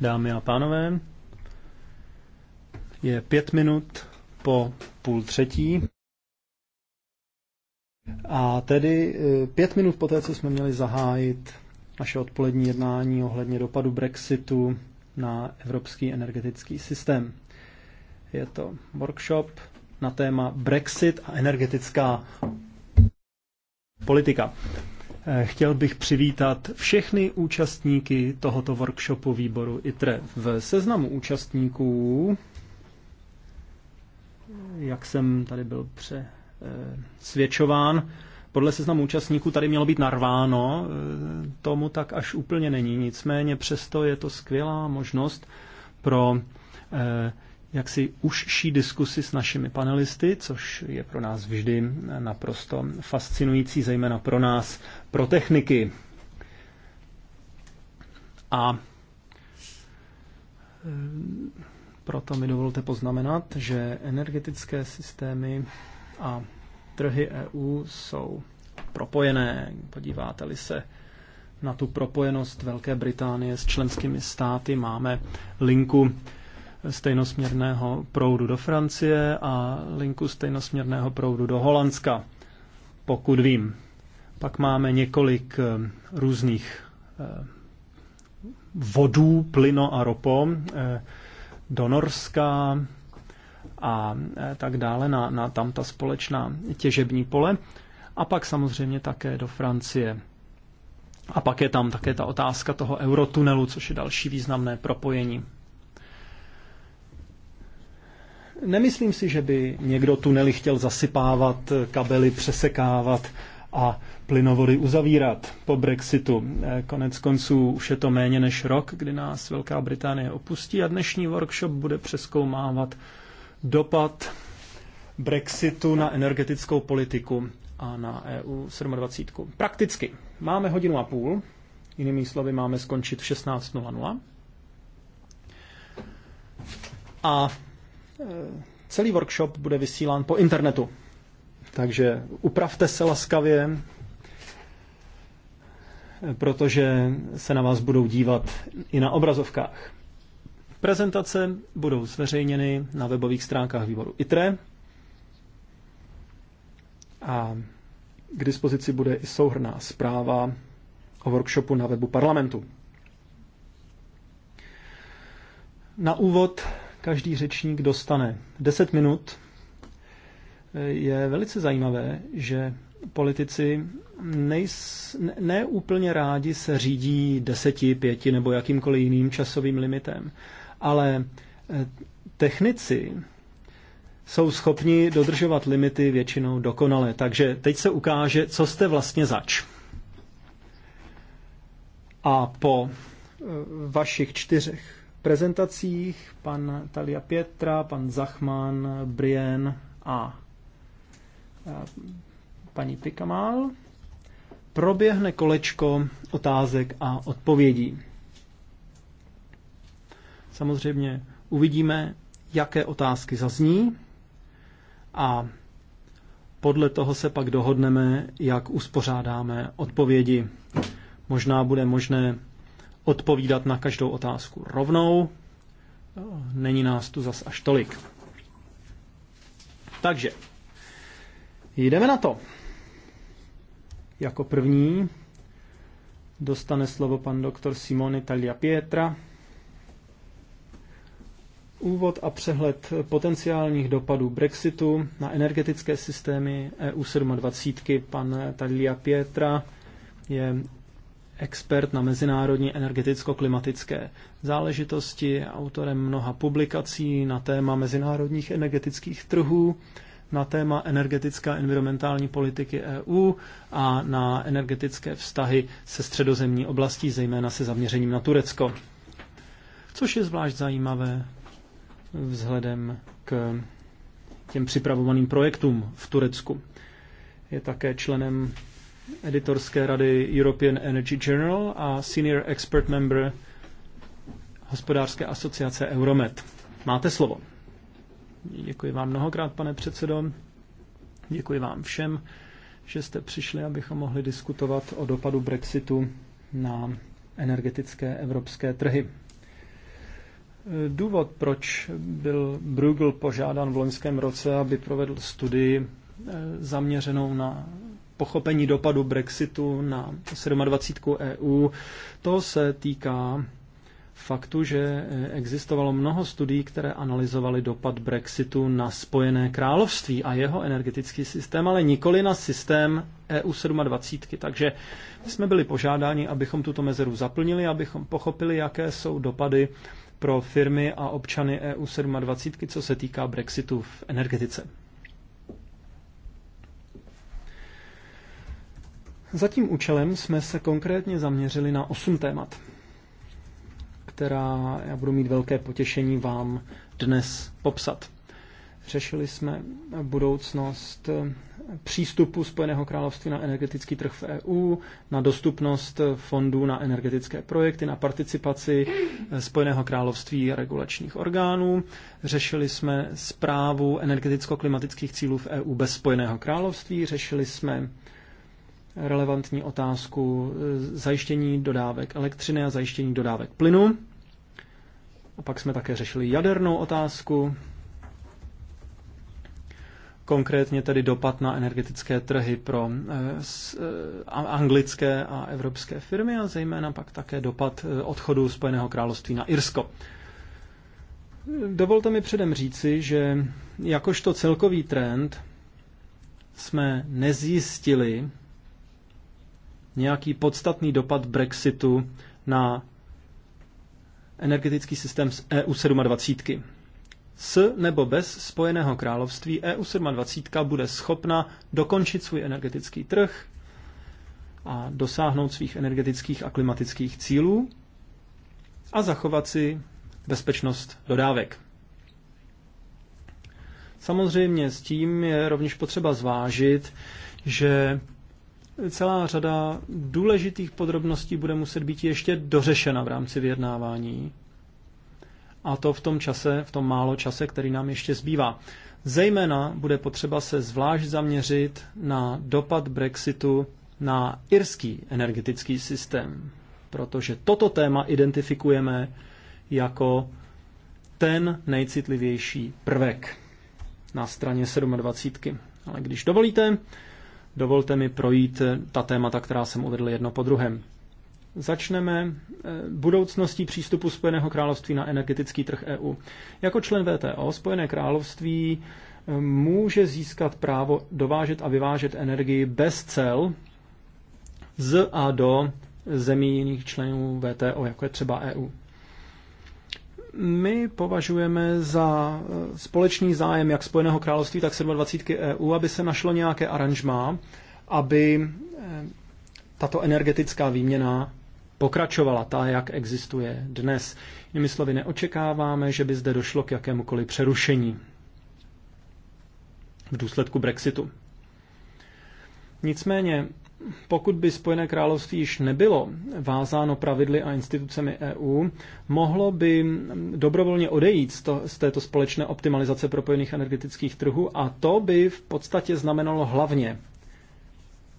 Dámy a pánové, je pět minut po půl třetí. A tedy e, pět minut poté, co jsme měli zahájit naše odpolední jednání ohledně dopadu Brexitu na evropský energetický systém. Je to workshop na téma Brexit a energetická politika. Chtěl bych přivítat všechny účastníky tohoto workshopu výboru ITRE. V seznamu účastníků, jak jsem tady byl přesvědčován, eh, podle seznamu účastníků tady mělo být narváno, eh, tomu tak až úplně není. Nicméně přesto je to skvělá možnost pro eh, jaksi užší diskusy s našimi panelisty, což je pro nás vždy naprosto fascinující, zejména pro nás, pro techniky. A e, proto mi dovolte poznamenat, že energetické systémy a trhy EU jsou propojené. Podíváte-li se na tu propojenost Velké Británie s členskými státy, máme linku stejnosměrného proudu do Francie a linku stejnosměrného proudu do Holandska, pokud vím. Pak máme několik eh, různých eh, vodů, plyno a ropo eh, do Norska a tak dále na, na tam ta společná těžební pole a pak samozřejmě také do Francie. A pak je tam také ta otázka toho eurotunelu, což je další významné propojení. Nemyslím si, že by někdo tunely chtěl zasypávat, kabely přesekávat a plynovody uzavírat po Brexitu. Eh, konec konců už je to méně než rok, kdy nás Velká Británie opustí a dnešní workshop bude přeskoumávat dopad Brexitu na energetickou politiku a na EU 27. Prakticky máme hodinu a půl, jinými slovy máme skončit v 16.00. A Celý workshop bude vysílán po internetu. Takže upravte se laskavě, protože se na vás budou dívat i na obrazovkách. Prezentace budou zveřejněny na webových stránkách výboru ITRE a k dispozici bude i souhrná zpráva o workshopu na webu parlamentu. Na úvod Každý řečník dostane 10 minut. Eh, je velice zajímavé, že politici nejs, ne, ne úplně rádi se řídí deseti, pěti nebo jakýmkoliv jiným časovým limitem, ale eh, technici jsou schopni dodržovat limity většinou dokonale. Takže teď se ukáže, co jste vlastně zač. A po eh, vašich čtyřech prezentacích pan Talia Pietra, pan Zachman, Brian a eh, paní Pikamal proběhne kolečko otázek a odpovědí. Samozřejmě uvidíme, jaké otázky zazní a podle toho se pak dohodneme, jak uspořádáme odpovědi. Možná bude možné odpovídat na každou otázku rovnou. Není nás tu zas až tolik. Takže, jdeme na to. Jako první dostane slovo pan doktor Simone Talia Pietra. Úvod a přehled potenciálních dopadů Brexitu na energetické systémy EU 27. Pan Talia Pietra je expert na mezinárodní energeticko-klimatické záležitosti, autorem mnoha publikací na téma mezinárodních energetických trhů, na téma energetická environmentální politiky EU a na energetické vztahy se středozemní oblastí, zejména se zaměřením na Turecko. Což je zvlášť zajímavé vzhledem k těm připravovaným projektům v Turecku. Je také členem editorské rady European Energy Journal a senior expert member hospodářské asociace Euromed. Máte slovo. Děkuji vám mnohokrát, pane předsedo. Děkuji vám všem, že jste přišli, abychom mohli diskutovat o dopadu Brexitu na energetické evropské trhy. Důvod, proč byl Bruegel požádán v loňském roce, aby provedl studii e, zaměřenou na pochopení dopadu Brexitu na 27. EU. To se týká faktu, že existovalo mnoho studií, které analyzovaly dopad Brexitu na Spojené království a jeho energetický systém, ale nikoli na systém EU 27. Takže jsme byli požádáni, abychom tuto mezeru zaplnili, abychom pochopili, jaké jsou dopady pro firmy a občany EU 27, co se týká Brexitu v energetice. Za tím účelem jsme se konkrétně zaměřili na osm témat, která já budu mít velké potěšení vám dnes popsat. Řešili jsme budoucnost eh, přístupu Spojeného království na energetický trh v EU, na dostupnost fondů na energetické projekty, na participaci eh, Spojeného království a regulačních orgánů. Řešili jsme zprávu energeticko-klimatických cílů v EU bez Spojeného království, řešili jsme relevantní otázku eh, zajištění dodávek elektřiny a zajištění dodávek plynu. A pak jsme také řešili jadernou otázku, konkrétně tedy dopad na energetické trhy pro eh, eh, anglické a evropské firmy a zejména pak také dopad odchodu Spojeného království na Irsko. Dovolte mi předem říci, že jakožto celkový trend jsme nezjistili nějaký podstatný dopad Brexitu na energetický systém z EU 27. S nebo bez Spojeného království EU 27 bude schopna dokončit svůj energetický trh a dosáhnout svých energetických a klimatických cílů a zachovat si bezpečnost dodávek. Samozřejmě s tím je rovněž potřeba zvážit, že celá řada důležitých podrobností bude muset být ještě dořešena v rámci vyjednávání. A to v tom čase, v tom málo čase, který nám ještě zbývá. Zejména bude potřeba se zvlášť zaměřit na dopad Brexitu na irský energetický systém, protože toto téma identifikujeme jako ten nejcitlivější prvek na straně 27. Ale když dovolíte, Dovolte mi projít eh, ta témata, která jsem uvedl jedno po druhém. Začneme eh, budoucností přístupu Spojeného království na energetický trh EU. Jako člen VTO Spojené království eh, může získat právo dovážet a vyvážet energii bez cel z a do zemí jiných členů VTO, jako je třeba EU. My považujeme za eh, společný zájem jak Spojeného království, tak 27 EU, aby se našlo nějaké aranžmá, aby eh, tato energetická výměna pokračovala, ta, jak existuje dnes. Jinými slovy, neočekáváme, že by zde došlo k jakémukoliv přerušení v důsledku Brexitu. Nicméně pokud by Spojené království již nebylo vázáno pravidly a institucemi EU, mohlo by dobrovolně odejít z, to, z této společné optimalizace propojených energetických trhů a to by v podstatě znamenalo hlavně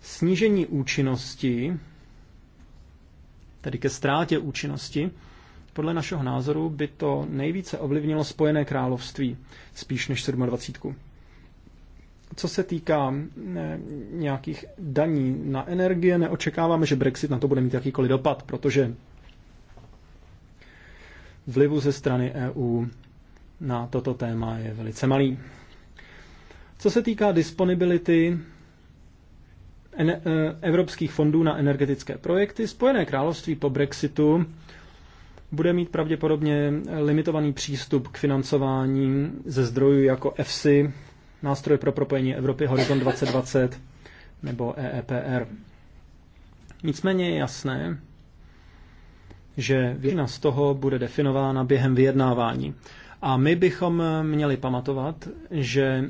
snížení účinnosti, tedy ke ztrátě účinnosti, podle našeho názoru by to nejvíce ovlivnilo Spojené království, spíš než 27. Co se týká nějakých daní na energie, neočekáváme, že Brexit na to bude mít jakýkoliv dopad, protože vlivu ze strany EU na toto téma je velice malý. Co se týká disponibility e, evropských fondů na energetické projekty, Spojené království po Brexitu bude mít pravděpodobně limitovaný přístup k financování ze zdrojů jako EFSI nástroj pro propojení Evropy Horizon 2020 nebo EEPR. Nicméně je jasné, že většina z toho bude definována během vyjednávání. A my bychom měli pamatovat, že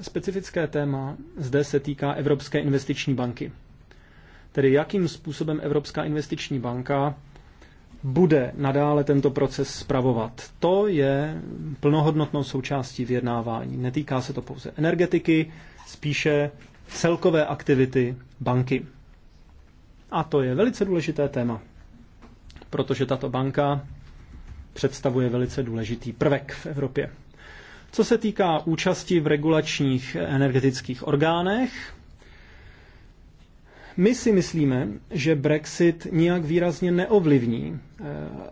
specifické téma zde se týká Evropské investiční banky. Tedy jakým způsobem Evropská investiční banka bude nadále tento proces spravovat. To je plnohodnotnou součástí vyjednávání. Netýká se to pouze energetiky, spíše celkové aktivity banky. A to je velice důležité téma, protože tato banka představuje velice důležitý prvek v Evropě. Co se týká účasti v regulačních energetických orgánech, my si myslíme, že Brexit nijak výrazně neovlivní eh,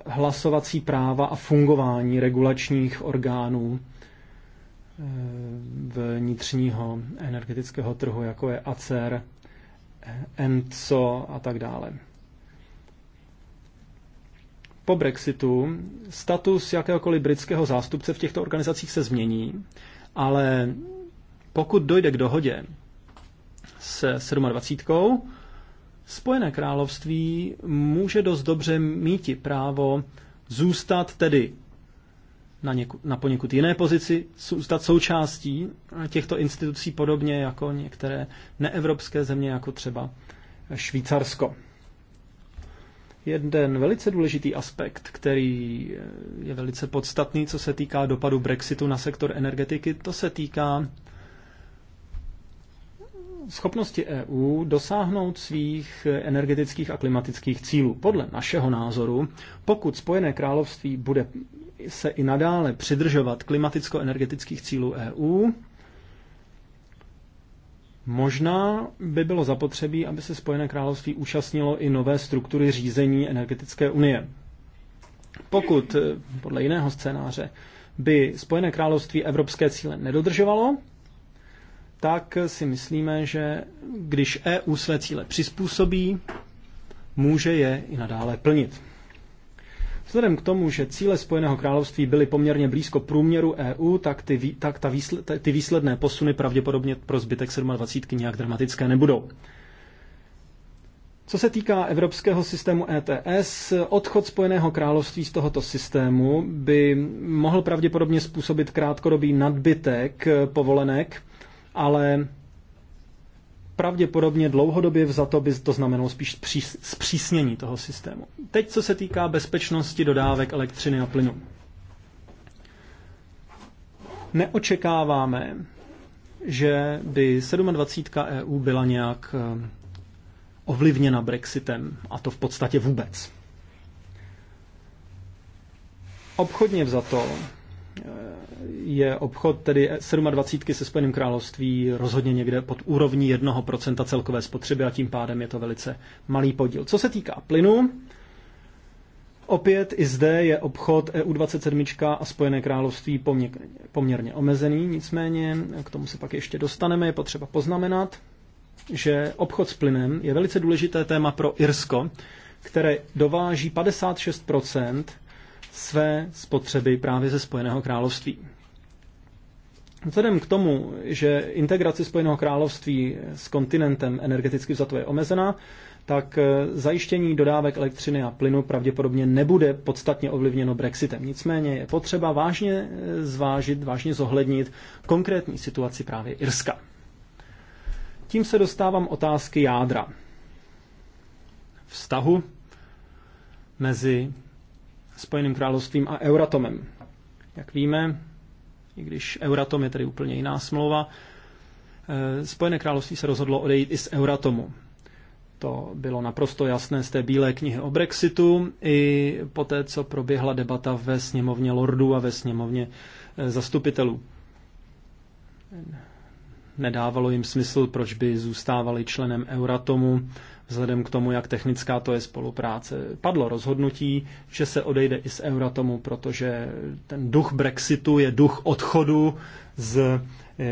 hlasovací práva a fungování regulačních orgánů eh, vnitřního energetického trhu, jako je ACER, ENCO a tak dále. Po Brexitu status jakéhokoliv britského zástupce v těchto organizacích se změní, ale pokud dojde k dohodě se 27, Spojené království může dost dobře míti právo zůstat tedy na, něku, na poněkud jiné pozici, zůstat součástí těchto institucí podobně jako některé neevropské země, jako třeba Švýcarsko. Jeden velice důležitý aspekt, který je velice podstatný, co se týká dopadu Brexitu na sektor energetiky, to se týká schopnosti EU dosáhnout svých energetických a klimatických cílů. Podle našeho názoru, pokud Spojené království bude se i nadále přidržovat klimaticko-energetických cílů EU, Možná by bylo zapotřebí, aby se Spojené království účastnilo i nové struktury řízení energetické unie. Pokud, eh, podle jiného scénáře, by Spojené království evropské cíle nedodržovalo, tak si myslíme, že když EU své cíle přizpůsobí, může je i nadále plnit. Vzhledem k tomu, že cíle Spojeného království byly poměrně blízko průměru EU, tak ty, tak ta výsled, ty výsledné posuny pravděpodobně pro zbytek 27 nějak dramatické nebudou. Co se týká evropského systému ETS, odchod Spojeného království z tohoto systému by mohl pravděpodobně způsobit krátkodobý nadbytek povolenek ale pravděpodobně dlouhodobě vzato by to znamenalo spíš zpřísnění toho systému. Teď, co se týká bezpečnosti dodávek elektřiny a plynu. Neočekáváme, že by 27. EU byla nějak eh, ovlivněna Brexitem, a to v podstatě vůbec. Obchodně vzato je obchod tedy 27 se Spojeným království rozhodně někde pod úrovní 1% celkové spotřeby a tím pádem je to velice malý podíl. Co se týká plynu, opět i zde je obchod EU27 a Spojené království poměrně omezený, nicméně k tomu se pak ještě dostaneme, je potřeba poznamenat, že obchod s plynem je velice důležité téma pro Irsko, které dováží 56 své spotřeby právě ze Spojeného království. Vzhledem k tomu, že integrace Spojeného království s kontinentem energeticky vzato je omezená, tak eh, zajištění dodávek elektřiny a plynu pravděpodobně nebude podstatně ovlivněno Brexitem. Nicméně je potřeba vážně eh, zvážit, vážně zohlednit konkrétní situaci právě Irska. Tím se dostávám otázky jádra. Vztahu mezi Spojeným královstvím a Euratomem. Jak víme, i když Euratom je tedy úplně jiná smlouva, eh, Spojené království se rozhodlo odejít i z Euratomu. To bylo naprosto jasné z té bílé knihy o Brexitu i po té, co proběhla debata ve sněmovně lordů a ve sněmovně eh, zastupitelů. Nedávalo jim smysl, proč by zůstávali členem Euratomu vzhledem k tomu, jak technická to je spolupráce. Padlo rozhodnutí, že se odejde i z Euratomu, protože ten duch Brexitu je duch odchodu z eh,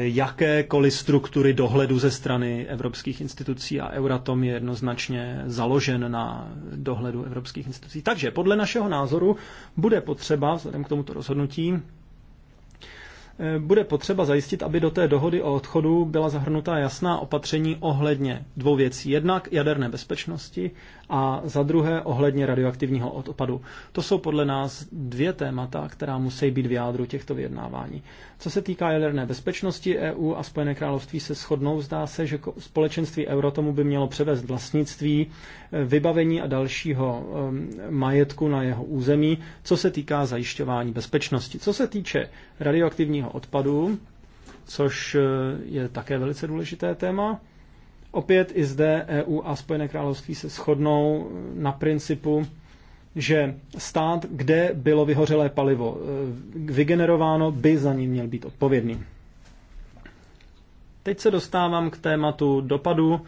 jakékoliv struktury dohledu ze strany evropských institucí a Euratom je jednoznačně založen na dohledu evropských institucí. Takže podle našeho názoru bude potřeba, vzhledem k tomuto rozhodnutí, Eh, bude potřeba zajistit, aby do té dohody o odchodu byla zahrnuta jasná opatření ohledně dvou věcí. Jednak jaderné bezpečnosti a za druhé ohledně radioaktivního odpadu. To jsou podle nás dvě témata, která musí být v jádru těchto vyjednávání. Co se týká jaderné bezpečnosti, EU a Spojené království se shodnou. Zdá se, že společenství tomu by mělo převést vlastnictví vybavení a dalšího um, majetku na jeho území, co se týká zajišťování bezpečnosti. Co se týče radioaktivního odpadu, což uh, je také velice důležité téma, opět i zde EU a Spojené království se shodnou uh, na principu, že stát, kde bylo vyhořelé palivo uh, vygenerováno, by za ním měl být odpovědný. Teď se dostávám k tématu dopadu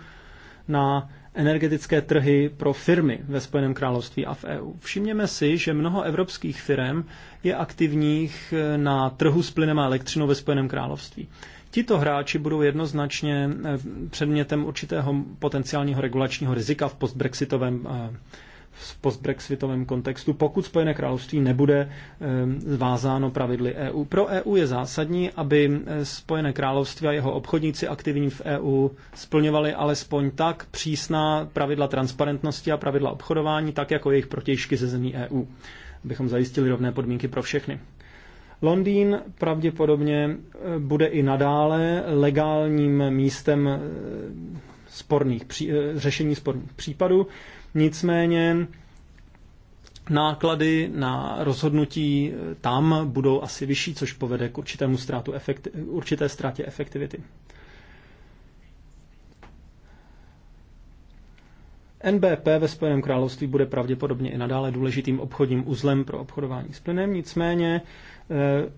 na energetické trhy pro firmy ve Spojeném království a v EU. Všimněme si, že mnoho evropských firm je aktivních eh, na trhu s plynem a elektřinou ve Spojeném království. Tito hráči budou jednoznačně eh, předmětem určitého potenciálního regulačního rizika v postbrexitovém eh, v postbrexitovém kontextu, pokud Spojené království nebude zvázáno pravidly EU. Pro EU je zásadní, aby Spojené království a jeho obchodníci aktivní v EU splňovali alespoň tak přísná pravidla transparentnosti a pravidla obchodování, tak jako jejich protějšky ze zemí EU, abychom zajistili rovné podmínky pro všechny. Londýn pravděpodobně bude i nadále legálním místem sporných, řešení sporných případů Nicméně náklady na rozhodnutí tam budou asi vyšší, což povede k určitému ztrátu efekti- určité ztrátě efektivity. NBP ve Spojeném království bude pravděpodobně i nadále důležitým obchodním uzlem pro obchodování s plynem, nicméně eh,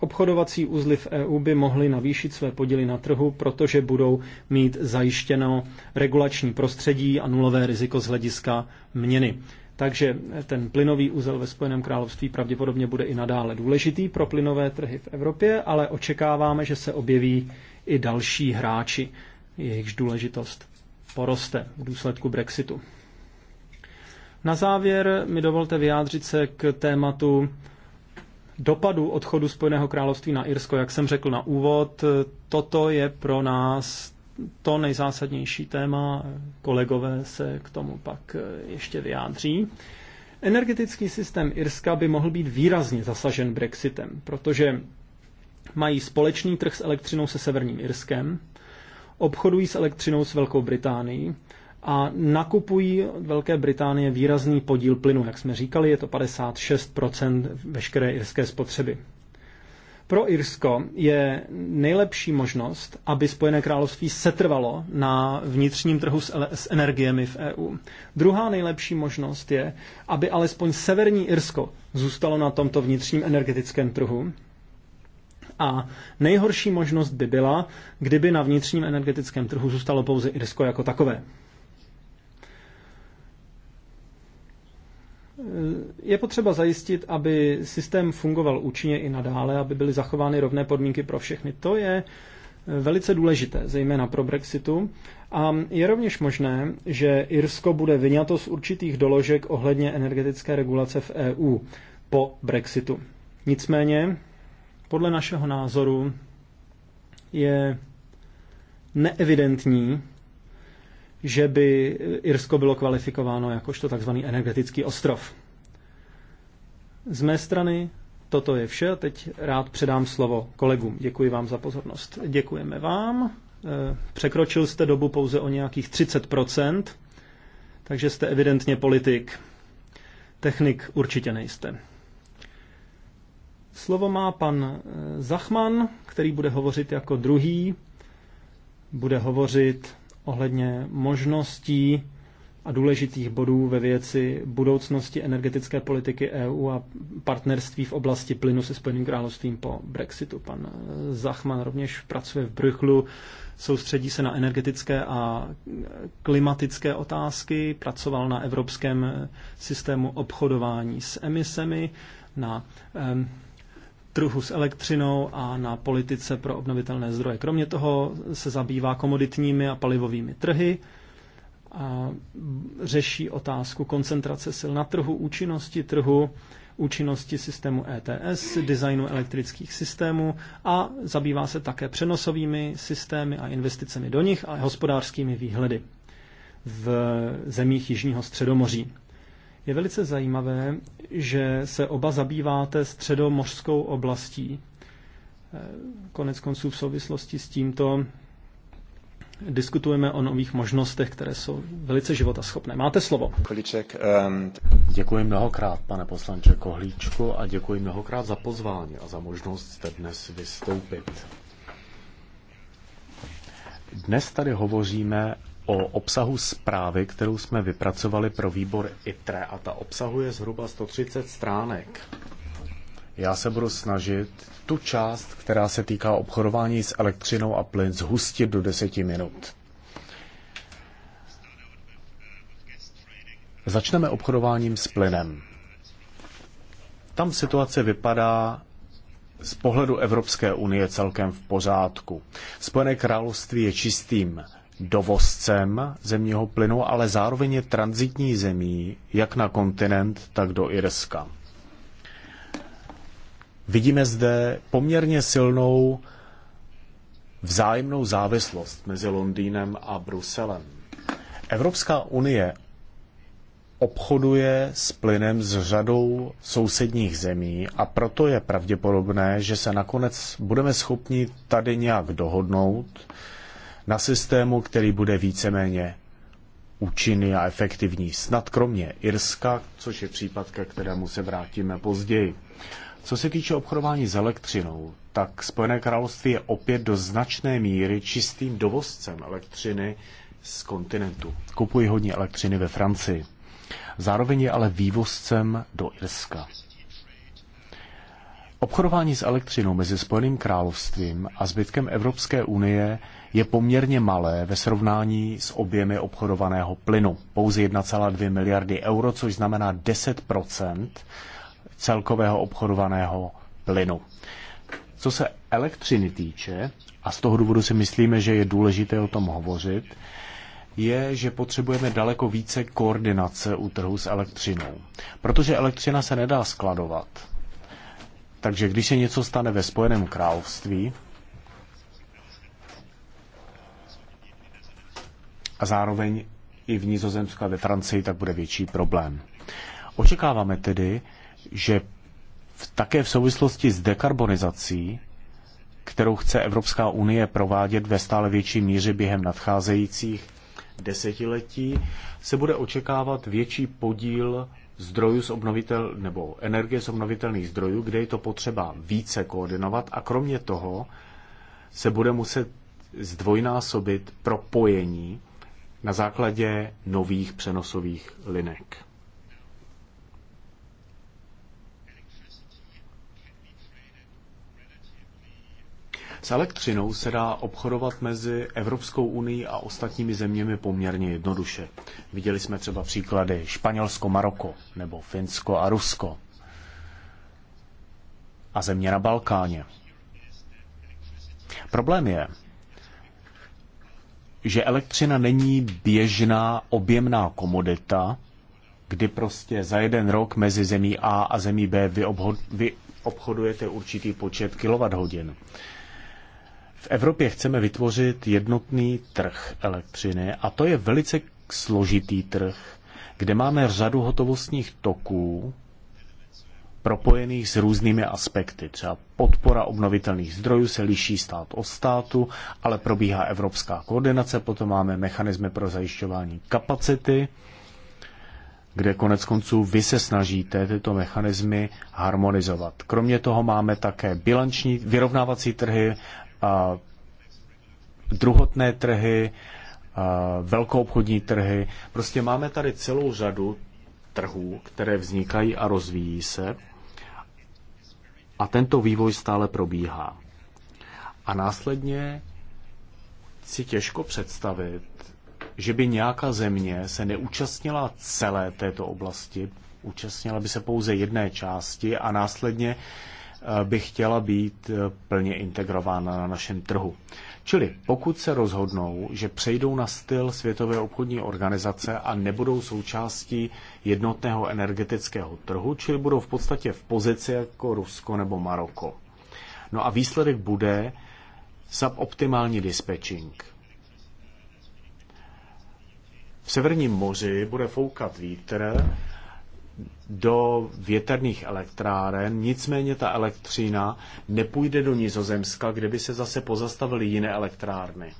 Obchodovací uzly v EU by mohly navýšit své podíly na trhu, protože budou mít zajištěno regulační prostředí a nulové riziko z hlediska měny. Takže ten plynový úzel ve Spojeném království pravděpodobně bude i nadále důležitý pro plynové trhy v Evropě, ale očekáváme, že se objeví i další hráči. Jejichž důležitost poroste v důsledku Brexitu. Na závěr mi dovolte vyjádřit se k tématu dopadů odchodu Spojeného království na Irsko, jak jsem řekl na úvod, toto je pro nás to nejzásadnější téma. Kolegové se k tomu pak ještě vyjádří. Energetický systém Irska by mohl být výrazně zasažen Brexitem, protože mají společný trh s elektřinou se Severním Irskem, obchodují s elektřinou s Velkou Británií a nakupují od Velké Británie výrazný podíl plynu. Jak jsme říkali, je to 56 veškeré irské spotřeby. Pro Irsko je nejlepší možnost, aby Spojené království setrvalo na vnitřním trhu s, s energiemi v EU. Druhá nejlepší možnost je, aby alespoň severní Irsko zůstalo na tomto vnitřním energetickém trhu, a nejhorší možnost by byla, kdyby na vnitřním energetickém trhu zůstalo pouze Irsko jako takové. je potřeba zajistit, aby systém fungoval účinně i nadále, aby byly zachovány rovné podmínky pro všechny. To je eh, velice důležité, zejména pro Brexitu. A je rovněž možné, že Irsko bude vyňato z určitých doložek ohledně energetické regulace v EU po Brexitu. Nicméně, podle našeho názoru je neevidentní, že by Irsko bylo kvalifikováno jakožto tzv. energetický ostrov. Z mé strany toto je vše. Teď rád předám slovo kolegům. Děkuji vám za pozornost. Děkujeme vám. Eh, překročil jste dobu pouze o nějakých 30%, takže jste evidentně politik. Technik určitě nejste. Slovo má pan eh, Zachman, který bude hovořit jako druhý. Bude hovořit ohledně možností a důležitých bodů ve věci budoucnosti energetické politiky EU a partnerství v oblasti plynu se Spojeným královstvím po Brexitu. Pan Zachman rovněž pracuje v Brychlu, soustředí se na energetické a klimatické otázky, pracoval na evropském systému obchodování s emisemi, na um, trhu s elektřinou a na politice pro obnovitelné zdroje. Kromě toho se zabývá komoditními a palivovými trhy a řeší otázku koncentrace sil na trhu, účinnosti trhu, účinnosti systému ETS, designu elektrických systémů a zabývá se také přenosovými systémy a investicemi do nich a hospodářskými výhledy v zemích Jižního středomoří. Je velice zajímavé, že se oba zabýváte středomořskou oblastí. E, konec konců v souvislosti s tímto diskutujeme o nových možnostech, které jsou velice životaschopné. Máte slovo. Kolíček, um... Děkuji mnohokrát, pane poslanče Kohlíčku, a děkuji mnohokrát za pozvání a za možnost zde dnes vystoupit. Dnes tady hovoříme o obsahu zprávy, kterou jsme vypracovali pro výbor ITRE a ta obsahuje zhruba 130 stránek. Já se budu snažit tu část, která se týká obchodování s elektřinou a plyn, zhustit do deseti minut. Začneme obchodováním s plynem. Tam situace vypadá z pohledu Evropské unie celkem v pořádku. Spojené království je čistým dovozcem zemního plynu, ale zároveň je transitní zemí jak na kontinent, tak do Irska. Vidíme zde poměrně silnou vzájemnou závislost mezi Londýnem a Bruselem. Evropská unie obchoduje s plynem s řadou sousedních zemí a proto je pravděpodobné, že se nakonec budeme schopni tady nějak dohodnout na systému, který bude víceméně účinný a efektivní. Snad kromě Irska, což je případ, ke kterému se vrátíme později. Co se týče obchodování s elektřinou, tak Spojené království je opět do značné míry čistým dovozcem elektřiny z kontinentu. Kupují hodně elektřiny ve Francii. Zároveň je ale vývozcem do Irska. Obchodování s elektřinou mezi Spojeným královstvím a zbytkem Evropské unie je poměrně malé ve srovnání s objemy obchodovaného plynu. Pouze 1,2 miliardy euro, což znamená 10 celkového obchodovaného plynu. Co se elektřiny týče, a z toho důvodu si myslíme, že je důležité o tom hovořit, je, že potřebujeme daleko více koordinace u trhu s elektřinou. Protože elektřina se nedá skladovat. Takže když se něco stane ve Spojeném království, a zároveň i v Nizozemsku a ve Francii, tak bude větší problém. Očekáváme tedy, že v, také v souvislosti s dekarbonizací, kterou chce Evropská unie provádět ve stále větší míře během nadcházejících desetiletí, se bude očekávat větší podíl zdrojů z obnovitel, nebo energie z obnovitelných zdrojů, kde je to potřeba více koordinovat a kromě toho se bude muset zdvojnásobit propojení na základě nových přenosových linek. S elektřinou se dá obchodovat mezi Evropskou unii a ostatními zeměmi poměrně jednoduše. Viděli jsme třeba příklady Španělsko, Maroko nebo Finsko a Rusko a země na Balkáně. Problém je, že elektřina není běžná objemná komodita, kdy prostě za jeden rok mezi zemí A a zemí B vy, obhod, vy obchodujete určitý počet kilowatthodin. hodin v Evropě chceme vytvořit jednotný trh elektřiny a to je velice složitý trh, kde máme řadu hotovostních toků propojených s různými aspekty. Třeba podpora obnovitelných zdrojů se liší stát od státu, ale probíhá evropská koordinace, potom máme mechanismy pro zajišťování kapacity, kde konec konců vy se snažíte tyto mechanismy harmonizovat. Kromě toho máme také bilanční vyrovnávací trhy, druhotné trhy, velkou obchodní trhy. Prostě máme tady celou řadu trhů, které vznikají a rozvíjí se. A tento vývoj stále probíhá. A následně si těžko představit, že by nějaká země se neúčastnila celé této oblasti, účastnila by se pouze jedné části a následně uh, Eh, by chtěla být eh, plně integrována na našem trhu. Čili pokud se rozhodnou, že přejdou na styl Světové obchodní organizace a nebudou součástí jednotného energetického trhu, čili budou v podstatě v pozici jako Rusko nebo Maroko. No a výsledek bude suboptimální dispečing. V Severním moři bude foukat vítr, do větrných elektráren, nicméně ta elektřina nepůjde do Nizozemska, kde by se zase pozastavily jiné elektrárny.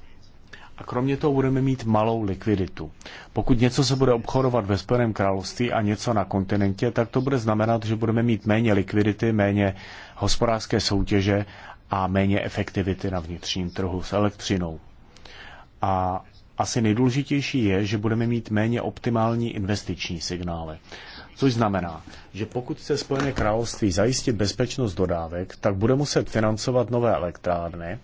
A kromě toho budeme mít malou likviditu. Pokud něco se bude obchodovat ve Spojeném království a něco na kontinentě, tak to bude znamenat, že budeme mít méně likvidity, méně hospodářské soutěže a méně efektivity na vnitřním trhu s elektřinou. A asi nejdůležitější je, že budeme mít méně optimální investiční signály. Což znamená, že pokud chce Spojené království zajistit bezpečnost dodávek, tak bude muset financovat nové elektrárny,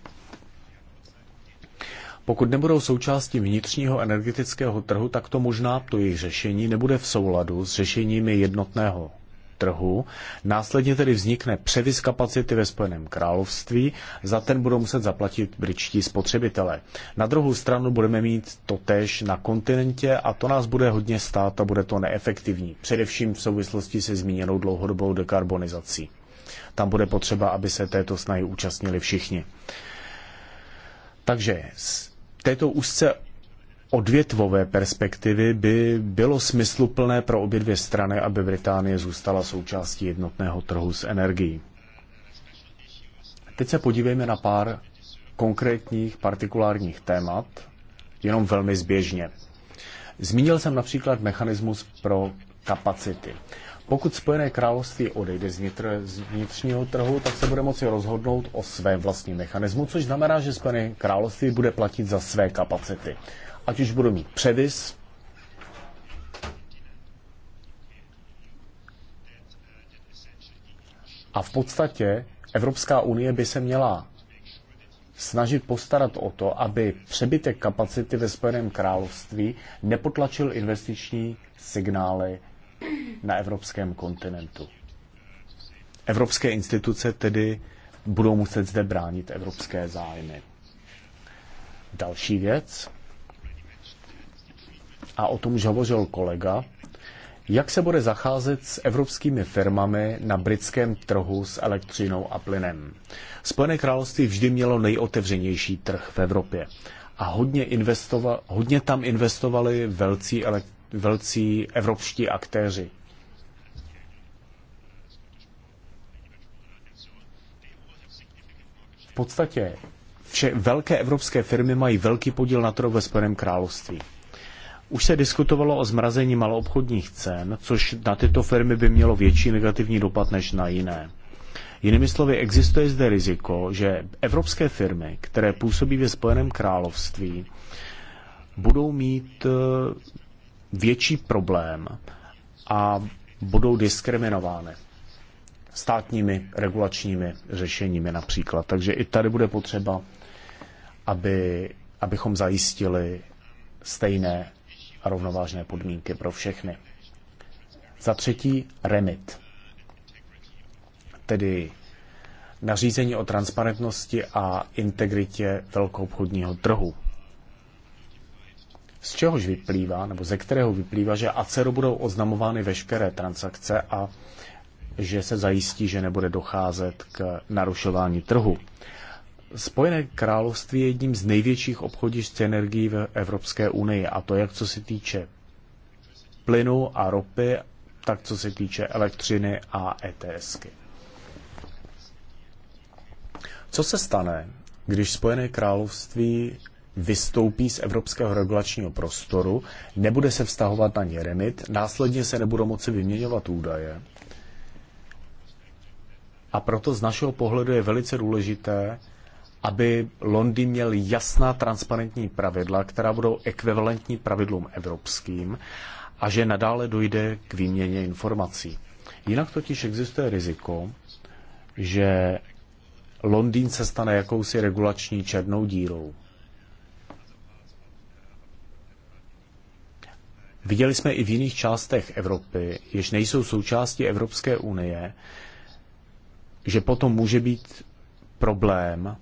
pokud nebudou součástí vnitřního energetického trhu, tak to možná to jejich řešení nebude v souladu s řešeními jednotného trhu. Následně tedy vznikne převis kapacity ve Spojeném království, za ten budou muset zaplatit britští spotřebitelé. Na druhou stranu budeme mít to tež na kontinentě a to nás bude hodně stát a bude to neefektivní, především v souvislosti se zmíněnou dlouhodobou dekarbonizací. Tam bude potřeba, aby se této snahy účastnili všichni. Takže z této úzce odvětvové perspektivy by bylo smysluplné pro obě dvě strany, aby Británie zůstala součástí jednotného trhu s energií. Teď se podívejme na pár konkrétních partikulárních témat, jenom velmi zběžně. Zmínil jsem například mechanismus pro kapacity. Pokud Spojené království odejde z, vnitř, z vnitřního trhu, tak se bude moci rozhodnout o svém vlastním mechanismu, což znamená, že Spojené království bude platit za své kapacity ať už budu mít převis, A v podstatě Evropská unie by se měla snažit postarat o to, aby přebytek kapacity ve Spojeném království nepotlačil investiční signály na evropském kontinentu. Evropské instituce tedy budou muset zde bránit evropské zájmy. Další věc a o tom už hovořil kolega, jak se bude zacházet s evropskými firmami na britském trhu s elektřinou a plynem. Spojené království vždy mělo nejotevřenější trh v Evropě a hodně, investova, hodně tam investovali velcí, ele, velcí evropští aktéři. V podstatě vše, velké evropské firmy mají velký podíl na trhu ve Spojeném království. Už se diskutovalo o zmrazení maloobchodních cen, což na tyto firmy by mělo větší negativní dopad než na jiné. Jinými slovy, existuje zde riziko, že evropské firmy, které působí ve Spojeném království, budou mít e, větší problém a budou diskriminovány státními regulačními řešeními například. Takže i tady bude potřeba, aby, abychom zajistili stejné a rovnovážné podmínky pro všechny. Za třetí, remit, tedy nařízení o transparentnosti a integritě obchodního trhu. Z čehož vyplývá, nebo ze kterého vyplývá, že ACERu budou oznamovány veškeré transakce a že se zajistí, že nebude docházet k narušování trhu. Spojené království je jedním z největších obchodišť energií v Evropské unii, a to jak co se týče plynu a ropy, tak co se týče elektřiny a ETSky. Co se stane, když Spojené království vystoupí z evropského regulačního prostoru, nebude se vztahovat na ně remit, následně se nebudou moci vyměňovat údaje. A proto z našeho pohledu je velice důležité, aby Londýn měl jasná transparentní pravidla, která budou ekvivalentní pravidlům evropským a že nadále dojde k výměně informací. Jinak totiž existuje riziko, že Londýn se stane jakousi regulační černou dírou. Viděli jsme i v jiných částech Evropy, jež nejsou součástí Evropské unie, že potom může být problém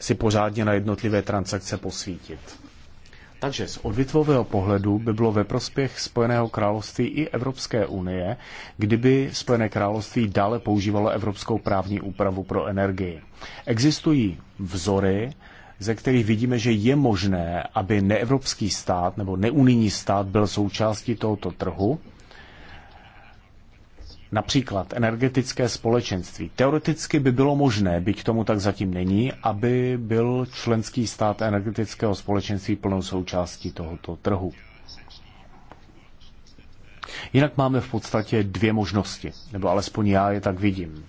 si pořádně na jednotlivé transakce posvítit. Takže z odvitvového pohledu by bylo ve prospěch Spojeného království i Evropské unie, kdyby Spojené království dále používalo evropskou právní úpravu pro energii. Existují vzory, ze kterých vidíme, že je možné, aby neevropský stát nebo neunijní stát byl součástí tohoto trhu například energetické společenství. Teoreticky by bylo možné, byť tomu tak zatím není, aby byl členský stát energetického společenství plnou součástí tohoto trhu. Jinak máme v podstatě dvě možnosti, nebo alespoň já je tak vidím.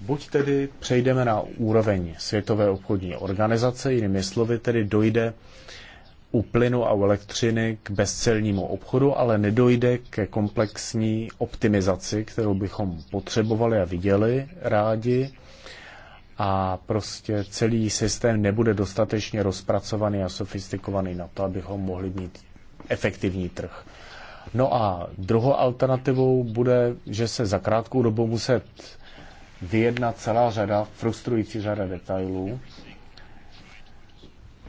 Buď tedy přejdeme na úroveň Světové obchodní organizace, jinými slovy tedy dojde u plynu a u elektřiny k bezcelnímu obchodu, ale nedojde ke komplexní optimizaci, kterou bychom potřebovali a viděli rádi. A prostě celý systém nebude dostatečně rozpracovaný a sofistikovaný na to, abychom mohli mít efektivní trh. No a druhou alternativou bude, že se za krátkou dobu muset vyjednat celá řada, frustrující řada detailů,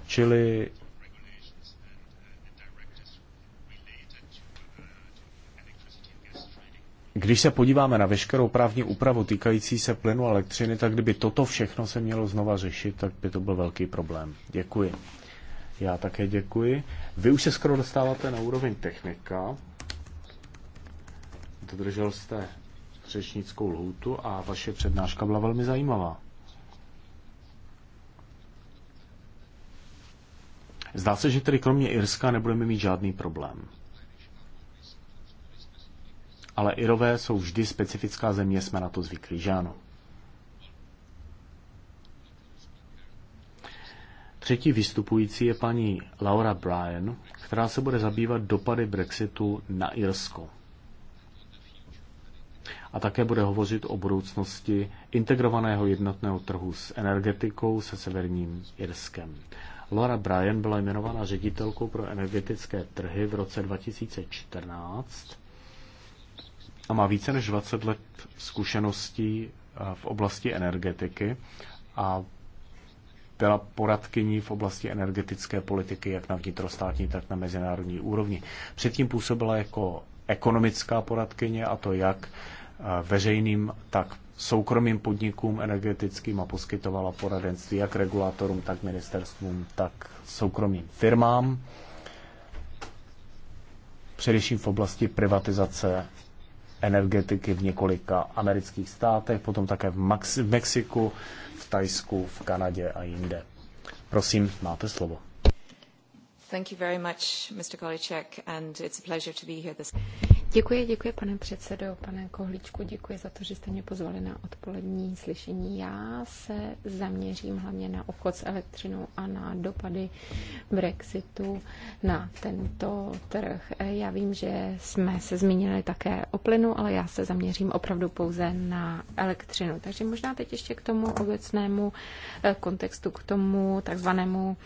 čili Když se podíváme na veškerou právní úpravu týkající se plynu a elektřiny, tak kdyby toto všechno se mělo znova řešit, tak by to byl velký problém. Děkuji. Já také děkuji. Vy už se skoro dostáváte na úroveň technika. Dodržel jste řečnickou lhůtu a vaše přednáška byla velmi zajímavá. Zdá se, že tedy kromě Irska nebudeme mít žádný problém ale Irové jsou vždy specifická země, jsme na to zvyklí, že ano. Třetí vystupující je paní Laura Bryan, která se bude zabývat dopady Brexitu na Irsko. A také bude hovořit o budoucnosti integrovaného jednotného trhu s energetikou se Severním Irskem. Laura Bryan byla jmenována ředitelkou pro energetické trhy v roce 2014 a má více než 20 let zkušeností eh, v oblasti energetiky a byla poradkyní v oblasti energetické politiky jak na vnitrostátní, tak na mezinárodní úrovni. Předtím působila jako ekonomická poradkyně a to jak eh, veřejným, tak soukromým podnikům energetickým a poskytovala poradenství jak regulátorům, tak ministerstvům, tak soukromým firmám, především v oblasti privatizace energetiky v několika amerických státech, potom také v, Max- v Mexiku, v Tajsku, v Kanadě a jinde. Prosím, máte slovo. Thank you very much, Mr. Kolicek, and it's a pleasure to be here this Děkuji, děkuji, pane předsedo, pane Kohlíčku, děkuji za to, že jste mě pozvali na odpolední slyšení. Já se zaměřím hlavně na obchod s elektřinou a na dopady Brexitu na tento trh. Já vím, že jsme se zmínili také o plynu, ale já se zaměřím opravdu pouze na elektřinu. Takže možná teď ještě k tomu obecnému eh, kontextu, k tomu takzvanému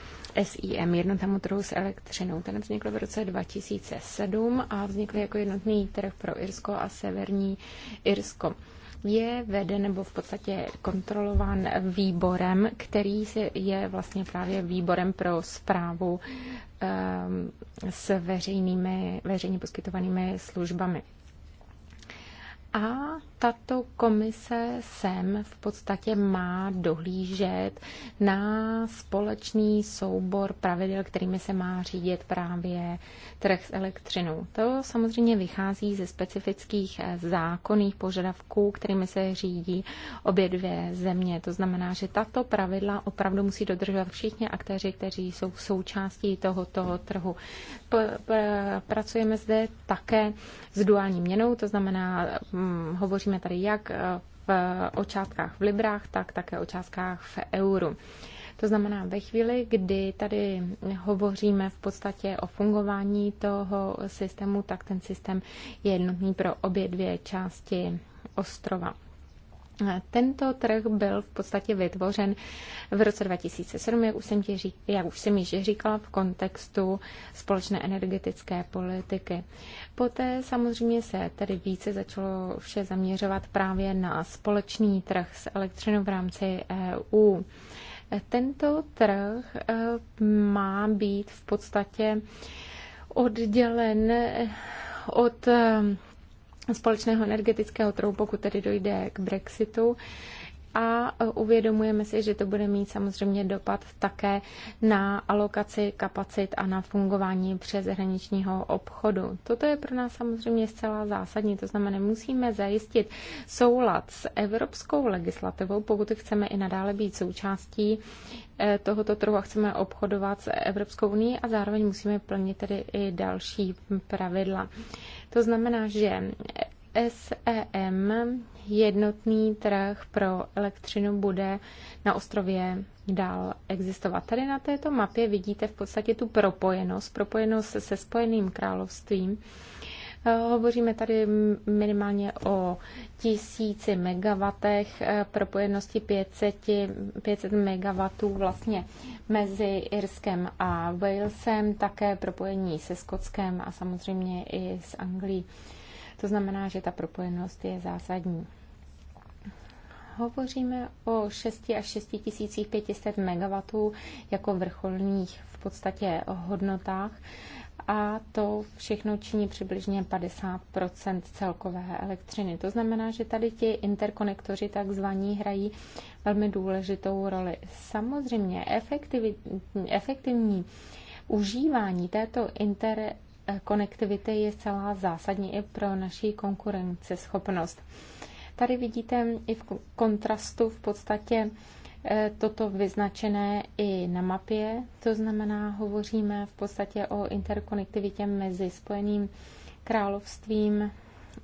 SIM, jednotnému trhu s elektřinou. Ten vznikl v roce 2007 a vznikl jako jednotný jednotný trh pro Irsko a Severní Irsko je veden nebo v podstatě kontrolován výborem, který je vlastně právě výborem pro zprávu um, ehm, s veřejnými, veřejně poskytovanými službami. A tato komise sem v podstatě má dohlížet na společný soubor pravidel, kterými se má řídit právě trh s elektřinou. To samozřejmě vychází ze specifických zákonných požadavků, kterými se řídí obě dvě země. To znamená, že tato pravidla opravdu musí dodržovat všichni aktéři, kteří jsou součástí tohoto trhu. pracujeme zde také s duální měnou, to znamená Mm, hovoříme tady jak eh, v, očátkách v librách, tak také o částkách v euru. To znamená, ve chvíli, kdy tady hovoříme v podstatě o fungování toho systému, tak ten systém je jednotný pro obě dvě části ostrova. Tento trh byl v podstatě vytvořen v roce 2007, jak už jsem, tě řík, jak už jsem již říkala, v kontextu společné energetické politiky. Poté samozřejmě se tedy více začalo vše zaměřovat právě na společný trh s elektřinou v rámci EU. Tento trh e, má být v podstatě oddělen od společného energetického trhu, pokud tedy dojde k Brexitu. A e, uvědomujeme si, že to bude mít samozřejmě dopad také na alokaci kapacit a na fungování přeshraničního obchodu. Toto je pro nás samozřejmě zcela zásadní, to znamená, musíme zajistit soulad s evropskou legislativou, pokud chceme i nadále být součástí e, tohoto trhu a chceme obchodovat s Evropskou unii a zároveň musíme plnit tedy i další pravidla. To znamená, že SEM, jednotný trh pro elektřinu, bude na ostrově dál existovat. Tady na této mapě vidíte v podstatě tu propojenost, propojenost se Spojeným královstvím Hovoříme tady minimálně o tisíci megawatech, eh, propojenosti 500, 500 megawatů vlastně mezi Irskem a Walesem, také propojení se Skotskem a samozřejmě i s Anglií. To znamená, že ta propojenost je zásadní hovoříme o 6 až 6500 MW jako vrcholných v podstatě hodnotách a to všechno činí přibližně 50 celkové elektřiny. To znamená, že tady ti interkonektoři takzvaní hrají velmi důležitou roli. Samozřejmě efektivní užívání této inter konektivity je celá zásadní i pro naší konkurenceschopnost. schopnost. Tady vidíte i v kontrastu v podstatě eh, toto vyznačené i na mapě. To znamená, hovoříme v podstatě o interkonektivitě mezi Spojeným královstvím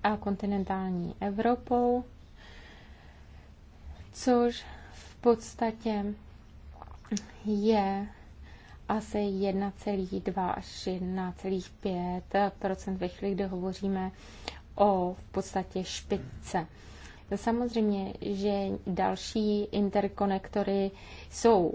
a kontinentální Evropou, což v podstatě je asi 1,2 až 1,5 ve chvíli, kdy hovoříme o v podstatě špičce. No samozřejmě, že další interkonektory jsou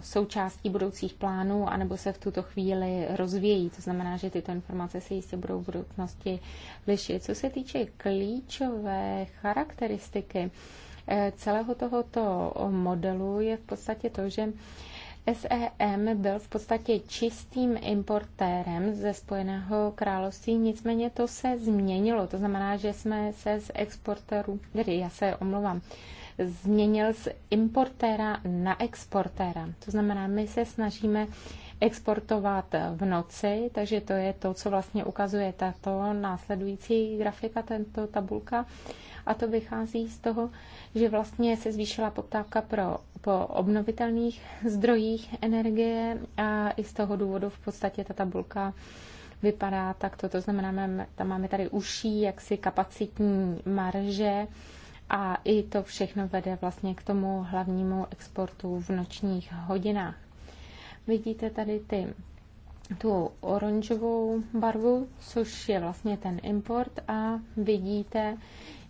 součástí budoucích plánů, anebo se v tuto chvíli rozvíjí. To znamená, že tyto informace se jistě budou v budoucnosti lišit. Co se týče klíčové charakteristiky eh, celého tohoto modelu, je v podstatě to, že SEM byl v podstatě čistým importérem ze Spojeného království, nicméně to se změnilo. To znamená, že jsme se z exportérů, tedy já se omlouvám, změnil z importéra na exportéra. To znamená, my se snažíme exportovat v noci, takže to je to, co vlastně ukazuje tato následující grafika, tento tabulka. A to vychází z toho, že vlastně se zvýšila poptávka pro, po obnovitelných zdrojích energie a i z toho důvodu v podstatě ta tabulka vypadá takto. To znamená, že tam máme tady uší, jaksi kapacitní marže, a i to všechno vede vlastně k tomu hlavnímu exportu v nočních hodinách. Vidíte tady ty, tu oranžovou barvu, což je vlastně ten import a vidíte,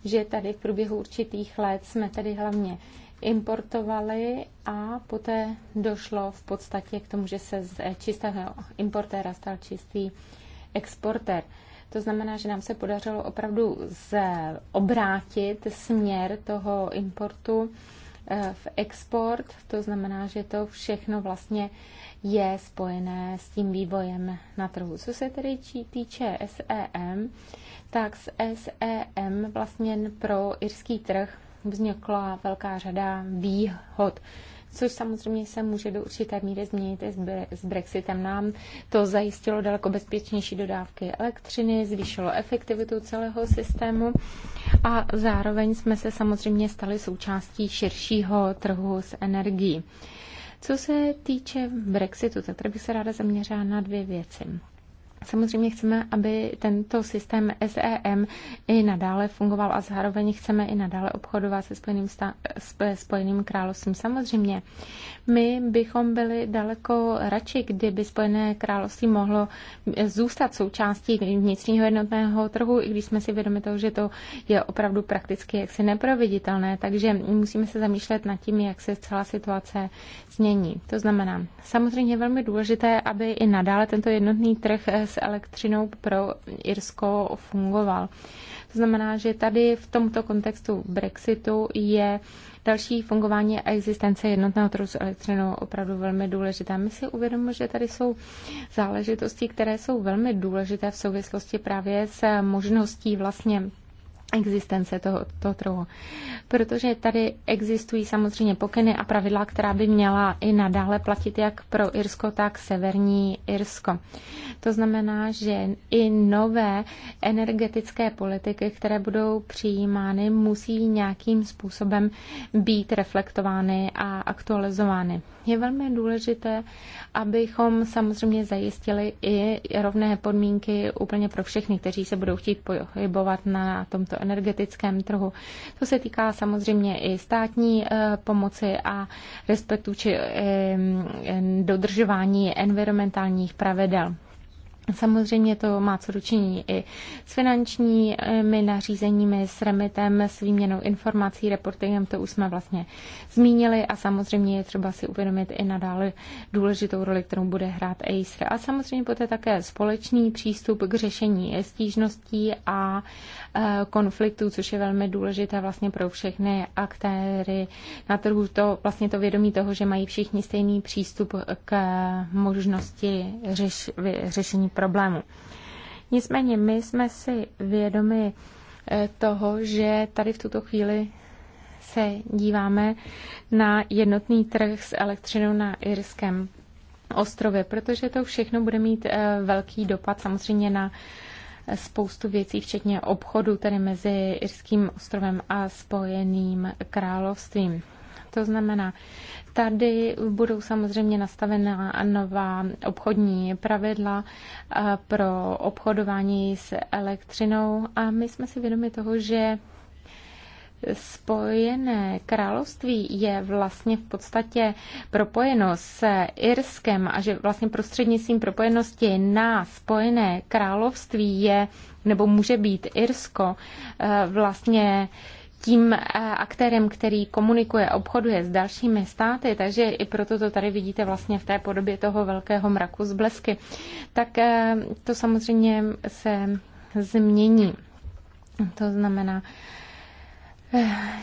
že tady v průběhu určitých let jsme tady hlavně importovali a poté došlo v podstatě k tomu, že se z eh, čistého importéra stal čistý exportér. To znamená, že nám se podařilo opravdu obrátit směr toho importu eh, v export. To znamená, že to všechno vlastně je spojené s tím vývojem na trhu. Co se tedy týče SEM, tak s SEM vlastně pro irský trh vznikla velká řada výhod což samozřejmě se může do určité míry změnit i s Brexitem. Nám to zajistilo daleko bezpečnější dodávky elektřiny, zvýšilo efektivitu celého systému a zároveň jsme se samozřejmě stali součástí širšího trhu s energií. Co se týče Brexitu, tak tady bych se ráda zaměřila na dvě věci. Samozřejmě chceme, aby tento systém SEM i nadále fungoval a zároveň chceme i nadále obchodovat se Spojeným, stá- Spojeným královstvím. Samozřejmě, my bychom byli daleko radši, kdyby Spojené království mohlo zůstat součástí vnitřního jednotného trhu, i když jsme si vědomi toho, že to je opravdu prakticky jaksi neproveditelné. Takže musíme se zamýšlet nad tím, jak se celá situace změní. To znamená, samozřejmě je velmi důležité, aby i nadále tento jednotný trh s elektřinou pro Irsko fungoval. To znamená, že tady v tomto kontextu Brexitu je další fungování a existence jednotného trhu s elektřinou opravdu velmi důležitá. My si uvědomujeme, že tady jsou záležitosti, které jsou velmi důležité v souvislosti právě s možností vlastně existence toho, toho trhu. Protože tady existují samozřejmě pokyny a pravidla, která by měla i nadále platit jak pro Irsko, tak severní Irsko. To znamená, že i nové energetické politiky, které budou přijímány, musí nějakým způsobem být reflektovány a aktualizovány. Je velmi důležité, abychom samozřejmě zajistili i rovné podmínky úplně pro všechny, kteří se budou chtít pohybovat na tomto energetickém trhu. To se týká samozřejmě i státní eh, pomoci a respektu či dodržování environmentálních pravidel. Samozřejmě to má co dočinění i s finančními nařízeními, s remitem, s výměnou informací, reportingem, to už jsme vlastně zmínili a samozřejmě je třeba si uvědomit i nadále důležitou roli, kterou bude hrát ACER. A samozřejmě poté také společný přístup k řešení stížností a e, konfliktů, což je velmi důležité vlastně pro všechny aktéry na trhu. To vlastně to vědomí toho, že mají všichni stejný přístup k možnosti řeš, řešení problému. Nicméně my jsme si vědomi eh, toho, že tady v tuto chvíli se díváme na jednotný trh s elektřinou na Irském ostrově, protože to všechno bude mít eh, velký dopad samozřejmě na eh, spoustu věcí, včetně obchodu tedy mezi Irským ostrovem a Spojeným královstvím. To znamená, tady budou samozřejmě nastavena nová obchodní pravidla eh, pro obchodování s elektřinou a my jsme si vědomi toho, že Spojené království je vlastně v podstatě propojeno s Irskem a že vlastně prostřednictvím propojenosti na Spojené království je nebo může být Irsko eh, vlastně tím eh, aktérem, který komunikuje, obchoduje s dalšími státy, takže i proto to tady vidíte vlastně v té podobě toho velkého mraku z blesky, tak eh, to samozřejmě se změní. To znamená,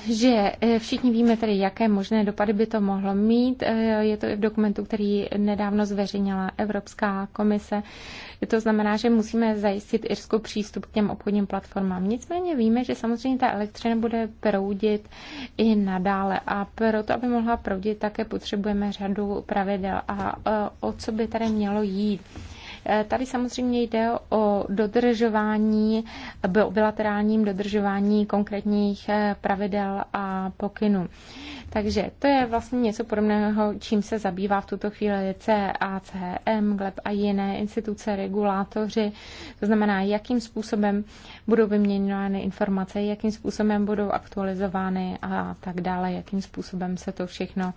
že eh, všichni víme tedy, jaké možné dopady by to mohlo mít. Eh, je to i v dokumentu, který nedávno zveřejnila Evropská komise. To znamená, že musíme zajistit Irsku přístup k těm obchodním platformám. Nicméně víme, že samozřejmě ta elektřina bude proudit i nadále a proto, aby mohla proudit, také potřebujeme řadu pravidel a eh, o co by tady mělo jít Eh, tady samozřejmě jde o dodržování, bilaterálním dodržování konkrétních eh, pravidel a pokynů. Takže to je vlastně něco podobného, čím se zabývá v tuto chvíli CACM, GLEB a jiné instituce, regulátoři. To znamená, jakým způsobem budou vyměňovány informace, jakým způsobem budou aktualizovány a tak dále, jakým způsobem se to všechno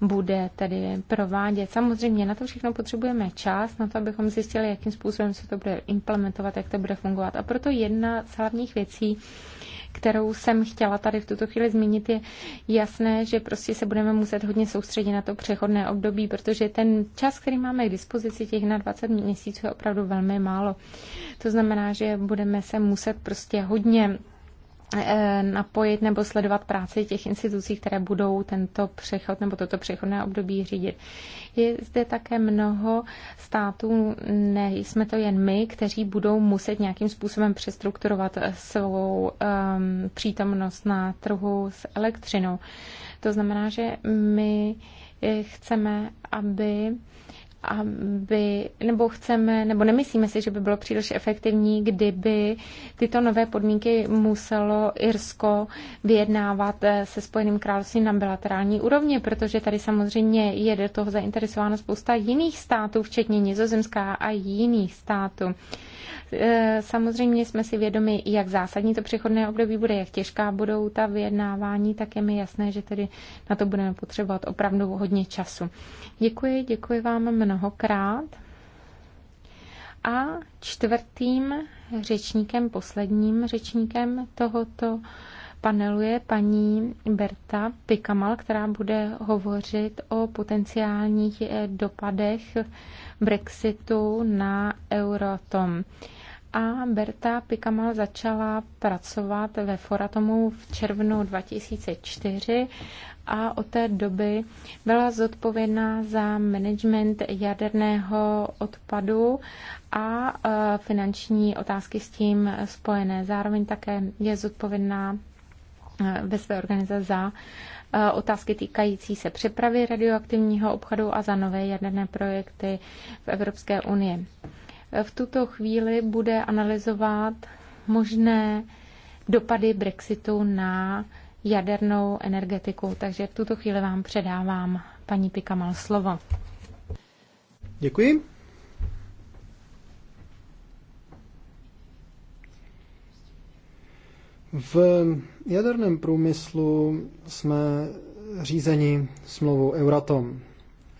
bude tedy provádět. Samozřejmě na to všechno potřebujeme čas, na to, abychom zjistili, jakým způsobem se to bude implementovat, jak to bude fungovat. A proto jedna z hlavních věcí, kterou jsem chtěla tady v tuto chvíli zmínit, je jasné, že prostě se budeme muset hodně soustředit na to přechodné období, protože ten čas, který máme k dispozici, těch na 20 měsíců, je opravdu velmi málo. To znamená, že budeme se muset prostě hodně Eh, napojit nebo sledovat práci těch institucí, které budou tento přechod nebo toto přechodné období řídit. Je zde také mnoho států, ne, jsme to jen my, kteří budou muset nějakým způsobem přestrukturovat svou um, přítomnost na trhu s elektřinou. To znamená, že my eh, chceme, aby aby, nebo chceme, nebo nemyslíme si, že by bylo příliš efektivní, kdyby tyto nové podmínky muselo Irsko vyjednávat eh, se Spojeným královstvím na bilaterální úrovni, protože tady samozřejmě je do toho zainteresováno spousta jiných států, včetně Nizozemská a jiných států. Eh, samozřejmě jsme si vědomi, jak zásadní to přechodné období bude, jak těžká budou ta vyjednávání, tak je mi jasné, že tedy na to budeme potřebovat opravdu hodně času. Děkuji, děkuji vám mnohokrát. A čtvrtým řečníkem, posledním řečníkem tohoto panelu je paní Berta Pikamal, která bude hovořit o potenciálních eh, dopadech Brexitu na Euratom. A Berta Pikamal začala pracovat ve Foratomu v červnu 2004 a od té doby byla zodpovědná za management jaderného odpadu a e, finanční otázky s tím spojené. Zároveň také je zodpovědná Eh, ve své organizaci za eh, otázky týkající se přepravy radioaktivního obchodu a za nové jaderné projekty v Evropské unii. Eh, v tuto chvíli bude analyzovat možné dopady Brexitu na jadernou energetiku. Takže v tuto chvíli vám předávám paní Pikamal slovo. Děkuji. V jaderném průmyslu jsme řízeni smlouvou Euratom.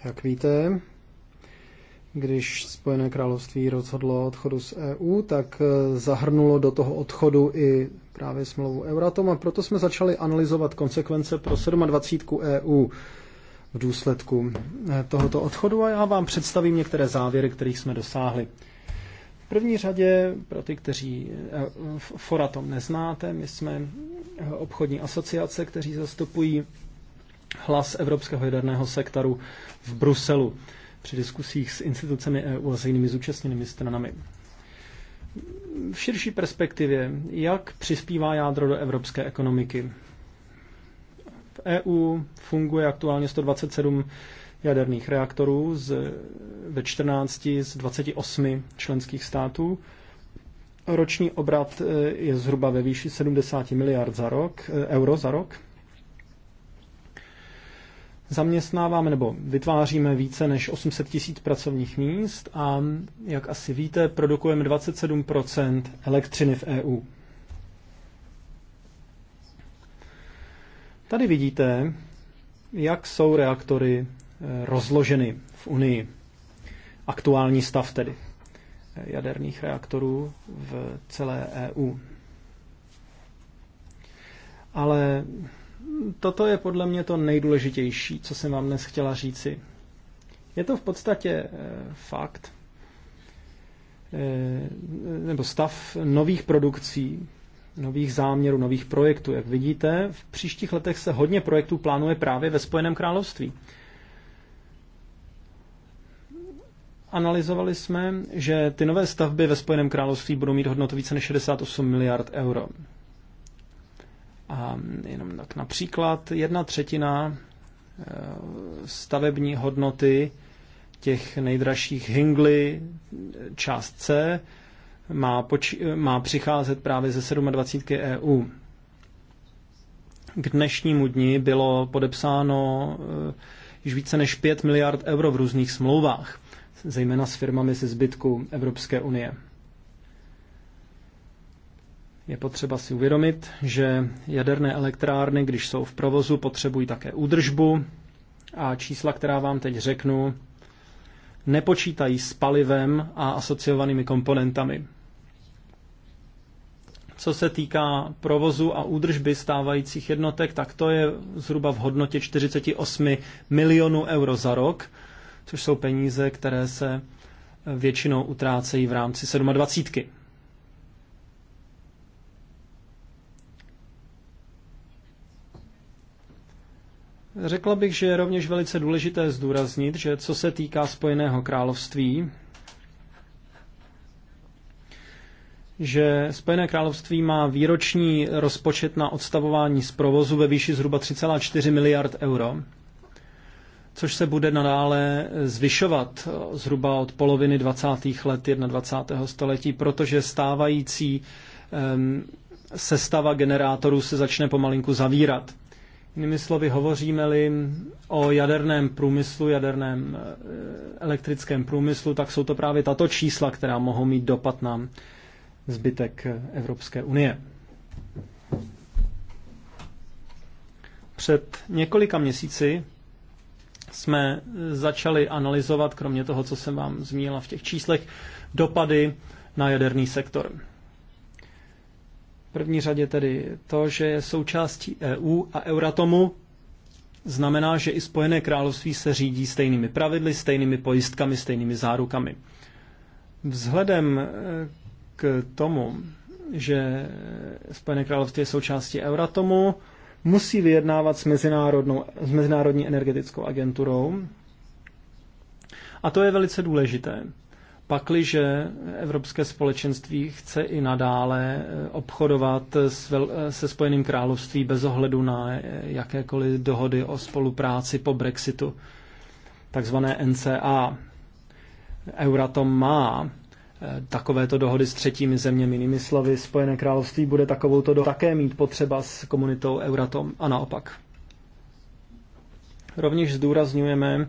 Jak víte, když Spojené království rozhodlo o odchodu z EU, tak zahrnulo do toho odchodu i právě smlouvu Euratom a proto jsme začali analyzovat konsekvence pro 27 EU v důsledku tohoto odchodu a já vám představím některé závěry, kterých jsme dosáhli první řadě, pro ty, kteří eh, fora tom neznáte, my jsme eh, obchodní asociace, kteří zastupují hlas evropského jaderného sektoru v Bruselu při diskusích s institucemi EU a s jinými zúčastněnými stranami. V širší perspektivě, jak přispívá jádro do evropské ekonomiky? V EU funguje aktuálně 127 jaderných reaktorů z, ve 14 z 28 členských států. Roční obrat e, je zhruba ve výši 70 miliard za rok, e, euro za rok. Zaměstnáváme nebo vytváříme více než 800 tisíc pracovních míst a, jak asi víte, produkujeme 27 elektřiny v EU. Tady vidíte, jak jsou reaktory Eh, rozloženy v Unii. Aktuální stav tedy jaderných reaktorů v celé EU. Ale toto je podle mě to nejdůležitější, co jsem vám dnes chtěla říci. Je to v podstatě eh, fakt, eh, nebo stav nových produkcí, nových záměrů, nových projektů. Jak vidíte, v příštích letech se hodně projektů plánuje právě ve Spojeném království. Analyzovali jsme, že ty nové stavby ve Spojeném království budou mít hodnotu více než 68 miliard euro. A jenom tak například jedna třetina eh, stavební hodnoty těch nejdražších Hingly eh, část C má, eh, má přicházet právě ze 27 EU. K dnešnímu dni bylo podepsáno již více než 5 miliard euro v různých smlouvách zejména s firmami ze zbytku Evropské unie. Je potřeba si uvědomit, že jaderné elektrárny, když jsou v provozu, potřebují také údržbu a čísla, která vám teď řeknu, nepočítají s palivem a asociovanými komponentami. Co se týká provozu a údržby stávajících jednotek, tak to je zhruba v hodnotě 48 milionů euro za rok což jsou peníze, které se většinou utrácejí v rámci 27. Řekla bych, že je rovněž velice důležité zdůraznit, že co se týká Spojeného království, že Spojené království má výroční rozpočet na odstavování z provozu ve výši zhruba 3,4 miliard euro což se bude nadále zvyšovat zhruba od poloviny 20. let 21. století, protože stávající um, sestava generátorů se začne pomalinku zavírat. Jinými slovy, hovoříme-li o jaderném průmyslu, jaderném eh, elektrickém průmyslu, tak jsou to právě tato čísla, která mohou mít dopad na zbytek eh, Evropské unie. Před několika měsíci jsme začali analyzovat, kromě toho, co jsem vám zmínila v těch číslech, dopady na jaderný sektor. V první řadě tedy to, že je součástí EU a Euratomu, znamená, že i Spojené království se řídí stejnými pravidly, stejnými pojistkami, stejnými zárukami. Vzhledem e, k tomu, že Spojené království je součástí Euratomu, musí vyjednávat s, mezinárodnou, s Mezinárodní energetickou agenturou. A to je velice důležité. Pakliže Evropské společenství chce i nadále eh, obchodovat eh, se Spojeným království bez ohledu na eh, jakékoliv dohody o spolupráci po Brexitu, takzvané NCA, Euratom má takovéto dohody s třetími zeměmi. Jinými slovy, Spojené království bude takovouto dohodu také mít potřeba s komunitou Euratom a naopak. Rovněž zdůrazňujeme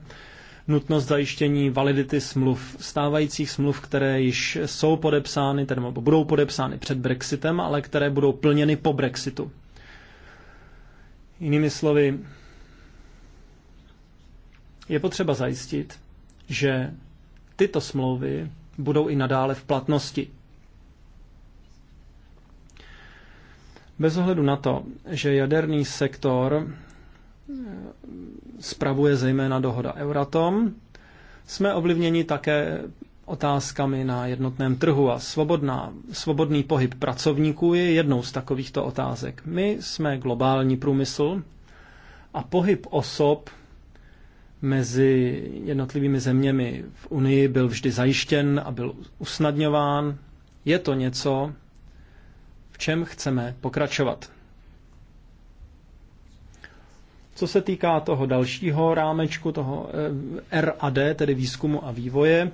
nutnost zajištění validity smluv, stávajících smluv, které již jsou podepsány, tedy budou podepsány před Brexitem, ale které budou plněny po Brexitu. Jinými slovy, je potřeba zajistit, že tyto smlouvy budou i nadále v platnosti. Bez ohledu na to, že jaderný sektor eh, spravuje zejména dohoda Euratom, jsme ovlivněni také otázkami na jednotném trhu a svobodná, svobodný pohyb pracovníků je jednou z takovýchto otázek. My jsme globální průmysl a pohyb osob mezi jednotlivými zeměmi v Unii byl vždy zajištěn a byl usnadňován. Je to něco, v čem chceme pokračovat. Co se týká toho dalšího rámečku, toho eh, RAD, tedy výzkumu a vývoje,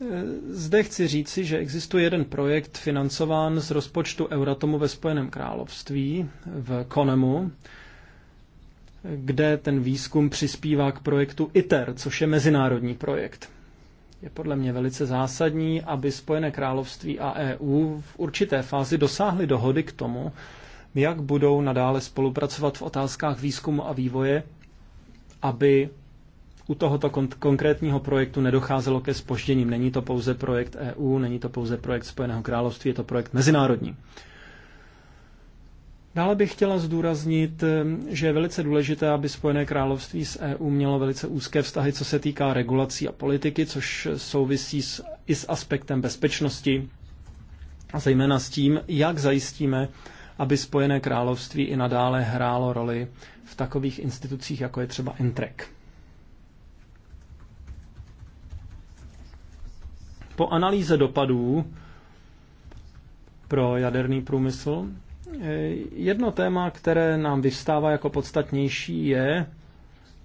eh, zde chci říci, že existuje jeden projekt financován z rozpočtu Euratomu ve Spojeném království v Konemu, kde ten výzkum přispívá k projektu ITER, což je mezinárodní projekt. Je podle mě velice zásadní, aby Spojené království a EU v určité fázi dosáhly dohody k tomu, jak budou nadále spolupracovat v otázkách výzkumu a vývoje, aby u tohoto konkrétního projektu nedocházelo ke spožděním. Není to pouze projekt EU, není to pouze projekt Spojeného království, je to projekt mezinárodní. Dále bych chtěla zdůraznit, eh, že je velice důležité, aby Spojené království s EU mělo velice úzké vztahy, co se týká regulací a politiky, což souvisí s, i s aspektem bezpečnosti a zejména s tím, jak zajistíme, aby Spojené království i nadále hrálo roli v takových institucích, jako je třeba Intrek. Po analýze dopadů pro jaderný průmysl Eh, jedno téma, které nám vyvstává jako podstatnější, je,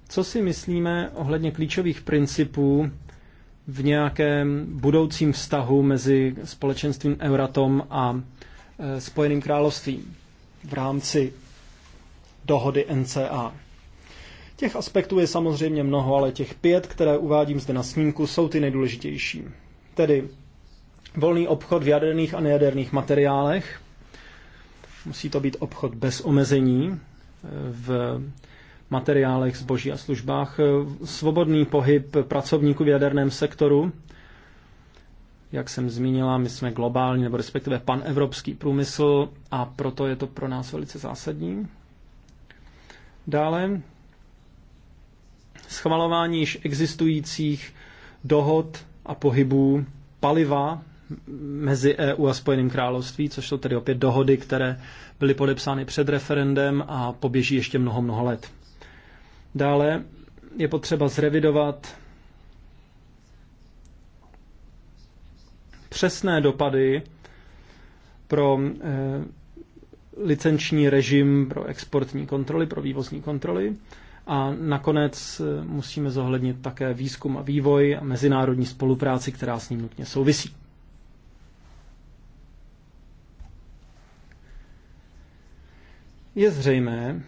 co si myslíme ohledně klíčových principů v nějakém budoucím vztahu mezi společenstvím Euratom a eh, Spojeným královstvím v rámci dohody NCA. Těch aspektů je samozřejmě mnoho, ale těch pět, které uvádím zde na snímku, jsou ty nejdůležitější. Tedy volný obchod v jaderných a nejaderných materiálech, Musí to být obchod bez omezení eh, v materiálech, zboží a službách, eh, svobodný pohyb pracovníků v jaderném sektoru. Jak jsem zmínila, my jsme globální nebo respektive panevropský průmysl a proto je to pro nás velice zásadní. Dále schvalování již existujících dohod a pohybů paliva mezi EU a Spojeným království, což jsou tedy opět dohody, které byly podepsány před referendem a poběží ještě mnoho, mnoho let. Dále je potřeba zrevidovat přesné dopady pro eh, licenční režim pro exportní kontroly, pro vývozní kontroly. A nakonec eh, musíme zohlednit také výzkum a vývoj a mezinárodní spolupráci, která s ním nutně souvisí. Je zřejmé,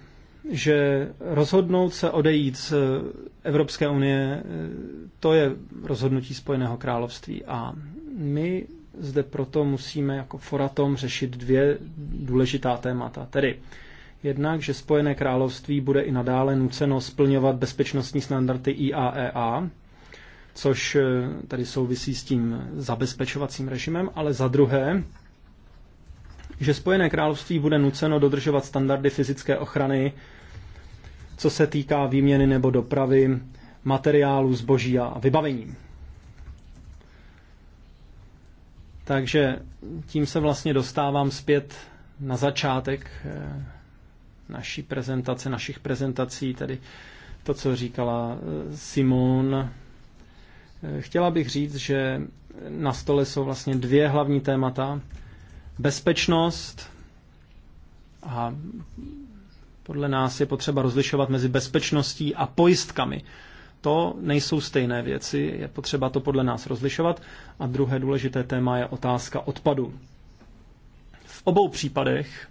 že rozhodnout se odejít z Evropské unie, to je rozhodnutí Spojeného království. A my zde proto musíme jako foratom řešit dvě důležitá témata. Tedy jednak, že Spojené království bude i nadále nuceno splňovat bezpečnostní standardy IAEA, e což eh, tady souvisí s tím zabezpečovacím režimem, ale za druhé, že Spojené království bude nuceno dodržovat standardy fyzické ochrany, co se týká výměny nebo dopravy materiálu, zboží a vybavení. Takže tím se vlastně dostávám zpět na začátek eh, naší prezentace, našich prezentací, tedy to, co říkala eh, Simon. Eh, chtěla bych říct, že na stole jsou vlastně dvě hlavní témata, Bezpečnost a podle nás je potřeba rozlišovat mezi bezpečností a pojistkami. To nejsou stejné věci, je potřeba to podle nás rozlišovat. A druhé důležité téma je otázka odpadu. V obou případech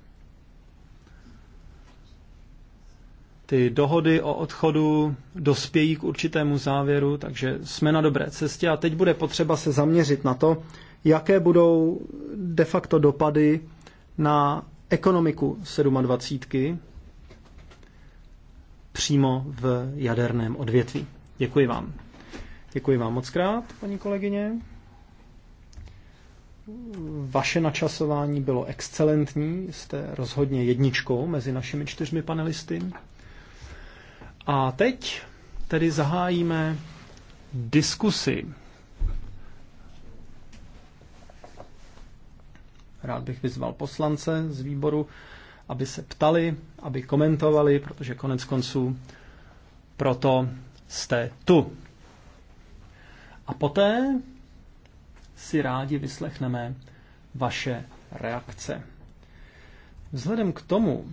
ty dohody o odchodu dospějí k určitému závěru, takže jsme na dobré cestě a teď bude potřeba se zaměřit na to, jaké budou de facto dopady na ekonomiku 27 přímo v jaderném odvětví. Děkuji vám. Děkuji vám moc krát, paní kolegyně. Vaše načasování bylo excelentní, jste rozhodně jedničkou mezi našimi čtyřmi panelisty. A teď tedy zahájíme diskusi Rád bych vyzval poslance z výboru, aby se ptali, aby komentovali, protože konec konců proto jste tu. A poté si rádi vyslechneme vaše reakce. Vzhledem k tomu,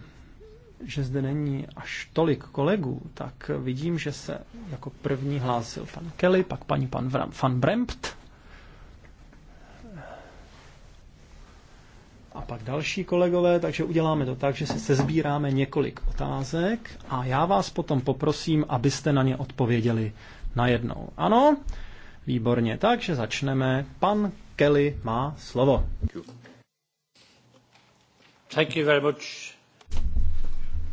že zde není až tolik kolegů, tak vidím, že se jako první hlásil pan Kelly, pak paní pan Van Brempt. a pak další kolegové, takže uděláme to tak, že si sezbíráme několik otázek a já vás potom poprosím, abyste na ně odpověděli najednou. Ano? Výborně, takže začneme. Pan Kelly má slovo. Thank you very much.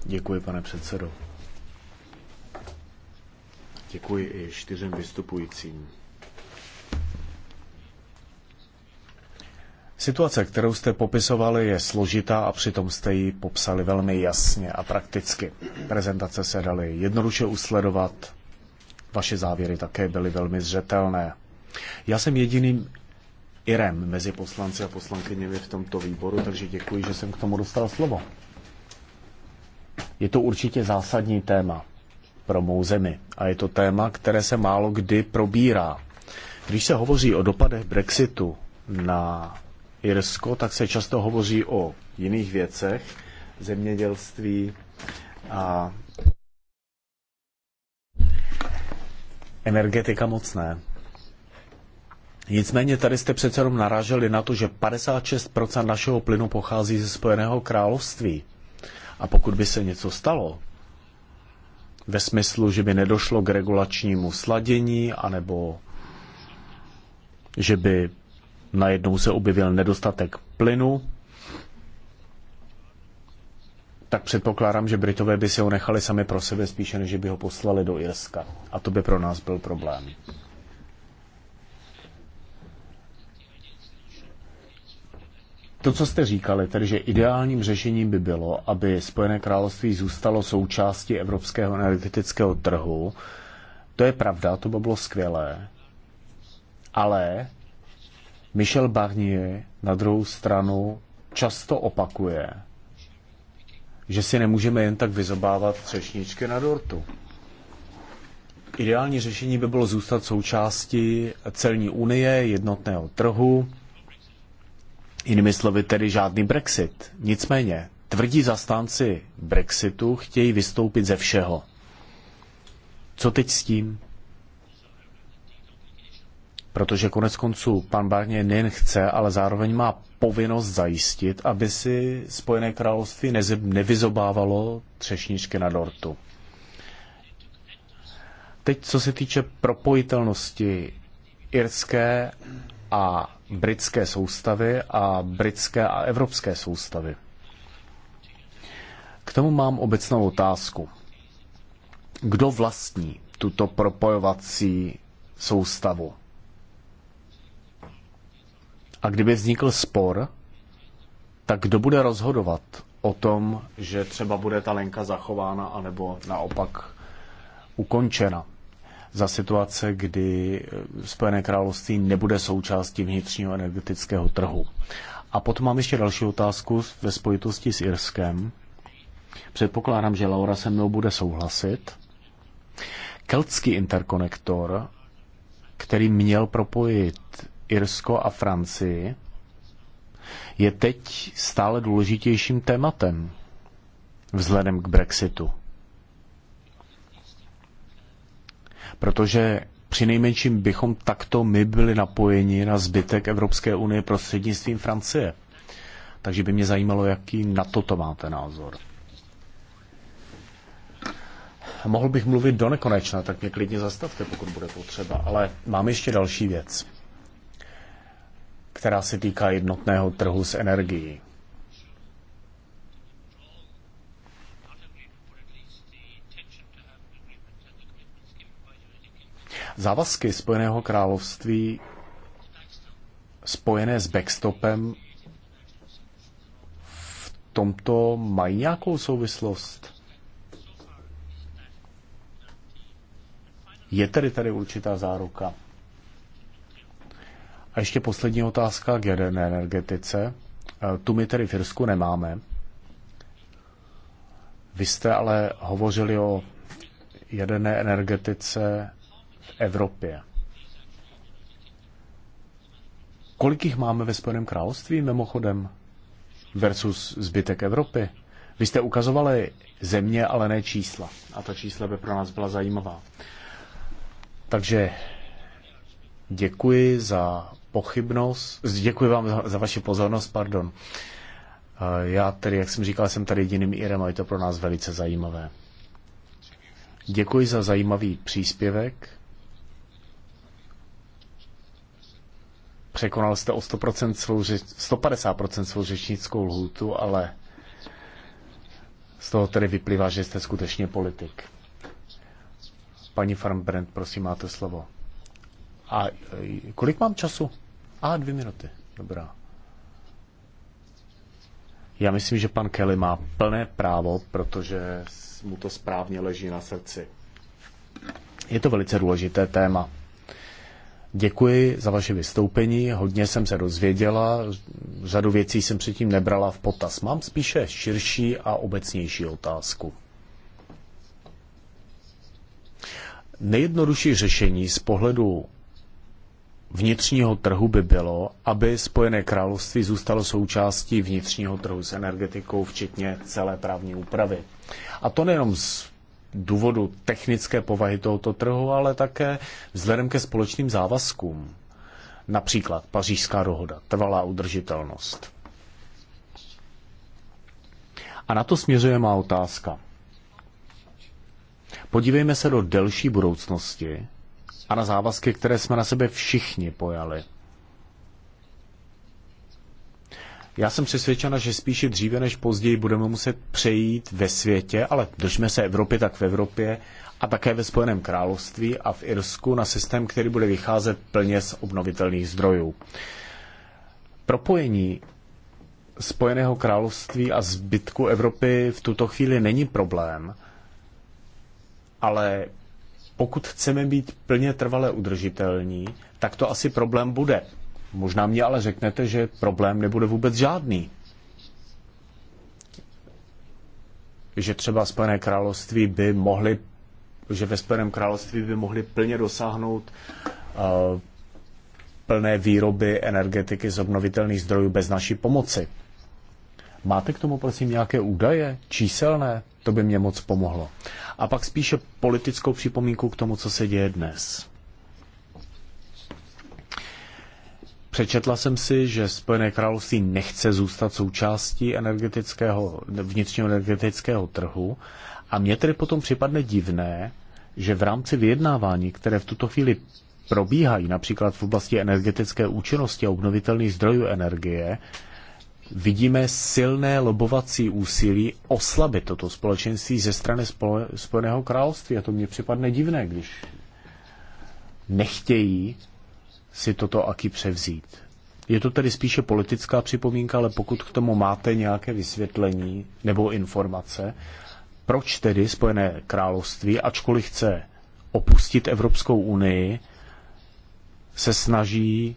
Děkuji, pane předsedo. Děkuji i čtyřem vystupujícím. Situace, kterou jste popisovali, je složitá a přitom jste ji popsali velmi jasně a prakticky. Prezentace se daly jednoduše usledovat, vaše závěry také byly velmi zřetelné. Já jsem jediným Irem mezi poslanci a poslankyněmi v tomto výboru, takže děkuji, že jsem k tomu dostal slovo. Je to určitě zásadní téma pro mou zemi a je to téma, které se málo kdy probírá. Když se hovoří o dopadech Brexitu na Irsko, tak se často hovoří o jiných věcech, zemědělství a energetika mocné. Nicméně tady jste přece jenom naráželi na to, že 56% našeho plynu pochází ze Spojeného království. A pokud by se něco stalo, ve smyslu, že by nedošlo k regulačnímu sladění, anebo že by najednou se objevil nedostatek plynu, tak předpokládám, že Britové by si ho nechali sami pro sebe spíše, než by ho poslali do Irska. A to by pro nás byl problém. To, co jste říkali, tedy že ideálním řešením by bylo, aby Spojené království zůstalo součástí evropského energetického trhu, to je pravda, to by bylo skvělé. Ale Michel Barnier na druhou stranu často opakuje, že si nemůžeme jen tak vyzobávat třešničky na dortu. Ideální řešení by bylo zůstat součástí celní unie, jednotného trhu, jinými slovy tedy žádný Brexit. Nicméně, tvrdí zastánci Brexitu chtějí vystoupit ze všeho. Co teď s tím? protože konec konců pan Barnier nejen chce, ale zároveň má povinnost zajistit, aby si Spojené království nevyzobávalo třešničky na dortu. Teď, co se týče propojitelnosti irské a britské soustavy a britské a evropské soustavy. K tomu mám obecnou otázku. Kdo vlastní tuto propojovací soustavu? A kdyby vznikl spor, tak kdo bude rozhodovat o tom, že třeba bude ta lenka zachována anebo naopak ukončena za situace, kdy Spojené království nebude součástí vnitřního energetického trhu. A potom mám ještě další otázku ve spojitosti s Irskem. Předpokládám, že Laura se mnou bude souhlasit. Keltský interkonektor, který měl propojit Irsko a Francii, je teď stále důležitějším tématem vzhledem k Brexitu. Protože přinejmenším bychom takto my byli napojeni na zbytek Evropské unie prostřednictvím Francie. Takže by mě zajímalo, jaký na toto máte názor. Mohl bych mluvit do nekonečna, tak mě klidně zastavte, pokud bude potřeba, ale mám ještě další věc která se týká jednotného trhu s energií. Závazky Spojeného království spojené s backstopem v tomto mají nějakou souvislost? Je tedy tady určitá záruka. A ještě poslední otázka k jaderné energetice. Eh, tu my tedy v Irsku nemáme. Vy jste ale hovořili o jaderné energetice v Evropě. Kolik jich máme ve Spojeném království mimochodem versus zbytek Evropy? Vy jste ukazovali země, ale ne čísla. A ta čísla by pro nás byla zajímavá. Takže děkuji za pochybnost. Děkuji vám za, za vaši pozornost, pardon. Eh, já tedy, jak jsem říkal, jsem tady jediným Irem a je to pro nás velice zajímavé. Děkuji za zajímavý příspěvek. Překonal jste o 100% svou, 150% svou řečnickou lhůtu, ale z toho tedy vyplývá, že jste skutečně politik. Paní Farmbrand, prosím, máte slovo. A eh, kolik mám času? A dvě minuty, dobrá. Já myslím, že pan Kelly má plné právo, protože mu to správně leží na srdci. Je to velice důležité téma. Děkuji za vaše vystoupení, hodně jsem se dozvěděla, řadu věcí jsem předtím nebrala v potaz. Mám spíše širší a obecnější otázku. Nejjednodušší řešení z pohledu vnitřního trhu by bylo, aby Spojené království zůstalo součástí vnitřního trhu s energetikou, včetně celé právní úpravy. A to nejenom z důvodu technické povahy tohoto trhu, ale také vzhledem ke společným závazkům. Například pařížská dohoda, trvalá udržitelnost. A na to směřuje má otázka. Podívejme se do delší budoucnosti a na závazky, které jsme na sebe všichni pojali. Já jsem přesvědčena, že spíše dříve než později budeme muset přejít ve světě, ale držme se Evropy, tak v Evropě a také ve Spojeném království a v Irsku na systém, který bude vycházet plně z obnovitelných zdrojů. Propojení Spojeného království a zbytku Evropy v tuto chvíli není problém, ale pokud chceme být plně trvale udržitelní, tak to asi problém bude. Možná mě ale řeknete, že problém nebude vůbec žádný. Že třeba Spojené království by mohli, že ve Spojeném království by mohli plně dosáhnout uh, plné výroby energetiky z obnovitelných zdrojů bez naší pomoci. Máte k tomu prosím nějaké údaje, číselné? To by mě moc pomohlo. A pak spíše politickou připomínku k tomu, co se děje dnes. Přečetla jsem si, že Spojené království nechce zůstat součástí energetického, vnitřního energetického trhu a mně tedy potom připadne divné, že v rámci vyjednávání, které v tuto chvíli probíhají například v oblasti energetické účinnosti a obnovitelných zdrojů energie, vidíme silné lobovací úsilí oslabit toto společenství ze strany Spojeného království. A to mně připadne divné, když nechtějí si toto aký převzít. Je to tedy spíše politická připomínka, ale pokud k tomu máte nějaké vysvětlení nebo informace, proč tedy Spojené království, ačkoliv chce opustit Evropskou unii, se snaží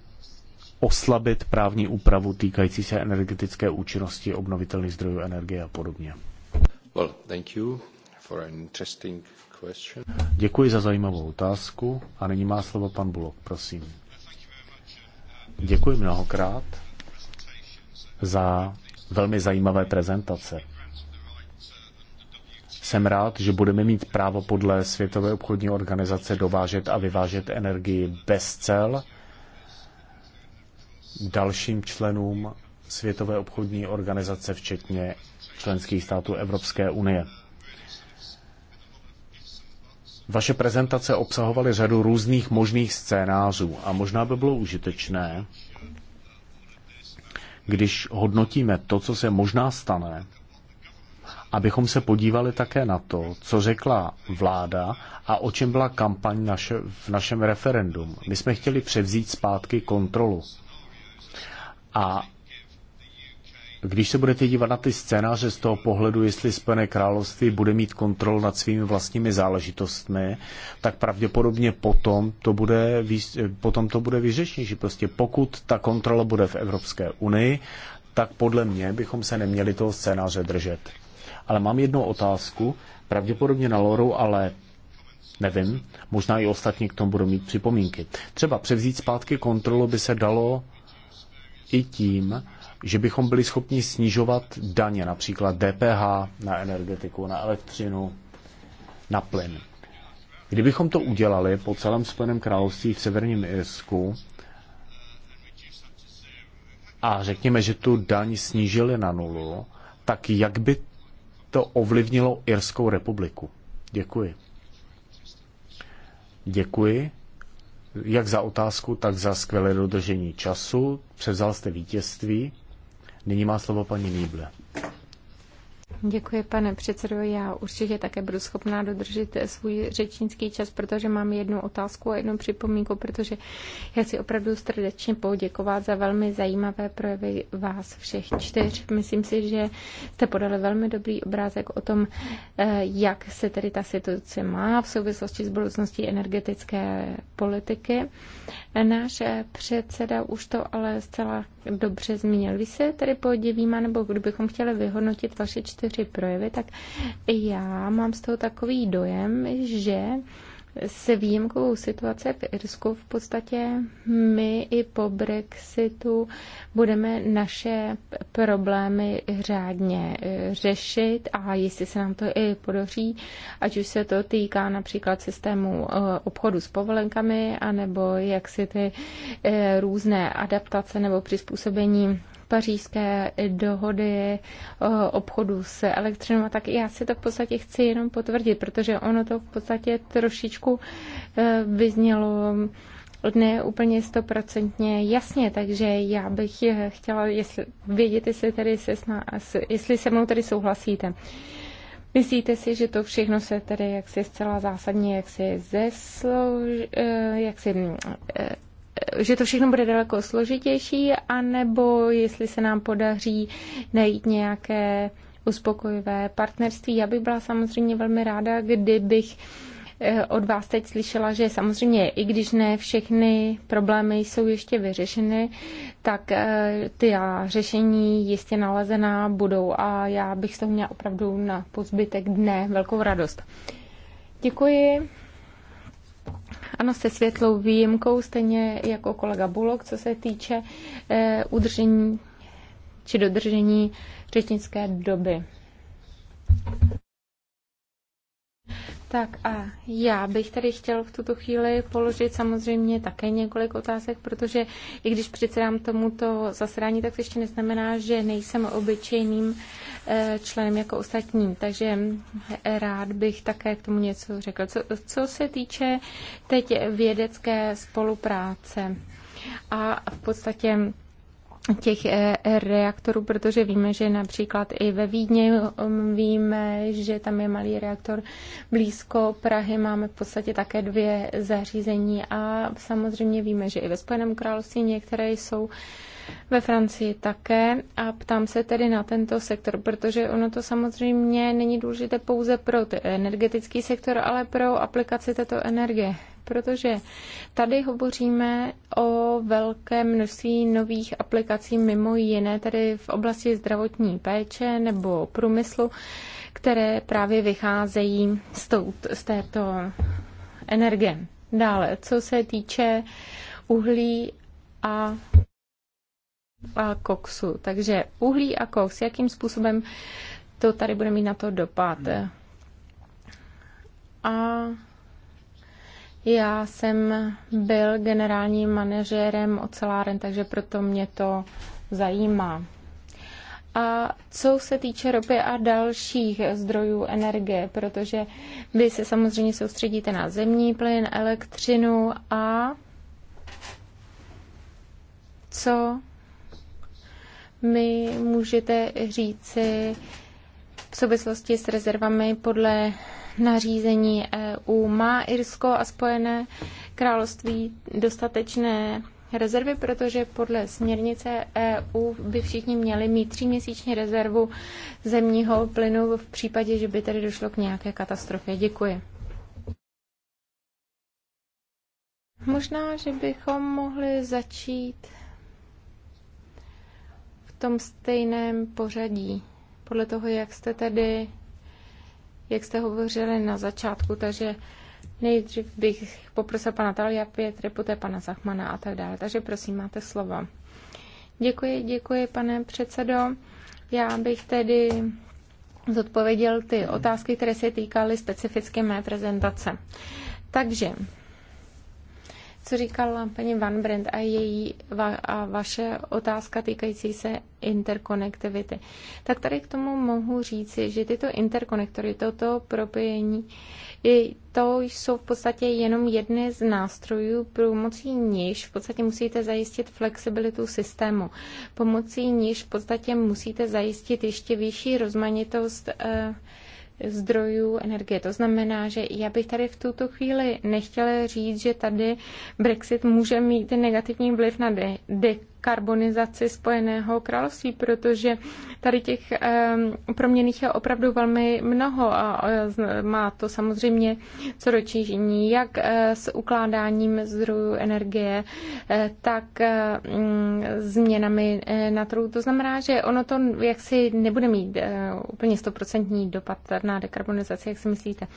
oslabit právní úpravu týkající se energetické účinnosti, obnovitelných zdrojů energie a podobně. Well, thank you for an interesting question. Děkuji za zajímavou otázku a nyní má slovo pan Bulok, prosím. Děkuji mnohokrát za velmi zajímavé prezentace. Jsem rád, že budeme mít právo podle Světové obchodní organizace dovážet a vyvážet energii bez cel dalším členům Světové obchodní organizace, včetně členských států Evropské unie. Vaše prezentace obsahovaly řadu různých možných scénářů a možná by bylo užitečné, když hodnotíme to, co se možná stane, abychom se podívali také na to, co řekla vláda a o čem byla kampaň naše, v našem referendum. My jsme chtěli převzít zpátky kontrolu a když se budete dívat na ty scénáře z toho pohledu, jestli Spojené království bude mít kontrol nad svými vlastními záležitostmi, tak pravděpodobně potom to bude, potom to bude vyřešnější. Prostě pokud ta kontrola bude v Evropské unii, tak podle mě bychom se neměli toho scénáře držet. Ale mám jednu otázku, pravděpodobně na Loru, ale nevím, možná i ostatní k tomu budou mít připomínky. Třeba převzít zpátky kontrolu by se dalo i tím, že bychom byli schopni snižovat daně, například DPH na energetiku, na elektřinu, na plyn. Kdybychom to udělali po celém Spojeném království v Severním Irsku a řekněme, že tu daň snížili na nulu, tak jak by to ovlivnilo Irskou republiku? Děkuji. Děkuji jak za otázku, tak za skvělé dodržení času. Převzal jste vítězství. Nyní má slovo paní Nýble. Děkuji, pane předsedo. Já určitě také budu schopná dodržet svůj řečnický čas, protože mám jednu otázku a jednu připomínku, protože já si opravdu srdečně poděkovat za velmi zajímavé projevy vás všech čtyř. Myslím si, že jste podali velmi dobrý obrázek o tom, eh, jak se tedy ta situace má v souvislosti s budoucností energetické politiky. Náš předseda už to ale zcela dobře zmínil. Vy se tedy podívíme, nebo kdybychom chtěli vyhodnotit vaše čtyři ty projevy, tak já mám z toho takový dojem, že s výjimkou situace v Irsku v podstatě my i po Brexitu budeme naše problémy řádně eh, řešit a jestli se nám to i podaří, ať už se to týká například systému eh, obchodu s povolenkami, anebo jak si ty eh, různé adaptace nebo přizpůsobení pařížské dohody obchodu se elektřinou, tak já si to v podstatě chci jenom potvrdit, protože ono to v podstatě trošičku e, vyznělo ne úplně stoprocentně jasně, takže já bych e, chtěla jestli, vědět, jestli, tady se sná, jestli se mnou tady souhlasíte. Myslíte si, že to všechno se tedy jaksi zcela zásadně jaksi, zeslouž, e, jaksi že to všechno bude daleko složitější, anebo jestli se nám podaří najít nějaké uspokojivé partnerství. Já bych byla samozřejmě velmi ráda, kdybych eh, od vás teď slyšela, že samozřejmě, i když ne všechny problémy jsou ještě vyřešeny, tak eh, ty řešení jistě nalezená budou a já bych z toho měla opravdu na pozbytek dne velkou radost. Děkuji. Ano, se světlou výjimkou, stejně jako kolega Bulok, co se týče eh, udržení či dodržení řečnické doby. Tak a já bych tady chtěl v tuto chvíli položit samozřejmě také několik otázek, protože i když předsedám tomuto zasedání, tak to ještě neznamená, že nejsem obyčejným eh, členem jako ostatním. Takže eh, rád bych také k tomu něco řekl. Co, co se týče teď vědecké spolupráce a v podstatě těch eh, reaktorů, protože víme, že například i ve Vídni um, víme, že tam je malý reaktor blízko Prahy, máme v podstatě také dvě zařízení a samozřejmě víme, že i ve Spojeném království některé jsou ve Francii také a ptám se tedy na tento sektor, protože ono to samozřejmě není důležité pouze pro energetický sektor, ale pro aplikaci této energie protože tady hovoříme o velké množství nových aplikací, mimo jiné tady v oblasti zdravotní péče nebo průmyslu, které právě vycházejí z, tou, z této energie. Dále, co se týče uhlí a a koksu. Takže uhlí a koks, jakým způsobem to tady bude mít na to dopad? Hmm. A já jsem byl generálním manažérem oceláren, takže proto mě to zajímá. A co se týče ropy a dalších zdrojů energie, protože vy se samozřejmě soustředíte na zemní plyn, elektřinu a co mi můžete říci v souvislosti s rezervami podle nařízení EU? Má Irsko a Spojené království dostatečné rezervy, protože podle směrnice EU by všichni měli mít tříměsíční rezervu zemního plynu v případě, že by tedy došlo k nějaké katastrofě. Děkuji. Možná, že bychom mohli začít tom stejném pořadí, podle toho, jak jste tedy, jak jste hovořili na začátku, takže nejdřív bych poprosil pana Talia Pětry, poté pana Zachmana a tak dále. Takže prosím, máte slovo. Děkuji, děkuji, pane předsedo. Já bych tedy zodpověděl ty otázky, které se týkaly specificky mé prezentace. Takže co říkala paní Van Brandt a její va, a vaše otázka týkající se interkonektivity. Tak tady k tomu mohu říci, že tyto interkonektory, toto propojení, to jsou v podstatě jenom jedny z nástrojů, pomocí níž v podstatě musíte zajistit flexibilitu systému. Pomocí níž v podstatě musíte zajistit ještě vyšší rozmanitost eh, zdrojů energie. To znamená, že já bych tady v tuto chvíli nechtěla říct, že tady Brexit může mít negativní vliv na de- de- karbonizaci Spojeného království, protože tady těch proměných je opravdu velmi mnoho a má to samozřejmě co dočinění jak e, s ukládáním zdrojů energie, e, tak e, změnami na trhu. To znamená, že ono to jaksi nebude mít úplně stoprocentní dopad na dekarbonizaci, jak si myslíte.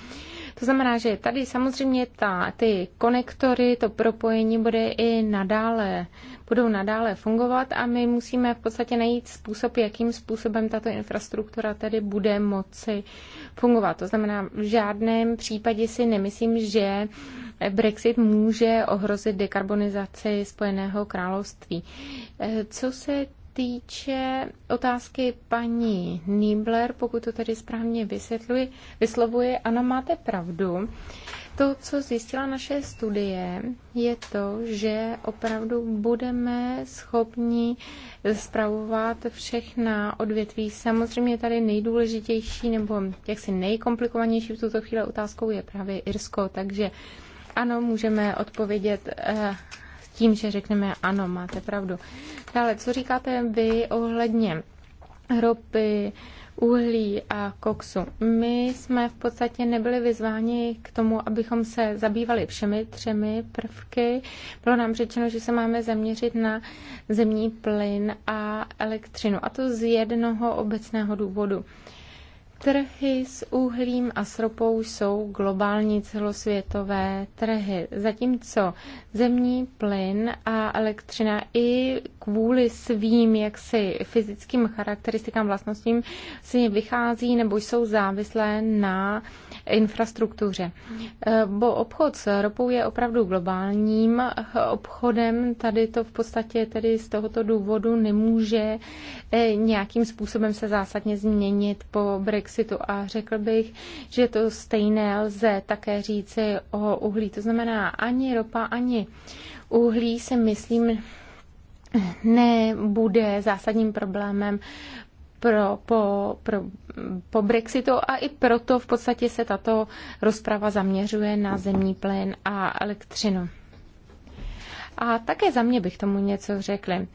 To znamená, že tady samozřejmě ta, ty konektory, to propojení bude i nadále budou nadále fungovat a my musíme v podstatě najít způsob, jakým způsobem tato infrastruktura tedy bude moci fungovat. To znamená, v žádném případě si nemyslím, že Brexit může ohrozit dekarbonizaci Spojeného království. Eh, co se týče otázky paní Niebler, pokud to tady správně vyslovuje, ano, máte pravdu. To, co zjistila naše studie, je to, že opravdu budeme schopni zpravovat všechna odvětví. Samozřejmě tady nejdůležitější nebo jaksi nejkomplikovanější v tuto chvíli otázkou je právě Irsko, takže ano, můžeme odpovědět eh, tím, že řekneme ano, máte pravdu. Dále, co říkáte vy ohledně ropy, uhlí a koksu. My jsme v podstatě nebyli vyzváni k tomu, abychom se zabývali všemi třemi prvky. Bylo nám řečeno, že se máme zaměřit na zemní plyn a elektřinu. A to z jednoho obecného důvodu. Trhy s uhlím a s ropou jsou globální celosvětové trhy, zatímco zemní plyn a elektřina i kvůli svým jaksi fyzickým charakteristikám, vlastnostím si vychází nebo jsou závislé na infrastruktuře. E, bo obchod s ropou je opravdu globálním obchodem. Tady to v podstatě tedy z tohoto důvodu nemůže e, nějakým způsobem se zásadně změnit po Brexitu. A řekl bych, že to stejné lze také říci o uhlí. To znamená, ani ropa, ani uhlí se myslím nebude zásadním problémem pro, po, pro, po Brexitu a i proto v podstatě se tato rozprava zaměřuje na zemní plyn a elektřinu. A také za mě bych tomu něco řekli.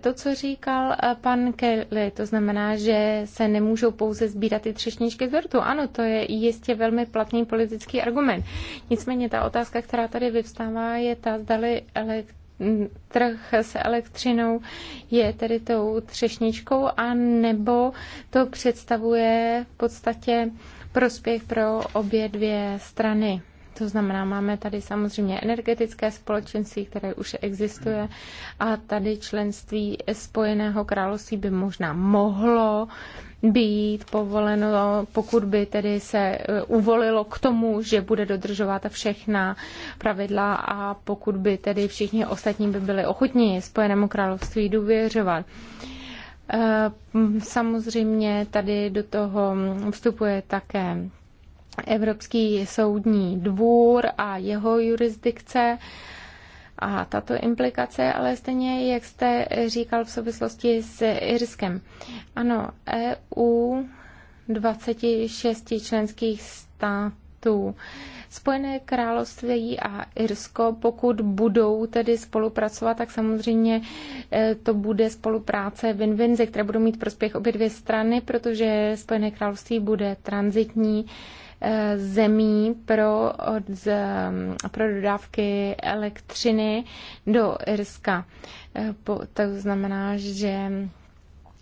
To, co říkal eh, pan Kelly, to znamená, že se nemůžou pouze sbírat ty třešničky z dortu. Ano, to je jistě velmi platný politický argument. Nicméně ta otázka, která tady vyvstává, je ta, zdali elektrina trh s elektřinou je tedy tou třešničkou a nebo to představuje v podstatě prospěch pro obě dvě strany. To znamená, máme tady samozřejmě energetické společenství, které už existuje a tady členství Spojeného království by možná mohlo být povoleno, pokud by tedy se eh, uvolilo k tomu, že bude dodržovat všechna pravidla a pokud by tedy všichni ostatní by byli ochotní Spojenému království důvěřovat. Eh, samozřejmě tady do toho vstupuje také Evropský soudní dvůr a jeho jurisdikce. A tato implikace, ale stejně, jak jste říkal v souvislosti s Irskem. Ano, EU 26 členských států. Spojené království a Irsko, pokud budou tedy spolupracovat, tak samozřejmě e, to bude spolupráce win-win, ze které budou mít prospěch obě dvě strany, protože Spojené království bude transitní Eh, zemí pro, od, eh, pro dodávky elektřiny do Irska. Eh, to znamená, že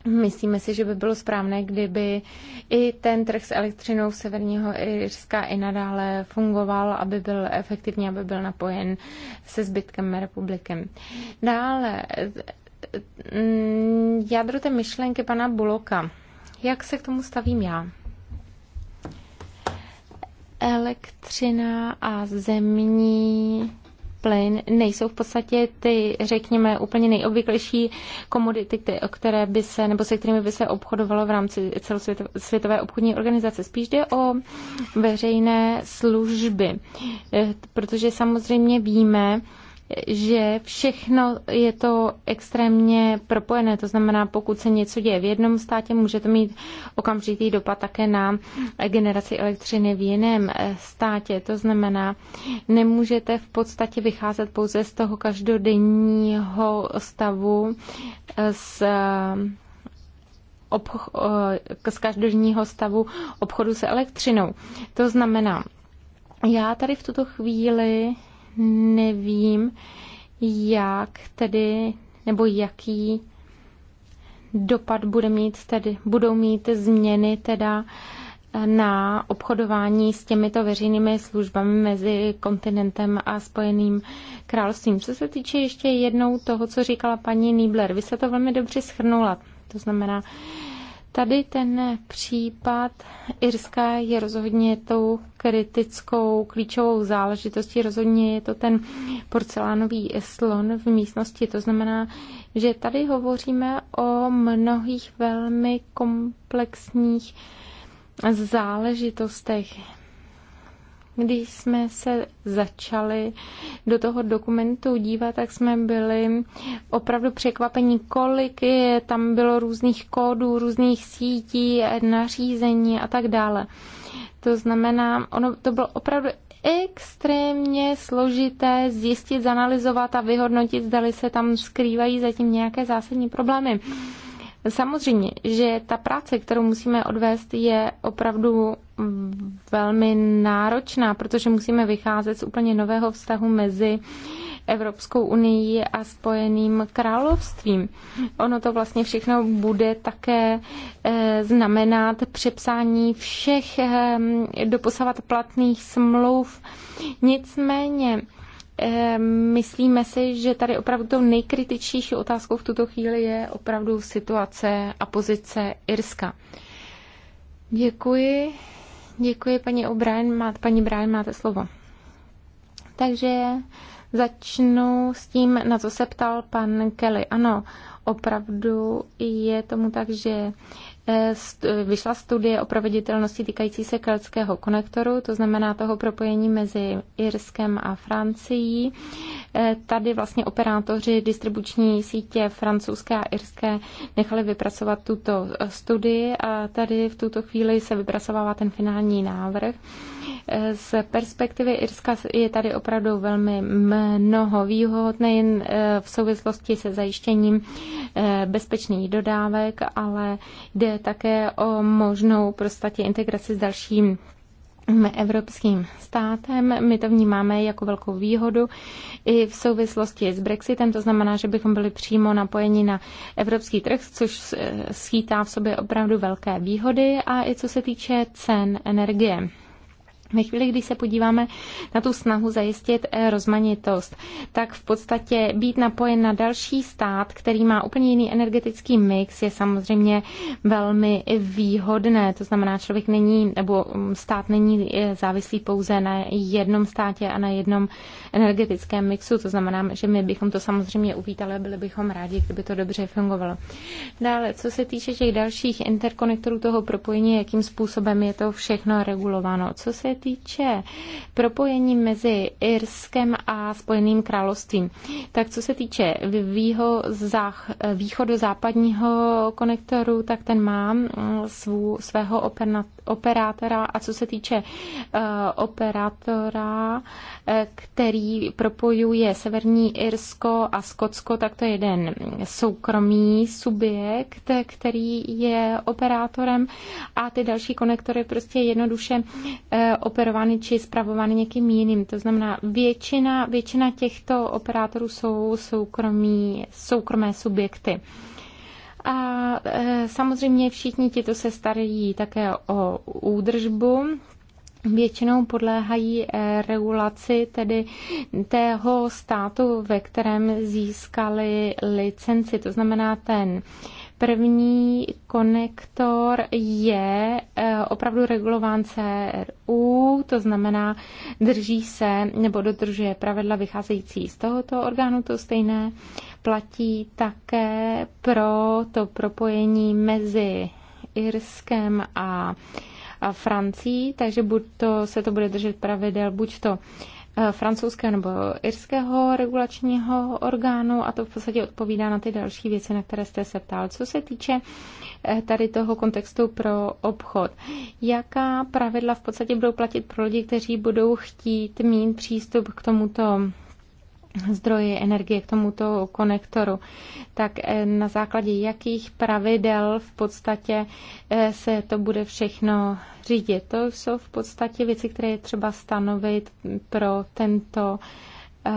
Myslíme si, že by bylo správné, kdyby i ten trh s elektřinou severního Irska i nadále fungoval, aby byl efektivně, aby byl napojen se zbytkem republiky. Dále, mm, jádro té myšlenky pana Buloka. Jak se k tomu stavím já? elektřina a zemní plyn nejsou v podstatě ty, řekněme, úplně nejobvyklejší komodity, které by se, nebo se kterými by se obchodovalo v rámci celosvětové obchodní organizace. Spíš jde o veřejné služby, eh, protože samozřejmě víme, že všechno je to extrémně propojené. To znamená, pokud se něco děje v jednom státě, může to mít okamžitý dopad také na generaci elektřiny v jiném eh, státě. To znamená, nemůžete v podstatě vycházet pouze z toho každodenního stavu s eh, eh, z každodenního stavu obchodu se elektřinou. To znamená, já tady v tuto chvíli nevím, jak tedy, nebo jaký dopad bude mít tedy, budou mít změny teda na obchodování s těmito veřejnými službami mezi kontinentem a spojeným královstvím. Co se týče ještě jednou toho, co říkala paní Niebler, vy se to velmi dobře schrnula. To znamená, Tady ten případ Irska je rozhodně tou kritickou klíčovou záležitostí. Rozhodně je to ten porcelánový slon v místnosti. To znamená, že tady hovoříme o mnohých velmi komplexních záležitostech. Když jsme se začali do toho dokumentu dívat, tak jsme byli opravdu překvapení, kolik je tam bylo různých kódů, různých sítí, nařízení a tak dále. To znamená, ono to bylo opravdu extrémně složité zjistit, zanalizovat a vyhodnotit, zdali se tam skrývají zatím nějaké zásadní problémy. Samozřejmě, že ta práce, kterou musíme odvést, je opravdu velmi náročná, protože musíme vycházet z úplně nového vztahu mezi Evropskou unii a Spojeným královstvím. Ono to vlastně všechno bude také eh, znamenat přepsání všech eh, doposavat platných smlouv. Nicméně, eh, myslíme si, že tady opravdu tou nejkritičtější otázkou v tuto chvíli je opravdu situace a pozice Irska. Děkuji. Děkuji, paní O'Brien. Má, paní Brian, máte slovo. Takže začnu s tím, na co se ptal pan Kelly. Ano, opravdu je tomu tak, že Eh, vyšla studie o proveditelnosti týkající se keltského konektoru, to znamená toho propojení mezi Irskem a Francií. Eh, tady vlastně operátoři distribuční sítě francouzské a irské nechali vypracovat tuto eh, studii a tady v tuto chvíli se vypracovává ten finální návrh. Z perspektivy Irska je tady opravdu velmi mnoho výhod, nejen eh, v souvislosti se zajištěním eh, bezpečných dodávek, ale jde také o možnou prostatě integraci s dalším evropským státem. My to vnímáme jako velkou výhodu i v souvislosti s Brexitem, to znamená, že bychom byli přímo napojeni na evropský trh, což eh, schýtá v sobě opravdu velké výhody a i co se týče cen energie. Ve chvíli, kdy se podíváme na tu snahu zajistit eh, rozmanitost, tak v podstatě být napojen na další stát, který má úplně jiný energetický mix, je samozřejmě velmi výhodné. To znamená, člověk není, nebo mm, stát není eh, závislý pouze na jednom státě a na jednom energetickém mixu. To znamená, že my bychom to samozřejmě uvítali, byli bychom rádi, kdyby to dobře fungovalo. Dále, co se týče těch dalších interkonektorů toho propojení, jakým způsobem je to všechno regulováno. Co se týče propojení mezi Irskem a Spojeným královstvím, tak co se týče východu západního konektoru, tak ten má mm, svů, svého operna, operátora a co se týče eh, operátora, eh, který propojuje Severní Irsko a Skotsko, tak to je jeden soukromý subjekt, který je operátorem a ty další konektory prostě jednoduše eh, operovány či zpravovány někým jiným. To znamená, většina, většina těchto operátorů jsou soukromí, soukromé subjekty. A e, samozřejmě všichni tito se starají také o údržbu, většinou podléhají e, regulaci tedy tého státu, ve kterém získali licenci. To znamená, ten první konektor je e, opravdu regulován CRU, to znamená, drží se nebo dodržuje pravidla vycházející z tohoto orgánu, to stejné platí také pro to propojení mezi Irskem a Francií, takže buď to se to bude držet pravidel, buď to eh, francouzského nebo irského regulačního orgánu a to v podstatě odpovídá na ty další věci, na které jste se ptal. Co se týče eh, tady toho kontextu pro obchod, jaká pravidla v podstatě budou platit pro lidi, kteří budou chtít mít přístup k tomuto zdroji energie k tomuto konektoru, tak eh, na základě jakých pravidel v podstatě eh, se to bude všechno řídit. To jsou v podstatě věci, které je třeba stanovit pro tento eh,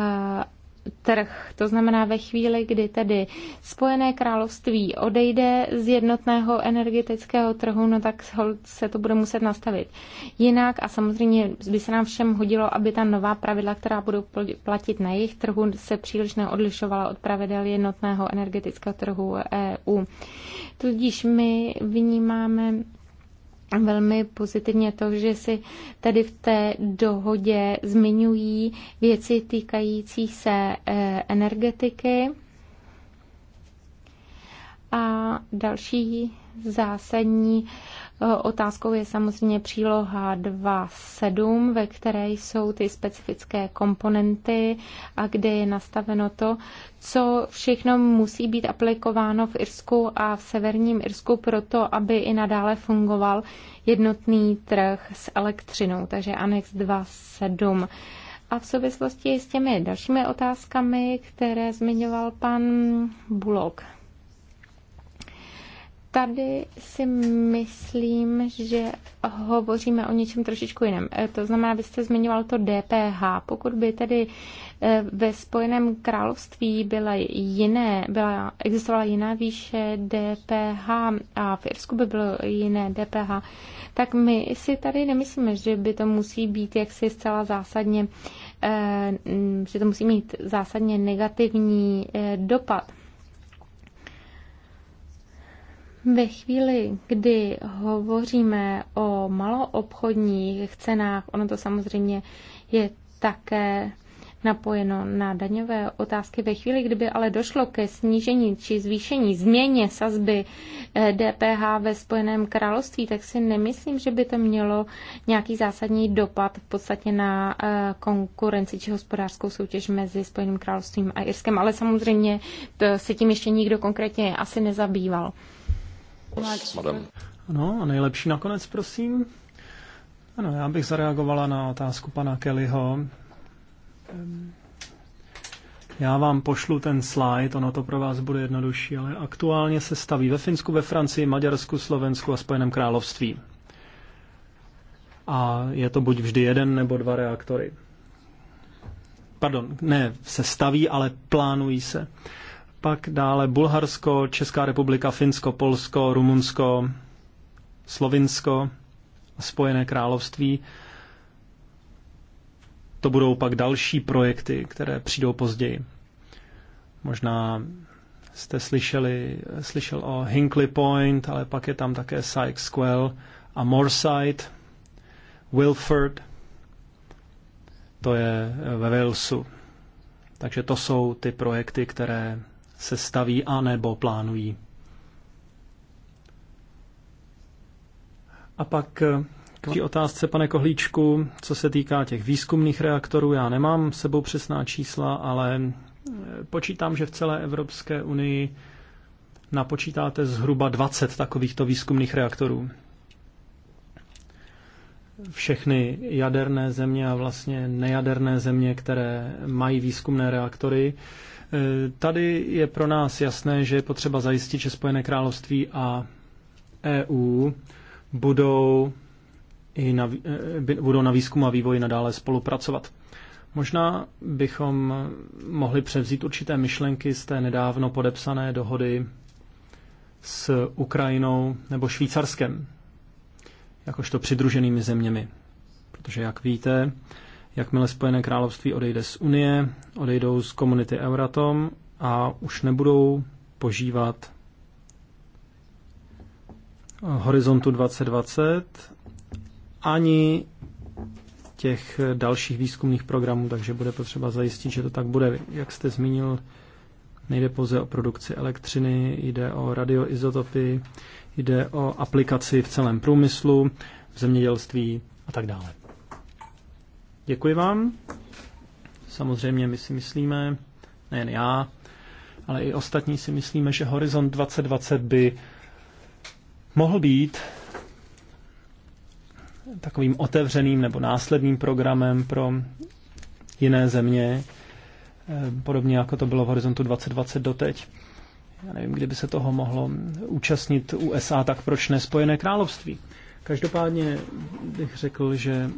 trh. To znamená ve chvíli, kdy tedy Spojené království odejde z jednotného energetického trhu, no tak se to bude muset nastavit jinak a samozřejmě by se nám všem hodilo, aby ta nová pravidla, která budou platit na jejich trhu, se příliš neodlišovala od pravidel jednotného energetického trhu EU. Tudíž my vnímáme velmi pozitivně to, že si tady v té dohodě zmiňují věci týkající se eh, energetiky. A další zásadní Otázkou je samozřejmě příloha 2.7, ve které jsou ty specifické komponenty a kde je nastaveno to, co všechno musí být aplikováno v Irsku a v severním Irsku pro to, aby i nadále fungoval jednotný trh s elektřinou, takže anex 2.7. A v souvislosti s těmi dalšími otázkami, které zmiňoval pan Bulok, tady si myslím, že hovoříme o něčem trošičku jiném. E, to znamená, vy jste zmiňoval to DPH. Pokud by tedy e, ve Spojeném království byla jiné, byla, existovala jiná výše DPH a v Irsku by bylo jiné DPH, tak my si tady nemyslíme, že by to musí být jaksi zcela zásadně, e, že to musí mít zásadně negativní dopad. Ve chvíli, kdy hovoříme o maloobchodních cenách, ono to samozřejmě je také napojeno na daňové otázky. Ve chvíli, kdyby ale došlo ke snížení či zvýšení změně sazby DPH eh, ve Spojeném království, tak si nemyslím, že by to mělo nějaký zásadní dopad v podstatě na eh, konkurenci či hospodářskou soutěž mezi Spojeným královstvím a Irskem, ale samozřejmě se tím ještě nikdo konkrétně asi nezabýval. Ano, a nejlepší nakonec, prosím. Ano, já bych zareagovala na otázku pana Kellyho. Ehm, já vám pošlu ten slide, ono to pro vás bude jednodušší, ale aktuálně se staví ve Finsku, ve Francii, Maďarsku, Slovensku a Spojeném království. A je to buď vždy jeden nebo dva reaktory. Pardon, ne, se staví, ale plánují se pak dále Bulharsko, Česká republika, Finsko, Polsko, Rumunsko, Slovinsko, Spojené království. To budou pak další projekty, které přijdou později. Možná jste slyšeli, slyšel o Hinkley Point, ale pak je tam také Sykes Quell a Morside, Wilford, to je ve Walesu. Takže to jsou ty projekty, které se staví a nebo plánují. A pak eh, k otázce, pane Kohlíčku, co se týká těch výzkumných reaktorů, já nemám sebou přesná čísla, ale eh, počítám, že v celé Evropské unii napočítáte zhruba 20 takovýchto výzkumných reaktorů. Všechny jaderné země a vlastně nejaderné země, které mají výzkumné reaktory, Eh, tady je pro nás jasné, že je potřeba zajistit, že Spojené království a EU budou, i na, eh, budou na výzkumu a vývoji nadále spolupracovat. Možná bychom mohli převzít určité myšlenky z té nedávno podepsané dohody s Ukrajinou nebo Švýcarskem, jakožto přidruženými zeměmi. Protože, jak víte, Jakmile Spojené království odejde z Unie, odejdou z komunity Euratom a už nebudou požívat Horizontu 2020 ani těch dalších výzkumných programů, takže bude potřeba zajistit, že to tak bude. Jak jste zmínil, nejde pouze o produkci elektřiny, jde o radioizotopy, jde o aplikaci v celém průmyslu, v zemědělství a tak dále. Děkuji vám. Samozřejmě my si myslíme, nejen já, ale i ostatní si myslíme, že Horizont 2020 by mohl být takovým otevřeným nebo následným programem pro jiné země, eh, podobně jako to bylo v Horizontu 2020 doteď. Já nevím, kdyby se toho mohlo účastnit USA, tak proč ne Spojené království? Každopádně bych řekl, že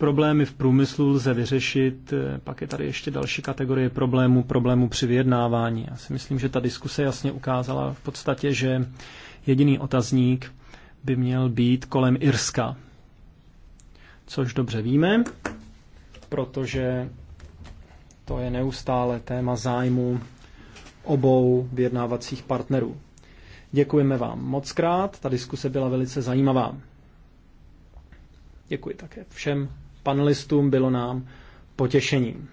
Problémy v průmyslu lze vyřešit, eh, pak je tady ještě další kategorie problémů, problémů při vyjednávání. Já si myslím, že ta diskuse jasně ukázala v podstatě, že jediný otazník by měl být kolem Irska. Což dobře víme, protože to je neustále téma zájmu obou vyjednávacích partnerů. Děkujeme vám moc krát, ta diskuse byla velice zajímavá. Děkuji také všem panelistům bylo nám potěšením.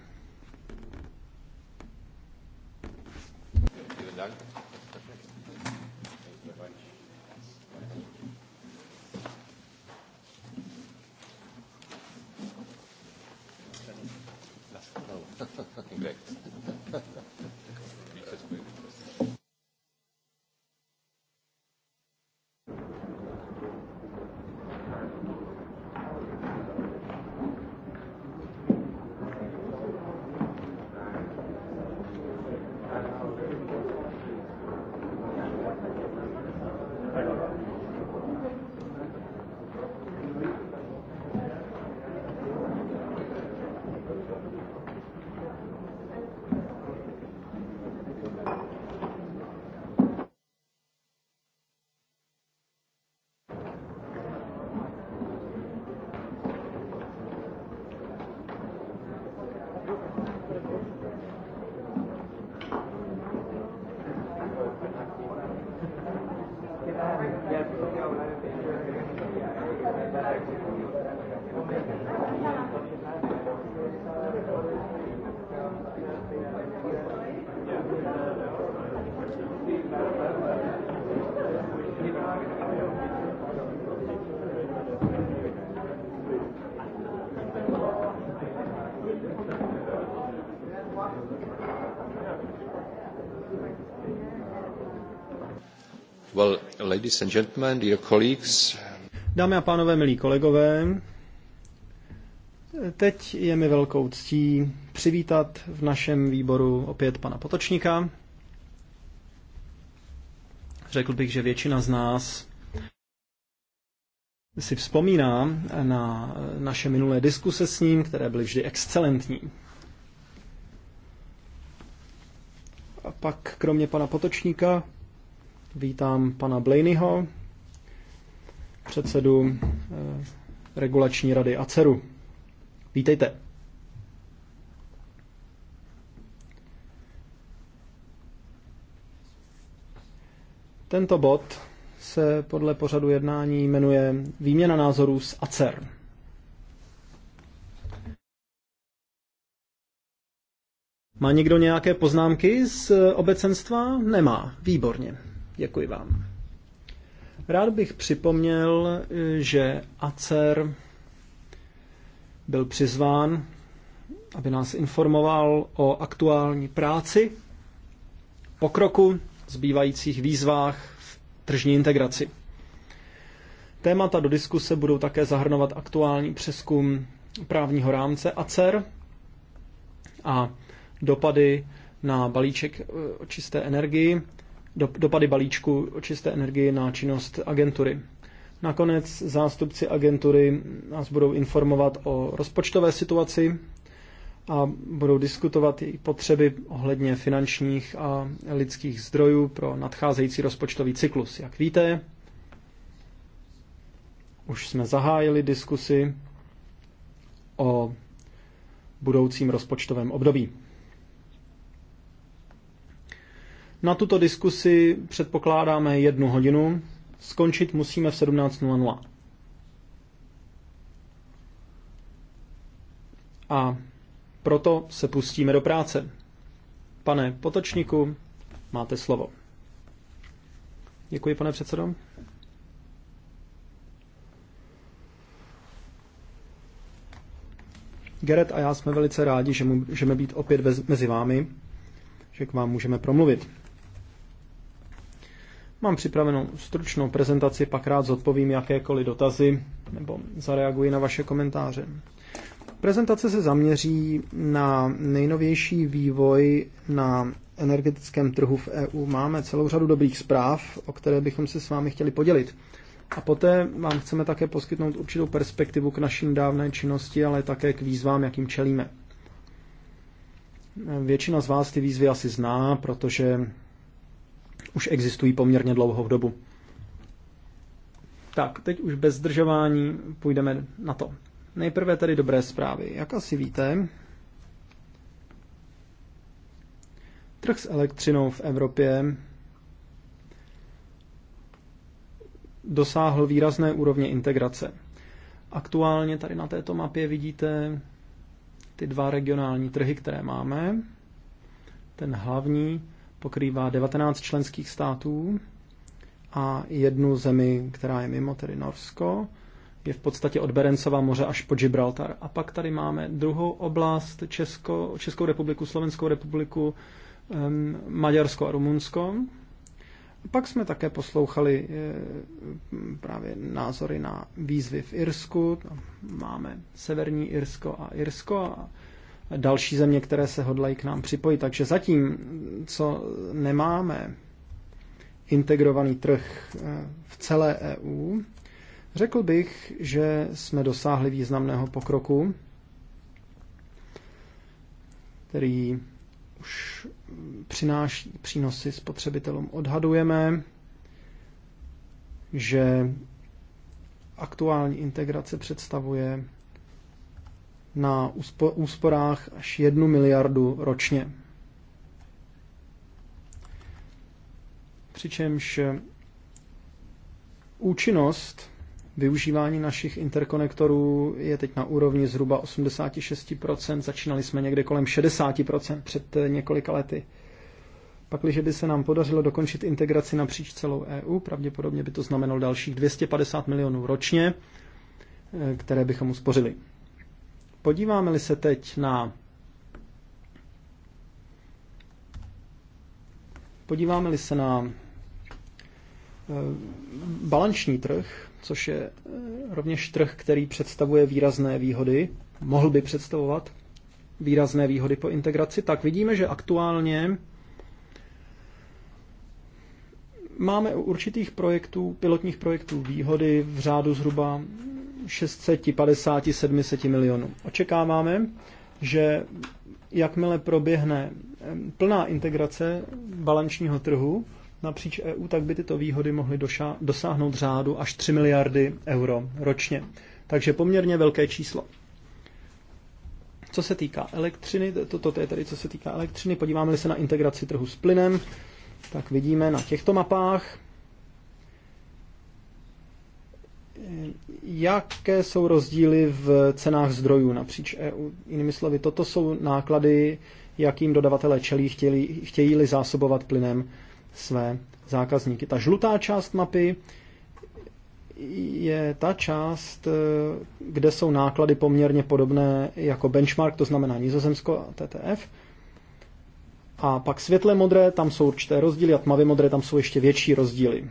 Well, ladies and gentlemen, dear colleagues. Dámy a pánové, milí kolegové, teď je mi velkou ctí přivítat v našem výboru opět pana Potočníka. Řekl bych, že většina z nás si vzpomíná na naše minulé diskuse s ním, které byly vždy excelentní. A pak kromě pana Potočníka Vítám pana Blaneyho, předsedu eh, regulační rady ACERu. Vítejte. Tento bod se podle pořadu jednání jmenuje Výměna názorů s ACER. Má někdo nějaké poznámky z obecenstva? Nemá. Výborně. Děkuji vám. Rád bych připomněl, že ACER byl přizván, aby nás informoval o aktuální práci, pokroku, zbývajících výzvách v tržní integraci. Témata do diskuse budou také zahrnovat aktuální přeskum právního rámce ACER a dopady na balíček eh, o čisté energii dopady balíčku o čisté energii na činnost agentury. Nakonec zástupci agentury nás budou informovat o rozpočtové situaci a budou diskutovat i potřeby ohledně finančních a lidských zdrojů pro nadcházející rozpočtový cyklus. Jak víte, už jsme zahájili diskusy o budoucím rozpočtovém období. Na tuto diskusi předpokládáme jednu hodinu. Skončit musíme v 17.00. A proto se pustíme do práce. Pane Potočníku, máte slovo. Děkuji, pane předsedo. Geret a já jsme velice rádi, že můžeme být opět mezi vámi, že k vám můžeme promluvit. Mám připravenou stručnou prezentaci, pak rád zodpovím jakékoliv dotazy nebo zareaguji na vaše komentáře. Prezentace se zaměří na nejnovější vývoj na energetickém trhu v EU. Máme celou řadu dobrých zpráv, o které bychom se s vámi chtěli podělit. A poté vám chceme také poskytnout určitou perspektivu k našim dávné činnosti, ale také k výzvám, jakým čelíme. Většina z vás ty výzvy asi zná, protože už existují poměrně dlouhou dobu. Tak, teď už bez zdržování půjdeme na to. Nejprve tedy dobré zprávy. Jak asi víte, trh s elektřinou v Evropě dosáhl výrazné úrovně integrace. Aktuálně tady na této mapě vidíte ty dva regionální trhy, které máme. Ten hlavní pokrývá 19 členských států a jednu zemi, která je mimo, tedy Norsko. Je v podstatě od Berencova moře až po Gibraltar. A pak tady máme druhou oblast, Česko, Českou republiku, Slovenskou republiku, Maďarsko a Rumunsko. Pak jsme také poslouchali eh, právě názory na výzvy v Irsku. Máme severní Irsko a Irsko a další země, které se hodlají k nám připojit. Takže zatím, co nemáme integrovaný trh eh, v celé EU, řekl bych, že jsme dosáhli významného pokroku, který už přináší přínosy spotřebitelům. Odhadujeme, že aktuální integrace představuje na úsporách až jednu miliardu ročně. Přičemž eh, účinnost využívání našich interkonektorů je teď na úrovni zhruba 86%, začínali jsme někde kolem 60% před eh, několika lety. Pakliže by se nám podařilo dokončit integraci napříč celou EU, pravděpodobně by to znamenalo dalších 250 milionů ročně, eh, které bychom uspořili. Podíváme-li se teď na podíváme-li se na eh, balanční trh, což je eh, rovněž trh, který představuje výrazné výhody, mohl by představovat výrazné výhody po integraci, tak vidíme, že aktuálně máme u určitých projektů, pilotních projektů výhody v řádu zhruba 650-700 milionů. Očekáváme, že jakmile proběhne plná integrace balančního trhu napříč EU, tak by tyto výhody mohly dosáhnout řádu až 3 miliardy euro ročně. Takže poměrně velké číslo. Co se týká elektřiny, toto to je tedy co se týká elektřiny, podíváme-li se na integraci trhu s plynem, tak vidíme na těchto mapách, jaké jsou rozdíly v cenách zdrojů napříč EU. Jinými slovy, toto jsou náklady, jakým dodavatelé čelí, chtějí, chtějí-li zásobovat plynem své zákazníky. Ta žlutá část mapy je ta část, kde jsou náklady poměrně podobné jako benchmark, to znamená Nizozemsko a TTF. A pak světle modré, tam jsou určité rozdíly, a tmavě modré, tam jsou ještě větší rozdíly.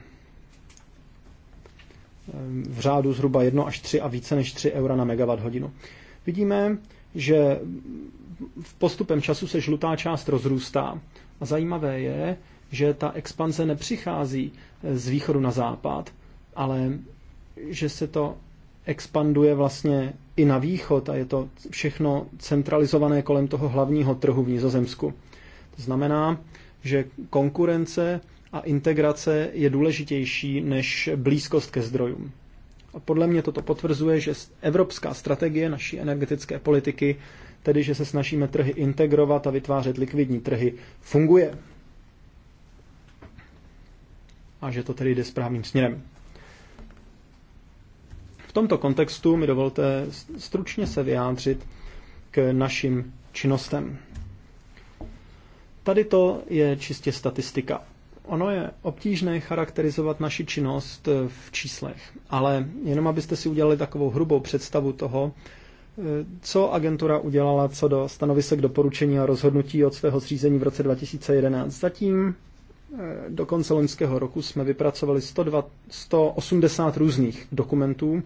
Eh, v řádu zhruba 1 až 3 a více než 3 eura na megawatt hodinu. Vidíme, že v postupem času se žlutá část rozrůstá a zajímavé je, že ta expanze nepřichází eh, z východu na západ, ale že se to expanduje vlastně i na východ a je to všechno centralizované kolem toho hlavního trhu v Nizozemsku. To znamená, že konkurence a integrace je důležitější než blízkost ke zdrojům. A podle mě toto potvrzuje, že evropská strategie naší energetické politiky, tedy že se snažíme trhy integrovat a vytvářet likvidní trhy, funguje. A že to tedy jde správným směrem. V tomto kontextu mi dovolte stručně se vyjádřit k našim činnostem. Tady to je čistě statistika. Ono je obtížné charakterizovat naši činnost eh, v číslech, ale jenom abyste si udělali takovou hrubou představu toho, eh, co agentura udělala co do stanovisek doporučení a rozhodnutí od svého zřízení v roce 2011. Zatím eh, do konce loňského roku jsme vypracovali 102, 180 různých dokumentů.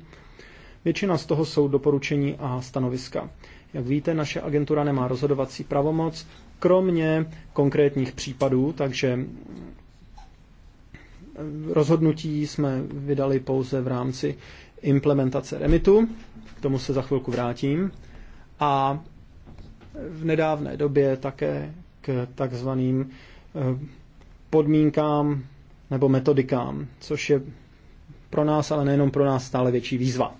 Většina z toho jsou doporučení a stanoviska. Jak víte, naše agentura nemá rozhodovací pravomoc, kromě konkrétních případů, takže rozhodnutí jsme vydali pouze v rámci implementace remitu, k tomu se za chvilku vrátím, a v nedávné době také k takzvaným eh, podmínkám nebo metodikám, což je pro nás, ale nejenom pro nás, stále větší výzva.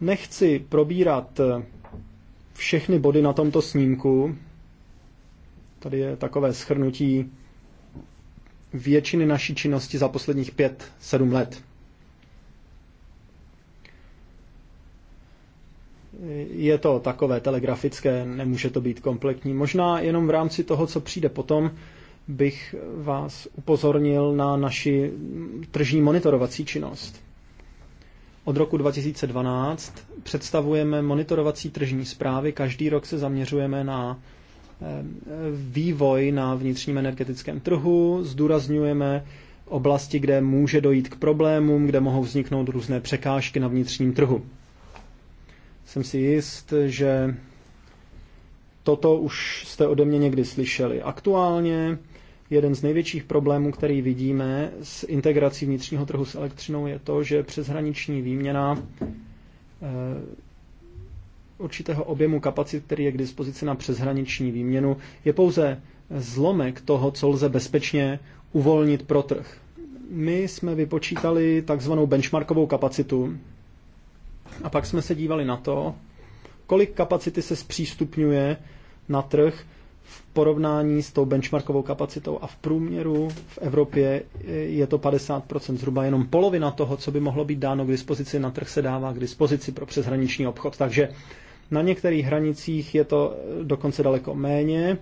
Nechci probírat eh, všechny body na tomto snímku. Tady je takové schrnutí většiny naší činnosti za posledních 5-7 let. Je to takové telegrafické, nemůže to být kompletní. Možná jenom v rámci toho, co přijde potom, bych vás upozornil na naši tržní monitorovací činnost. Od roku 2012 představujeme monitorovací tržní zprávy, každý rok se zaměřujeme na vývoj na vnitřním energetickém trhu, zdůrazňujeme oblasti, kde může dojít k problémům, kde mohou vzniknout různé překážky na vnitřním trhu. Jsem si jist, že toto už jste ode mě někdy slyšeli. Aktuálně jeden z největších problémů, který vidíme s integrací vnitřního trhu s elektřinou, je to, že přeshraniční výměna eh, určitého objemu kapacit, který je k dispozici na přeshraniční výměnu, je pouze zlomek toho, co lze bezpečně uvolnit pro trh. My jsme vypočítali takzvanou benchmarkovou kapacitu a pak jsme se dívali na to, kolik kapacity se zpřístupňuje na trh v porovnání s tou benchmarkovou kapacitou a v průměru v Evropě je to 50%, zhruba jenom polovina toho, co by mohlo být dáno k dispozici na trh, se dává k dispozici pro přeshraniční obchod. Takže na některých hranicích je to eh, dokonce daleko méně.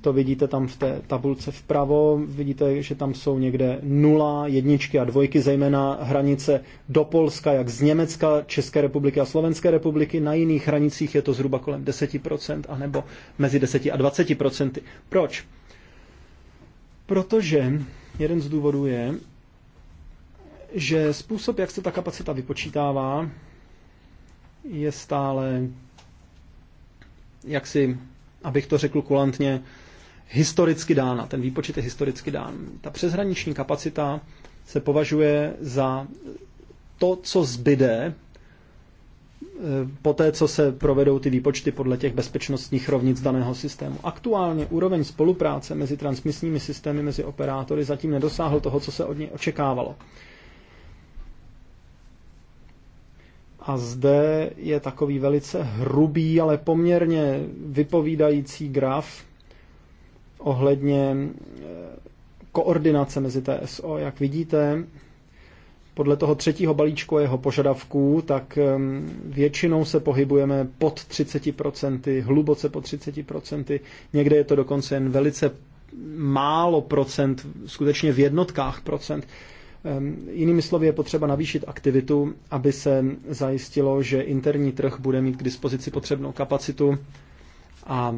To vidíte tam v té tabulce vpravo. Vidíte, že tam jsou někde nula, jedničky a dvojky, zejména hranice do Polska, jak z Německa, České republiky a Slovenské republiky. Na jiných hranicích je to zhruba kolem 10%, anebo mezi 10 a 20%. Proč? Protože jeden z důvodů je, že způsob, jak se ta kapacita vypočítává, je stále jaksi, abych to řekl kulantně, historicky dána. Ten výpočet je historicky dán. Ta přeshraniční kapacita se považuje za to, co zbyde e, po té, co se provedou ty výpočty podle těch bezpečnostních rovnic daného systému. Aktuálně úroveň spolupráce mezi transmisními systémy, mezi operátory zatím nedosáhl toho, co se od něj očekávalo. A zde je takový velice hrubý, ale poměrně vypovídající graf ohledně eh, koordinace mezi TSO. Jak vidíte, podle toho třetího balíčku jeho požadavků, tak ehm, většinou se pohybujeme pod 30%, hluboce pod 30%, někde je to dokonce jen velice málo procent, skutečně v jednotkách procent. Ehm, jinými slovy je potřeba navýšit aktivitu, aby se zajistilo, že interní trh bude mít k dispozici potřebnou kapacitu a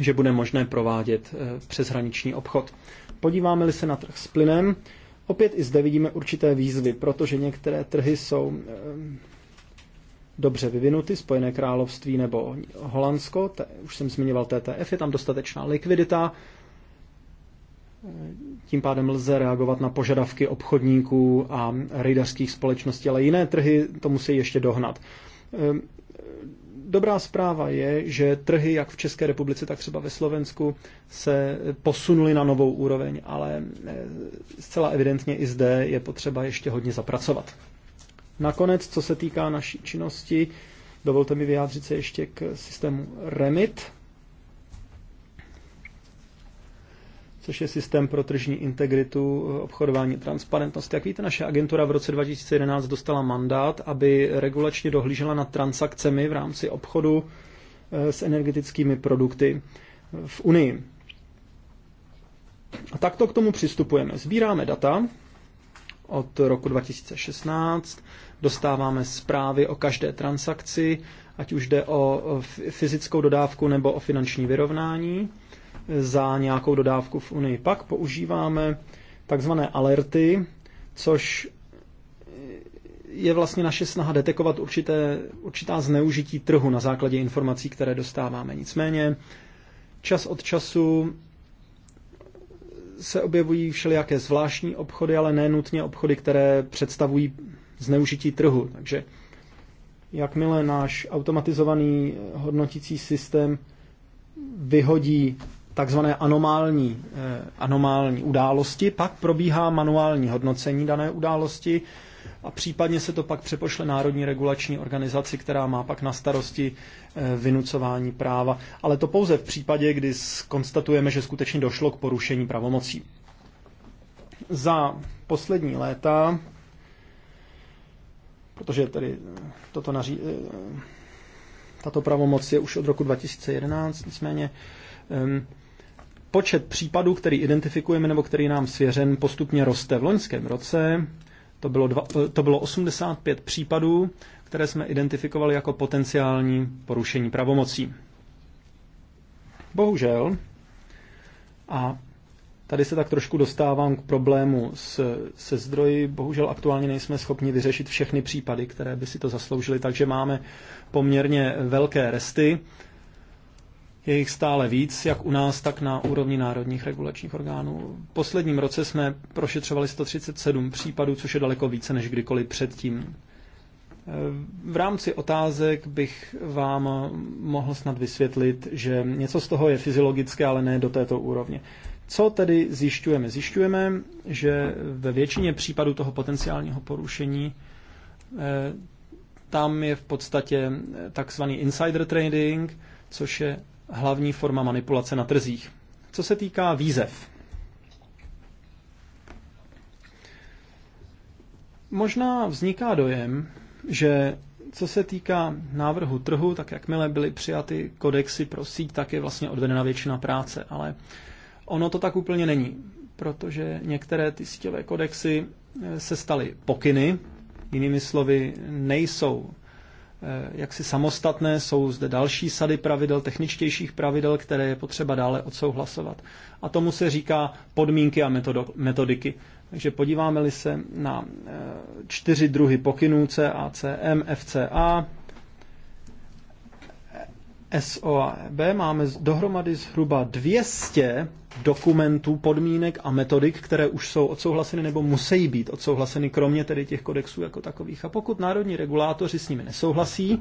že bude možné provádět eh, přeshraniční obchod. Podíváme-li se na trh s plynem, opět i zde vidíme určité výzvy, protože některé trhy jsou ehm, dobře vyvinuty, Spojené království nebo Holandsko, te, už jsem zmiňoval TTF, je tam dostatečná likvidita, tím pádem lze reagovat na požadavky obchodníků a rejdařských společností, ale jiné trhy to musí ještě dohnat. Ehm, dobrá zpráva je, že trhy jak v České republice, tak třeba ve Slovensku se posunuly na novou úroveň, ale ehm, zcela evidentně i zde je potřeba ještě hodně zapracovat. Nakonec, co se týká naší činnosti, dovolte mi vyjádřit se ještě k systému REMIT což je systém pro tržní integritu, eh, obchodování, transparentnost. Jak víte, naše agentura v roce 2011 dostala mandát, aby regulačně dohlížela nad transakcemi v rámci obchodu eh, s energetickými produkty eh, v Unii. A takto k tomu přistupujeme. Sbíráme data od roku 2016, dostáváme zprávy o každé transakci, ať už jde o fyzickou dodávku nebo o finanční vyrovnání za nějakou dodávku v Unii. Pak používáme takzvané alerty, což je vlastně naše snaha detekovat určité, určitá zneužití trhu na základě informací, které dostáváme. Nicméně čas od času se objevují všelijaké zvláštní obchody, ale nenutně obchody, které představují zneužití trhu. Takže jakmile náš automatizovaný hodnotící systém vyhodí takzvané anomální, eh, anomální události, pak probíhá manuální hodnocení dané události a případně se to pak přepošle Národní regulační organizaci, která má pak na starosti eh, vynucování práva, ale to pouze v případě, kdy konstatujeme, že skutečně došlo k porušení pravomocí. Za poslední léta, protože tedy eh, toto naří, tato pravomoc je už od roku 2011, nicméně ehm, počet případů, který identifikujeme nebo který nám svěřen, postupně roste. V loňském roce to bylo, dva, to bylo 85 případů, které jsme identifikovali jako potenciální porušení pravomocí. Bohužel, a tady se tak trošku dostávám k problému s, se zdroji, bohužel aktuálně nejsme schopni vyřešit všechny případy, které by si to zasloužily, takže máme poměrně velké resty je jich stále víc, jak u nás, tak na úrovni národních regulačních orgánů. V posledním roce jsme prošetřovali 137 případů, což je daleko více než kdykoliv předtím. V rámci otázek bych vám mohl snad vysvětlit, že něco z toho je fyziologické, ale ne do této úrovně. Co tedy zjišťujeme? Zjišťujeme, že ve většině případů toho potenciálního porušení eh, tam je v podstatě takzvaný insider trading, což je hlavní forma manipulace na trzích. Co se týká výzev, možná vzniká dojem, že co se týká návrhu trhu, tak jakmile byly přijaty kodexy pro síť, tak je vlastně odvedena většina práce, ale ono to tak úplně není, protože některé ty síťové kodexy eh, se staly pokyny, jinými slovy nejsou Eh, jaksi samostatné, jsou zde další sady pravidel, techničtějších pravidel, které je potřeba dále odsouhlasovat. A tomu se říká podmínky a metodiky. Takže podíváme-li se na eh, čtyři druhy pokynů CACM, FCA, SOAB máme dohromady zhruba 200 dokumentů, podmínek a metodik, které už jsou odsouhlaseny nebo musí být odsouhlaseny, kromě tedy těch kodexů jako takových. A pokud národní regulátoři s nimi nesouhlasí,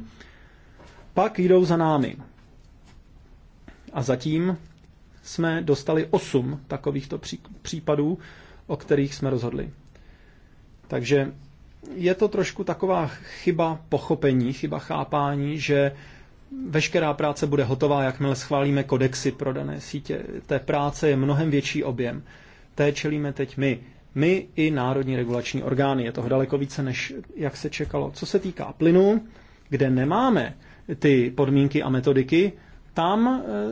pak jdou za námi. A zatím jsme dostali 8 takovýchto případů, o kterých jsme rozhodli. Takže je to trošku taková chyba pochopení, chyba chápání, že veškerá práce bude hotová, jakmile schválíme kodexy pro dané sítě. Té práce je mnohem větší objem. Té čelíme teď my. My i národní regulační orgány. Je toho daleko více, než jak se čekalo. Co se týká plynu, kde nemáme ty podmínky a metodiky, tam e,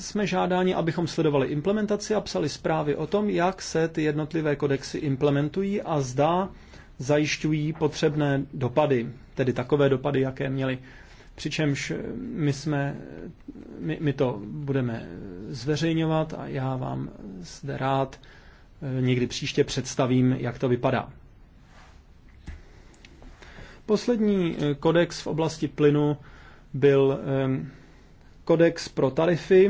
jsme žádáni, abychom sledovali implementaci a psali zprávy o tom, jak se ty jednotlivé kodexy implementují a zda zajišťují potřebné dopady, tedy takové dopady, jaké měly. Přičemž my, jsme, my, my to budeme zveřejňovat a já vám zde rád eh, někdy příště představím, jak to vypadá. Poslední eh, kodex v oblasti plynu byl eh, kodex pro tarify,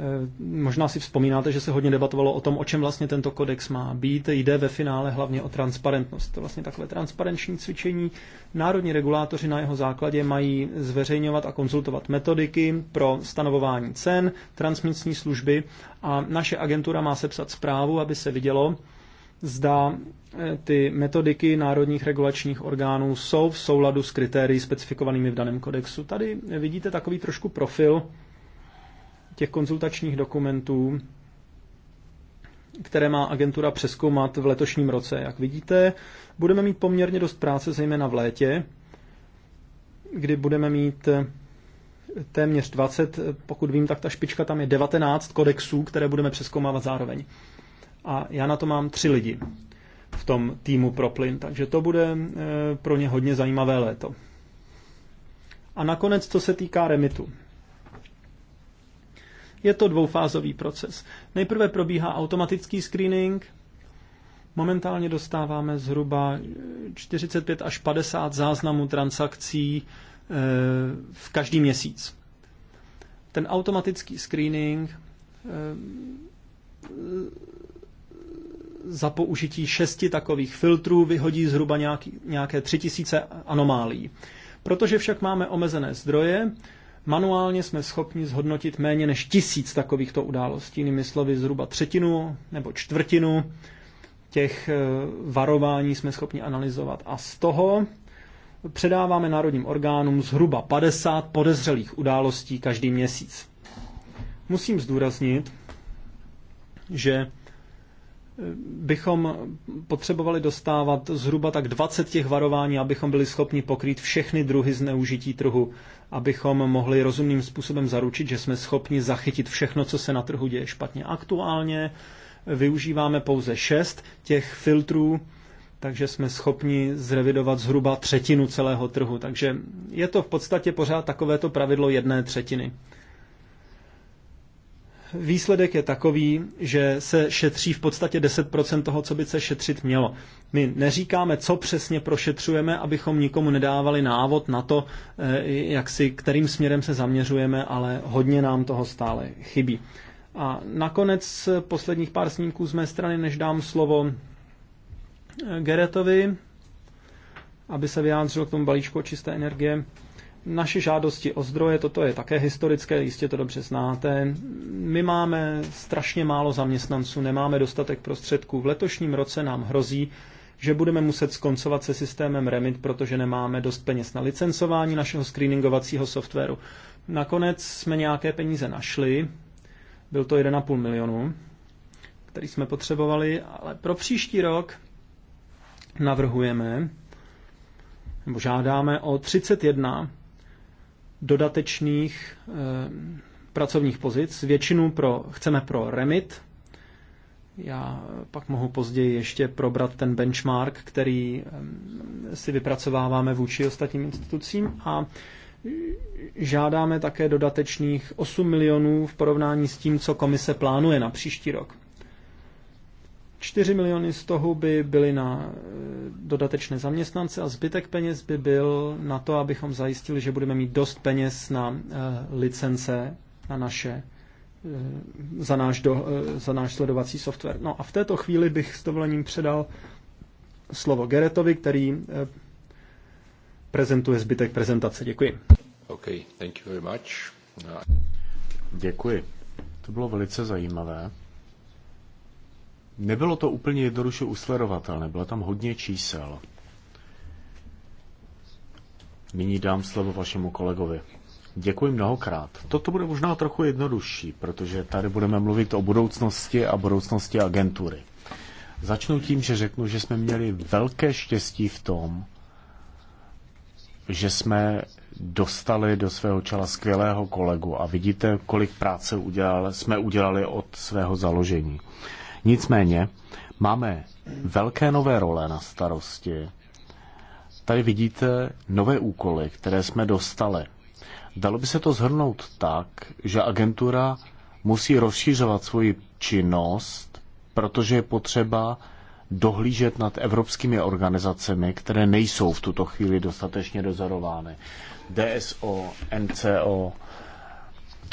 Eh, možná si vzpomínáte, že se hodně debatovalo o tom, o čem vlastně tento kodex má být. Jde ve finále hlavně o transparentnost. To vlastně takové transparenční cvičení. Národní regulátoři na jeho základě mají zveřejňovat a konzultovat metodiky pro stanovování cen, transmisní služby a naše agentura má sepsat zprávu, aby se vidělo, zda eh, ty metodiky národních regulačních orgánů jsou v souladu s kritérii specifikovanými v daném kodexu. Tady vidíte takový trošku profil těch konzultačních dokumentů, které má agentura přeskoumat v letošním roce. Jak vidíte, budeme mít poměrně dost práce, zejména v létě, kdy budeme mít eh, téměř 20, eh, pokud vím, tak ta špička tam je 19 kodexů, které budeme přeskoumávat zároveň. A já na to mám tři lidi v tom týmu Proplyn, takže to bude eh, pro ně hodně zajímavé léto. A nakonec, co se týká remitu. Je to dvoufázový proces. Nejprve probíhá automatický screening. Momentálně dostáváme zhruba 45 až 50 záznamů transakcí eh, v každý měsíc. Ten automatický screening eh, za použití šesti takových filtrů vyhodí zhruba nějaký, nějaké tři tisíce anomálí. Protože však máme omezené zdroje, Manuálně jsme schopni zhodnotit méně než tisíc takovýchto událostí, jinými slovy zhruba třetinu nebo čtvrtinu těch eh, varování jsme schopni analyzovat. A z toho předáváme národním orgánům zhruba 50 podezřelých událostí každý měsíc. Musím zdůraznit, že bychom potřebovali dostávat zhruba tak 20 těch varování, abychom byli schopni pokrýt všechny druhy zneužití trhu, abychom mohli rozumným způsobem zaručit, že jsme schopni zachytit všechno, co se na trhu děje špatně. Aktuálně využíváme pouze 6 těch filtrů, takže jsme schopni zrevidovat zhruba třetinu celého trhu. Takže je to v podstatě pořád takovéto pravidlo jedné třetiny výsledek je takový, že se šetří v podstatě 10% toho, co by se šetřit mělo. My neříkáme, co přesně prošetřujeme, abychom nikomu nedávali návod na to, eh, jak si, kterým směrem se zaměřujeme, ale hodně nám toho stále chybí. A nakonec eh, posledních pár snímků z mé strany, než dám slovo eh, Geretovi, aby se vyjádřil k tomu balíčku čisté energie. Naše žádosti o zdroje, toto je také historické, jistě to dobře znáte. My máme strašně málo zaměstnanců, nemáme dostatek prostředků. V letošním roce nám hrozí, že budeme muset skoncovat se systémem Remit, protože nemáme dost peněz na licencování našeho screeningovacího softwaru. Nakonec jsme nějaké peníze našli, byl to 1,5 milionu, který jsme potřebovali, ale pro příští rok navrhujeme, nebo žádáme o 31 dodatečných eh, pracovních pozic. Většinu pro, chceme pro remit. Já pak mohu později ještě probrat ten benchmark, který eh, si vypracováváme vůči ostatním institucím a žádáme také dodatečných 8 milionů v porovnání s tím, co komise plánuje na příští rok. 4 miliony z toho by byly na eh, dodatečné zaměstnance a zbytek peněz by byl na to, abychom zajistili, že budeme mít dost peněz na eh, licence, na naše, eh, za náš, do, za náš sledovací software. No a v této chvíli bych s dovolením předal slovo Geretovi, který prezentuje zbytek prezentace. Děkuji. OK, thank you very much. Děkuji. To bylo velice zajímavé. Nebylo to úplně jednoduše usledovatelné, bylo tam hodně čísel. Nyní dám slovo vašemu kolegovi. Děkuji mnohokrát. Toto bude možná trochu jednodušší, protože tady budeme mluvit o budoucnosti a budoucnosti agentury. Začnu tím, že řeknu, že jsme měli velké štěstí v tom, že jsme dostali do svého čela skvělého kolegu a vidíte, kolik práce udělal, jsme udělali od svého založení. Nicméně máme velké nové role na starosti. Tady vidíte nové úkoly, které jsme dostali. Dalo by se to zhrnout tak, že agentura musí rozšířovat svoji činnost, protože je potřeba dohlížet nad evropskými organizacemi, které nejsou v tuto chvíli dostatečně dozorovány. DSO, NCO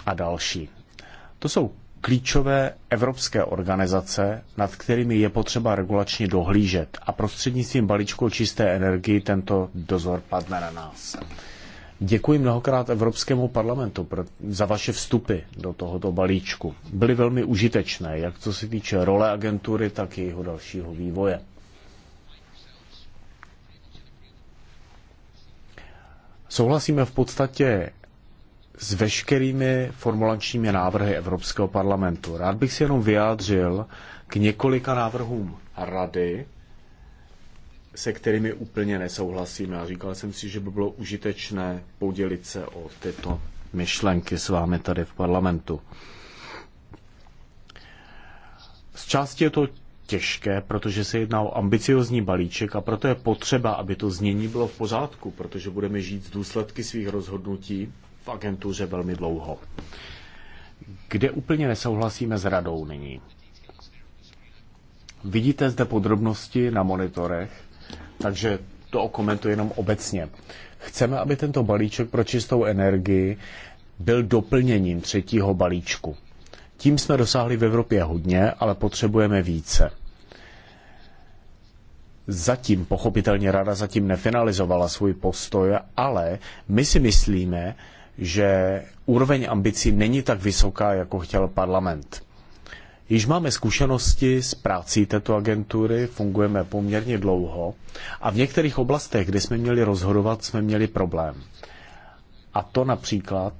a další. To jsou klíčové evropské organizace, nad kterými je potřeba regulačně dohlížet a prostřednictvím balíčku čisté energii tento dozor padne na nás. Děkuji mnohokrát Evropskému parlamentu za vaše vstupy do tohoto balíčku. Byly velmi užitečné, jak co se týče role agentury, tak i jeho dalšího vývoje. Souhlasíme v podstatě s veškerými formulačními návrhy Evropského parlamentu. Rád bych si jenom vyjádřil k několika návrhům rady, se kterými úplně nesouhlasím A říkal jsem si, že by bylo užitečné podělit se o tyto myšlenky s vámi tady v parlamentu. Z části je to těžké, protože se jedná o ambiciozní balíček a proto je potřeba, aby to znění bylo v pořádku, protože budeme žít z důsledky svých rozhodnutí v agentuře velmi dlouho. Kde úplně nesouhlasíme s radou nyní? Vidíte zde podrobnosti na monitorech, takže to okomentuji jenom obecně. Chceme, aby tento balíček pro čistou energii byl doplněním třetího balíčku. Tím jsme dosáhli v Evropě hodně, ale potřebujeme více. Zatím, pochopitelně, Rada zatím nefinalizovala svůj postoj, ale my si myslíme, že úroveň ambicí není tak vysoká, jako chtěl parlament. Již máme zkušenosti s prací této agentury, fungujeme poměrně dlouho a v některých oblastech, kde jsme měli rozhodovat, jsme měli problém. A to například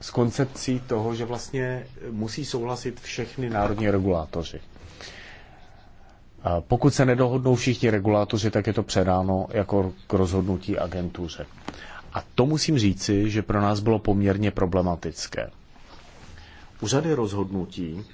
s koncepcí toho, že vlastně musí souhlasit všechny národní regulátoři. Pokud se nedohodnou všichni regulátoři, tak je to předáno jako k rozhodnutí agentuře. A to musím říci, že pro nás bylo poměrně problematické. U řady rozhodnutí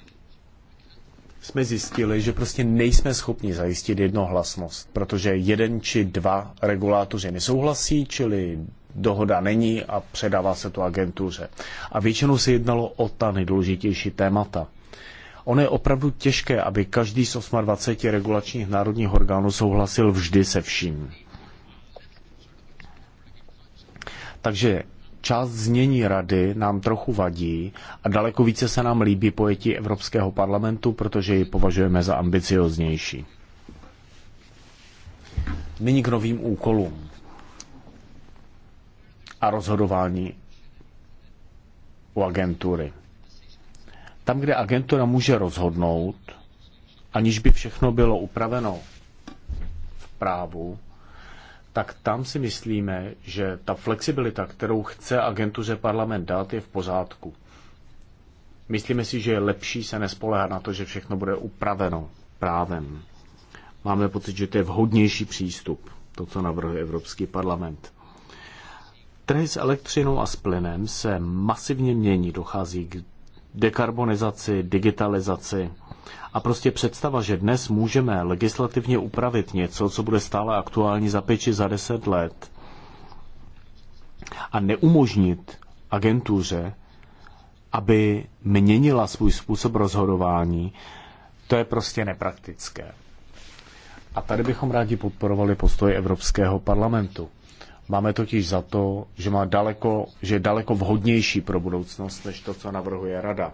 jsme zjistili, že prostě nejsme schopni zajistit jednohlasnost, protože jeden či dva regulátoři nesouhlasí, čili dohoda není a předává se to agentuře. A většinou se jednalo o ta nejdůležitější témata. Ono je opravdu těžké, aby každý z 28 regulačních národních orgánů souhlasil vždy se vším. Takže část znění rady nám trochu vadí a daleko více se nám líbí pojetí Evropského parlamentu, protože ji považujeme za ambicioznější. Nyní k novým úkolům a rozhodování u agentury. Tam, kde agentura může rozhodnout, aniž by všechno bylo upraveno v právu, tak tam si myslíme, že ta flexibilita, kterou chce agentuře parlament dát, je v pořádku. Myslíme si, že je lepší se nespolehat na to, že všechno bude upraveno právem. Máme pocit, že to je vhodnější přístup, to, co navrhuje Evropský parlament. Trhy s elektřinou a s plynem se masivně mění, dochází k dekarbonizaci, digitalizaci. A prostě představa, že dnes můžeme legislativně upravit něco, co bude stále aktuální za pět či za deset let a neumožnit agentuře, aby měnila svůj způsob rozhodování, to je prostě nepraktické. A tady bychom rádi podporovali postoj Evropského parlamentu. Máme totiž za to, že, má daleko, že je daleko vhodnější pro budoucnost, než to, co navrhuje Rada.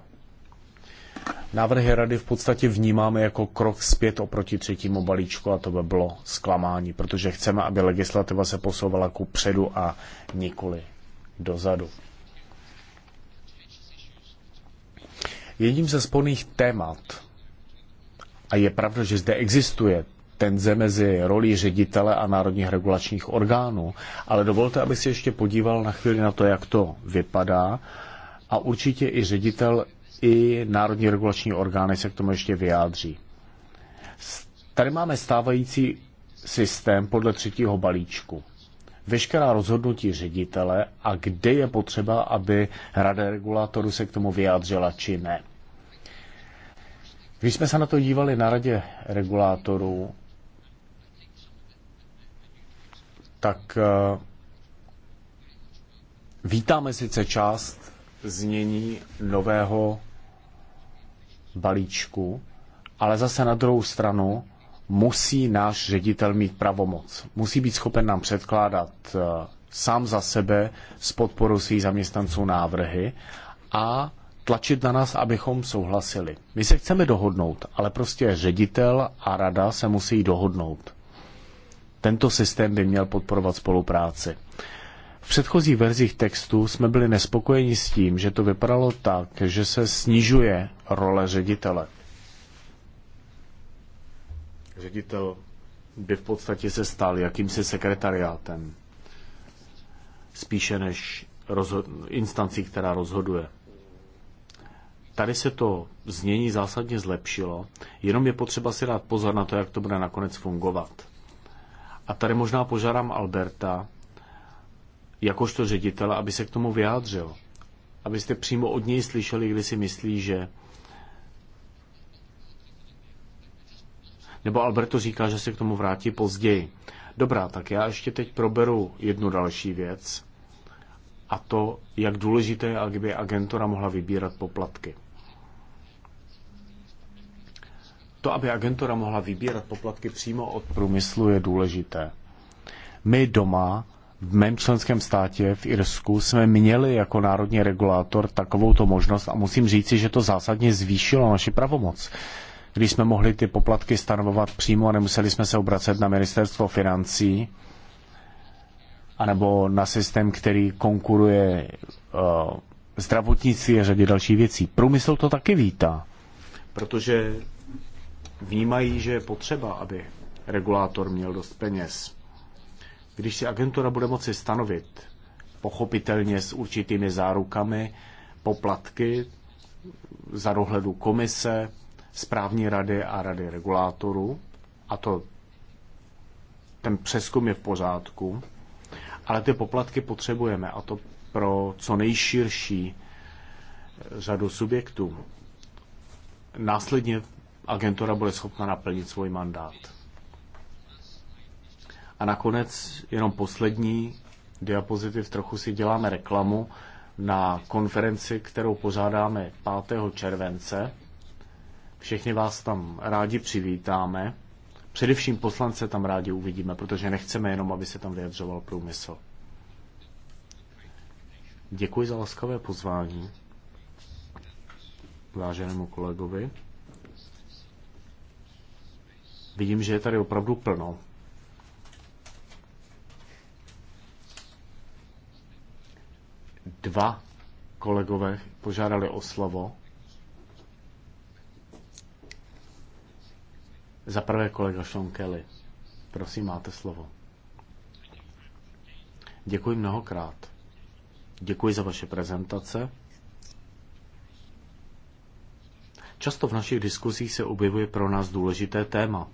Návrhy Rady v podstatě vnímáme jako krok zpět oproti třetímu balíčku a to by bylo zklamání, protože chceme, aby legislativa se posouvala ku předu a nikoli dozadu. Jedním ze sporných témat, a je pravda, že zde existuje tenze mezi rolí ředitele a národních regulačních orgánů. Ale dovolte, aby se ještě podíval na chvíli na to, jak to vypadá. A určitě i ředitel, i národní regulační orgány se k tomu ještě vyjádří. Tady máme stávající systém podle třetího balíčku. Veškerá rozhodnutí ředitele a kde je potřeba, aby rada regulátoru se k tomu vyjádřila či ne. Když jsme se na to dívali na radě regulátorů, tak eh, vítáme sice část znění nového balíčku, ale zase na druhou stranu musí náš ředitel mít pravomoc. Musí být schopen nám předkládat eh, sám za sebe s podporou svých zaměstnanců návrhy a tlačit na nás, abychom souhlasili. My se chceme dohodnout, ale prostě ředitel a rada se musí dohodnout. Tento systém by měl podporovat spolupráci. V předchozích verzích textu jsme byli nespokojeni s tím, že to vypadalo tak, že se snižuje role ředitele. Ředitel by v podstatě se stal jakýmsi sekretariátem, spíše než instancí, která rozhoduje. Tady se to znění zásadně zlepšilo, jenom je potřeba si dát pozor na to, jak to bude nakonec fungovat. A tady možná požádám Alberta, jakožto ředitele, aby se k tomu vyjádřil. Abyste přímo od něj slyšeli, kdy si myslí, že Nebo Alberto říká, že se k tomu vrátí později. Dobrá, tak já ještě teď proberu jednu další věc a to, jak důležité je, aby agentura mohla vybírat poplatky. To, aby agentura mohla vybírat poplatky přímo od průmyslu, je důležité. My doma v mém členském státě v Irsku jsme měli jako národní regulátor takovouto možnost a musím říci, že to zásadně zvýšilo naši pravomoc. Když jsme mohli ty poplatky stanovovat přímo a nemuseli jsme se obracet na ministerstvo financí, anebo na systém, který konkuruje uh, zdravotnictví a řadě dalších věcí. Průmysl to taky vítá, protože vnímají, že je potřeba, aby regulátor měl dost peněz. Když si agentura bude moci stanovit, pochopitelně s určitými zárukami, poplatky za dohledu komise, správní rady a rady regulátorů, a to ten přeskum je v pořádku, ale ty poplatky potřebujeme a to pro co nejširší řadu subjektů. Následně agentura bude schopna naplnit svůj mandát. A nakonec jenom poslední diapozitiv, trochu si děláme reklamu na konferenci, kterou pořádáme 5. července. Všechny vás tam rádi přivítáme. Především poslance tam rádi uvidíme, protože nechceme jenom, aby se tam vyjadřoval průmysl. Děkuji za laskavé pozvání váženému kolegovi. Vidím, že je tady opravdu plno. Dva kolegové požádali o slovo. Za prvé kolega Sean Kelly. Prosím, máte slovo. Děkuji mnohokrát. Děkuji za vaše prezentace. Často v našich diskuzích se objevuje pro nás důležité téma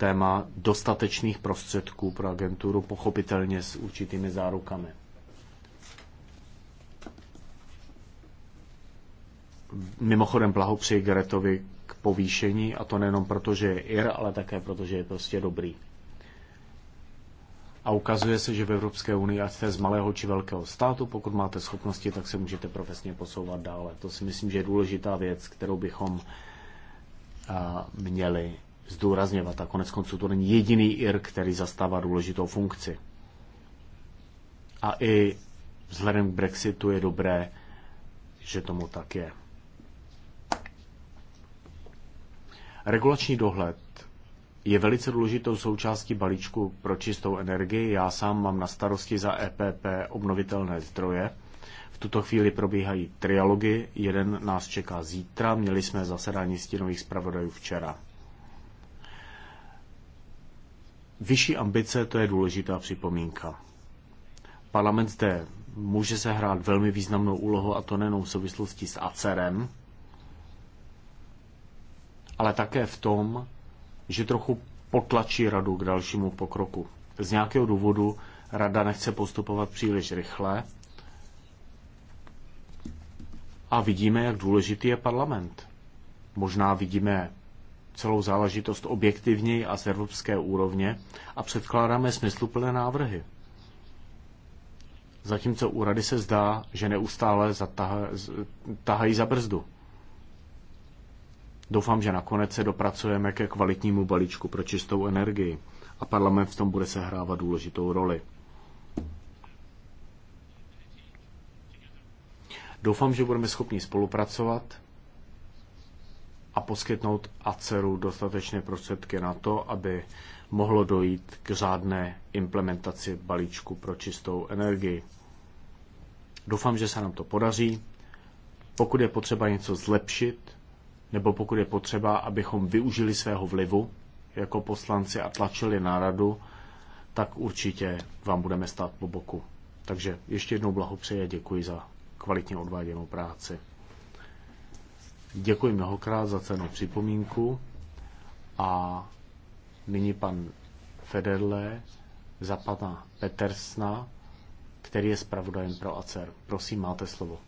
téma dostatečných prostředků pro agenturu, pochopitelně s určitými zárukami. Mimochodem blahopřeji Garetovi k povýšení, a to nejenom proto, že je Ir, ale také proto, že je prostě dobrý. A ukazuje se, že v Evropské unii, ať jste z malého či velkého státu, pokud máte schopnosti, tak se můžete profesně posouvat dále. To si myslím, že je důležitá věc, kterou bychom měli zdůrazňovat. A konec konců to není jediný IR, který zastává důležitou funkci. A i vzhledem k Brexitu je dobré, že tomu tak je. Regulační dohled je velice důležitou součástí balíčku pro čistou energii. Já sám mám na starosti za EPP obnovitelné zdroje. V tuto chvíli probíhají trialogy, jeden nás čeká zítra, měli jsme zasedání stínových zpravodajů včera. Vyšší ambice, to je důležitá připomínka. Parlament zde může hrát velmi významnou úlohu, a to nejenom v souvislosti s ACERem, ale také v tom, že trochu potlačí radu k dalšímu pokroku. Z nějakého důvodu rada nechce postupovat příliš rychle a vidíme, jak důležitý je parlament. Možná vidíme celou záležitost objektivněji a z evropské úrovně a předkládáme smysluplné návrhy. Zatímco u rady se zdá, že neustále tahají za brzdu. Doufám, že nakonec se dopracujeme ke kvalitnímu balíčku pro čistou energii a parlament v tom bude sehrávat důležitou roli. Doufám, že budeme schopni spolupracovat a poskytnout ACERu dostatečné prostředky na to, aby mohlo dojít k řádné implementaci balíčku pro čistou energii. Doufám, že se nám to podaří. Pokud je potřeba něco zlepšit, nebo pokud je potřeba, abychom využili svého vlivu jako poslanci a tlačili na radu, tak určitě vám budeme stát po boku. Takže ještě jednou blahopřeji a děkuji za kvalitně odváděnou práci. Děkuji mnohokrát za cenu připomínku a nyní pan Federle za pana Petersna, který je zpravodajem pro ACER. Prosím, máte slovo.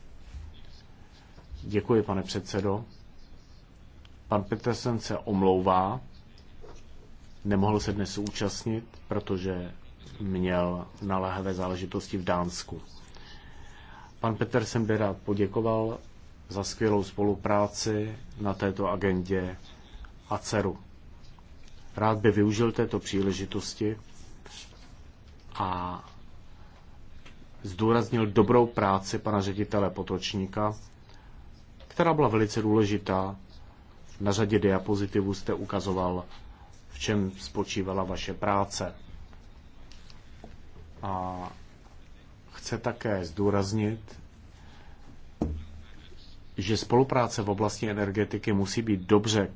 Děkuji, pane předsedo. Pan Petersen se omlouvá. Nemohl se dnes účastnit, protože měl naléhavé záležitosti v Dánsku. Pan Petersen by rád poděkoval za skvělou spolupráci na této agendě a dceru. Rád by využil této příležitosti a zdůraznil dobrou práci pana ředitele Potočníka, která byla velice důležitá. Na řadě diapozitivů jste ukazoval, v čem spočívala vaše práce. A chce také zdůraznit, že spolupráce v oblasti energetiky musí být dobře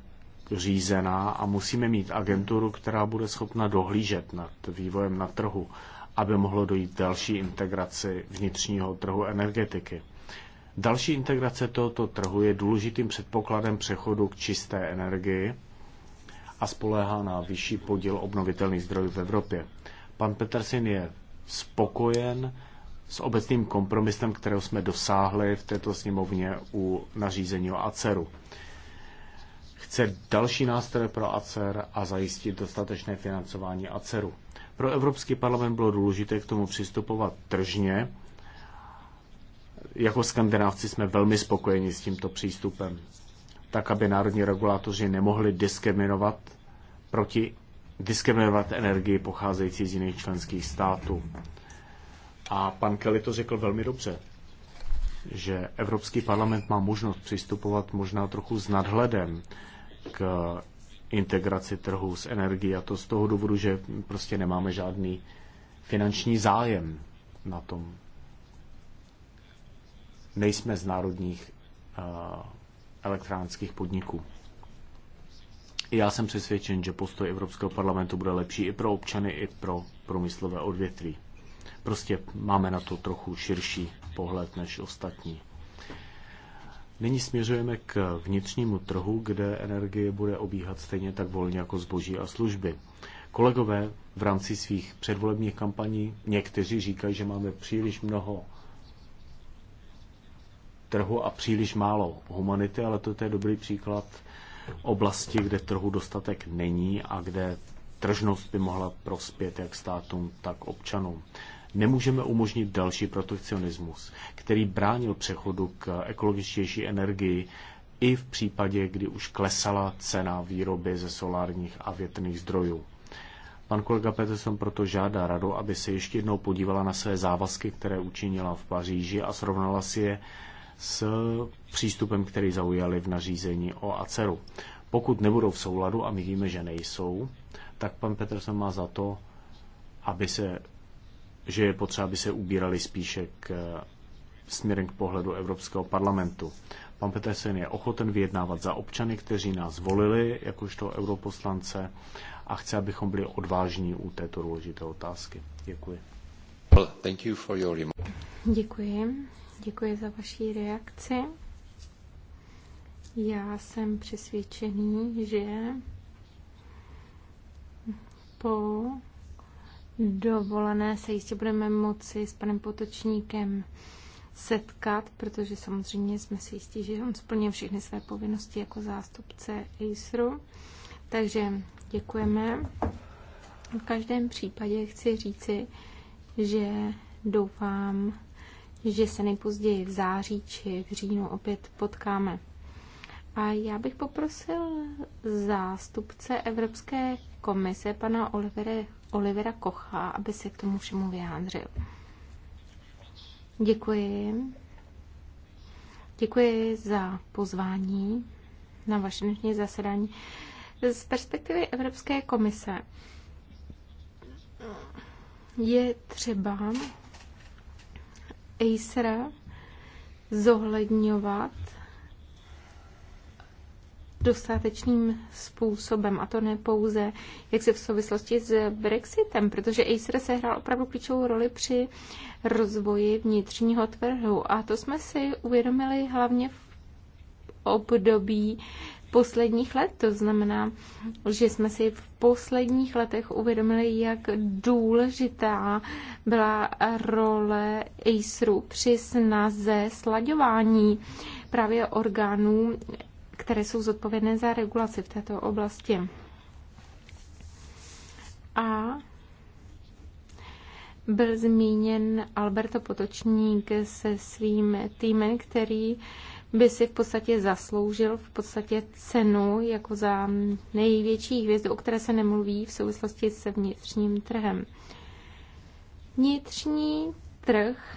řízená a musíme mít agenturu, která bude schopna dohlížet nad vývojem na trhu, aby mohlo dojít další integraci vnitřního trhu energetiky. Další integrace tohoto trhu je důležitým předpokladem přechodu k čisté energii a spoléhá na vyšší podíl obnovitelných zdrojů v Evropě. Pan Petersen je spokojen s obecným kompromisem, kterého jsme dosáhli v této sněmovně u nařízení o ACERu. Chce další nástroje pro ACER a zajistit dostatečné financování ACERu. Pro Evropský parlament bylo důležité k tomu přistupovat tržně. Jako skandinávci jsme velmi spokojeni s tímto přístupem, tak aby národní regulátoři nemohli diskriminovat proti diskriminovat energii pocházející z jiných členských států. A pan Kelly to řekl velmi dobře, že Evropský parlament má možnost přistupovat možná trochu s nadhledem k integraci trhu s energií a to z toho důvodu, že prostě nemáme žádný finanční zájem na tom. Nejsme z národních uh, elektránských podniků. I já jsem přesvědčen, že postoj Evropského parlamentu bude lepší i pro občany, i pro průmyslové odvětví. Prostě máme na to trochu širší pohled než ostatní. Nyní směřujeme k vnitřnímu trhu, kde energie bude obíhat stejně tak volně jako zboží a služby. Kolegové v rámci svých předvolebních kampaní někteří říkají, že máme příliš mnoho trhu a příliš málo humanity, ale to je dobrý příklad oblasti, kde trhu dostatek není a kde tržnost by mohla prospět jak státům, tak občanům. Nemůžeme umožnit další protekcionismus, který bránil přechodu k ekologičtější energii i v případě, kdy už klesala cena výroby ze solárních a větrných zdrojů. Pan kolega Peterson proto žádá radu, aby se ještě jednou podívala na své závazky, které učinila v Paříži a srovnala si je s přístupem, který zaujali v nařízení o ACERu. Pokud nebudou v souladu, a my víme, že nejsou, tak pan Peterson má za to, aby se že je potřeba, aby se ubírali spíše k eh, směrem k pohledu Evropského parlamentu. Pan Petersen je ochoten vyjednávat za občany, kteří nás volili jakožto europoslance a chce, abychom byli odvážní u této důležité otázky. Děkuji. Well, thank you for your Děkuji. Děkuji za vaši reakci. Já jsem přesvědčený, že po dovolené se jistě budeme moci s panem Potočníkem setkat, protože samozřejmě jsme si jistí, že on splnil všechny své povinnosti jako zástupce ISRU. Takže děkujeme. V každém případě chci říci, že doufám, že se nejpozději v září či v říjnu opět potkáme. A já bych poprosil zástupce Evropské komise, pana Olivera Olivera Kocha, aby se k tomu všemu vyjádřil. Děkuji. Děkuji za pozvání na vaše dnešní zasedání. Z perspektivy Evropské komise je třeba Acer zohledňovat dostatečným způsobem, a to ne pouze jak se v souvislosti s Brexitem, protože Acer hrál opravdu klíčovou roli při rozvoji vnitřního trhu a to jsme si uvědomili hlavně v období posledních let. To znamená, že jsme si v posledních letech uvědomili, jak důležitá byla role ACERu při snaze slaďování právě orgánů které jsou zodpovědné za regulaci v této oblasti. A byl zmíněn Alberto Potočník se svým týmem, který by si v podstatě zasloužil v podstatě cenu jako za největší hvězdu, o které se nemluví v souvislosti se vnitřním trhem. Vnitřní trh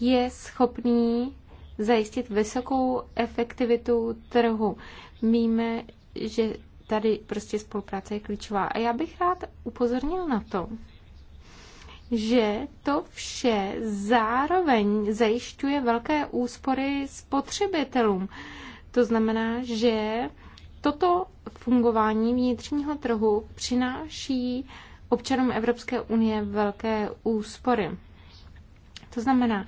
je schopný zajistit vysokou efektivitu trhu. Víme, že tady prostě spolupráce je klíčová. A já bych rád upozornil na to, že to vše zároveň zajišťuje velké úspory spotřebitelům. To znamená, že toto fungování vnitřního trhu přináší občanům Evropské unie velké úspory. To znamená,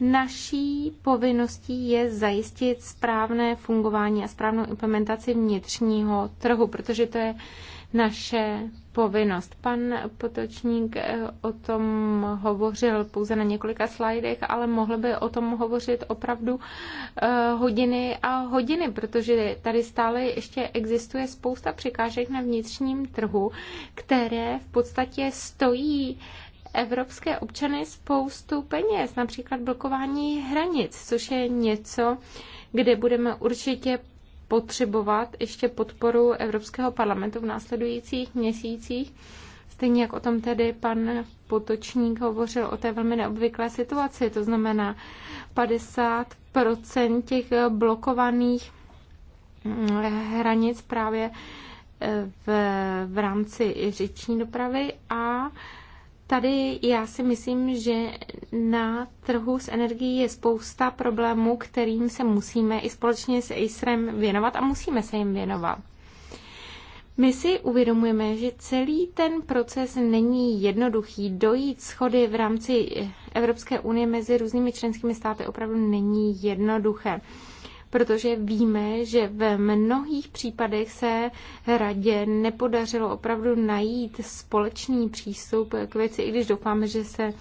Naší povinností je zajistit správné fungování a správnou implementaci vnitřního trhu, protože to je naše povinnost. Pan Potočník eh, o tom hovořil pouze na několika slajdech, ale mohl by o tom hovořit opravdu eh, hodiny a hodiny, protože tady stále ještě existuje spousta překážek na vnitřním trhu, které v podstatě stojí evropské občany spoustu peněz, například blokování hranic, což je něco, kde budeme určitě potřebovat ještě podporu Evropského parlamentu v následujících měsících. Stejně jak o tom tedy pan Potočník hovořil o té velmi neobvyklé situaci, to znamená 50% těch blokovaných mm, hranic právě eh, v, v rámci řeční dopravy a Tady já si myslím, že na trhu s energií je spousta problémů, kterým se musíme i společně s Acerem věnovat a musíme se jim věnovat. My si uvědomujeme, že celý ten proces není jednoduchý. Dojít schody v rámci Evropské unie mezi různými členskými státy opravdu není jednoduché protože víme, že ve mnohých případech se radě nepodařilo opravdu najít společný přístup k věci, i když doufáme, že se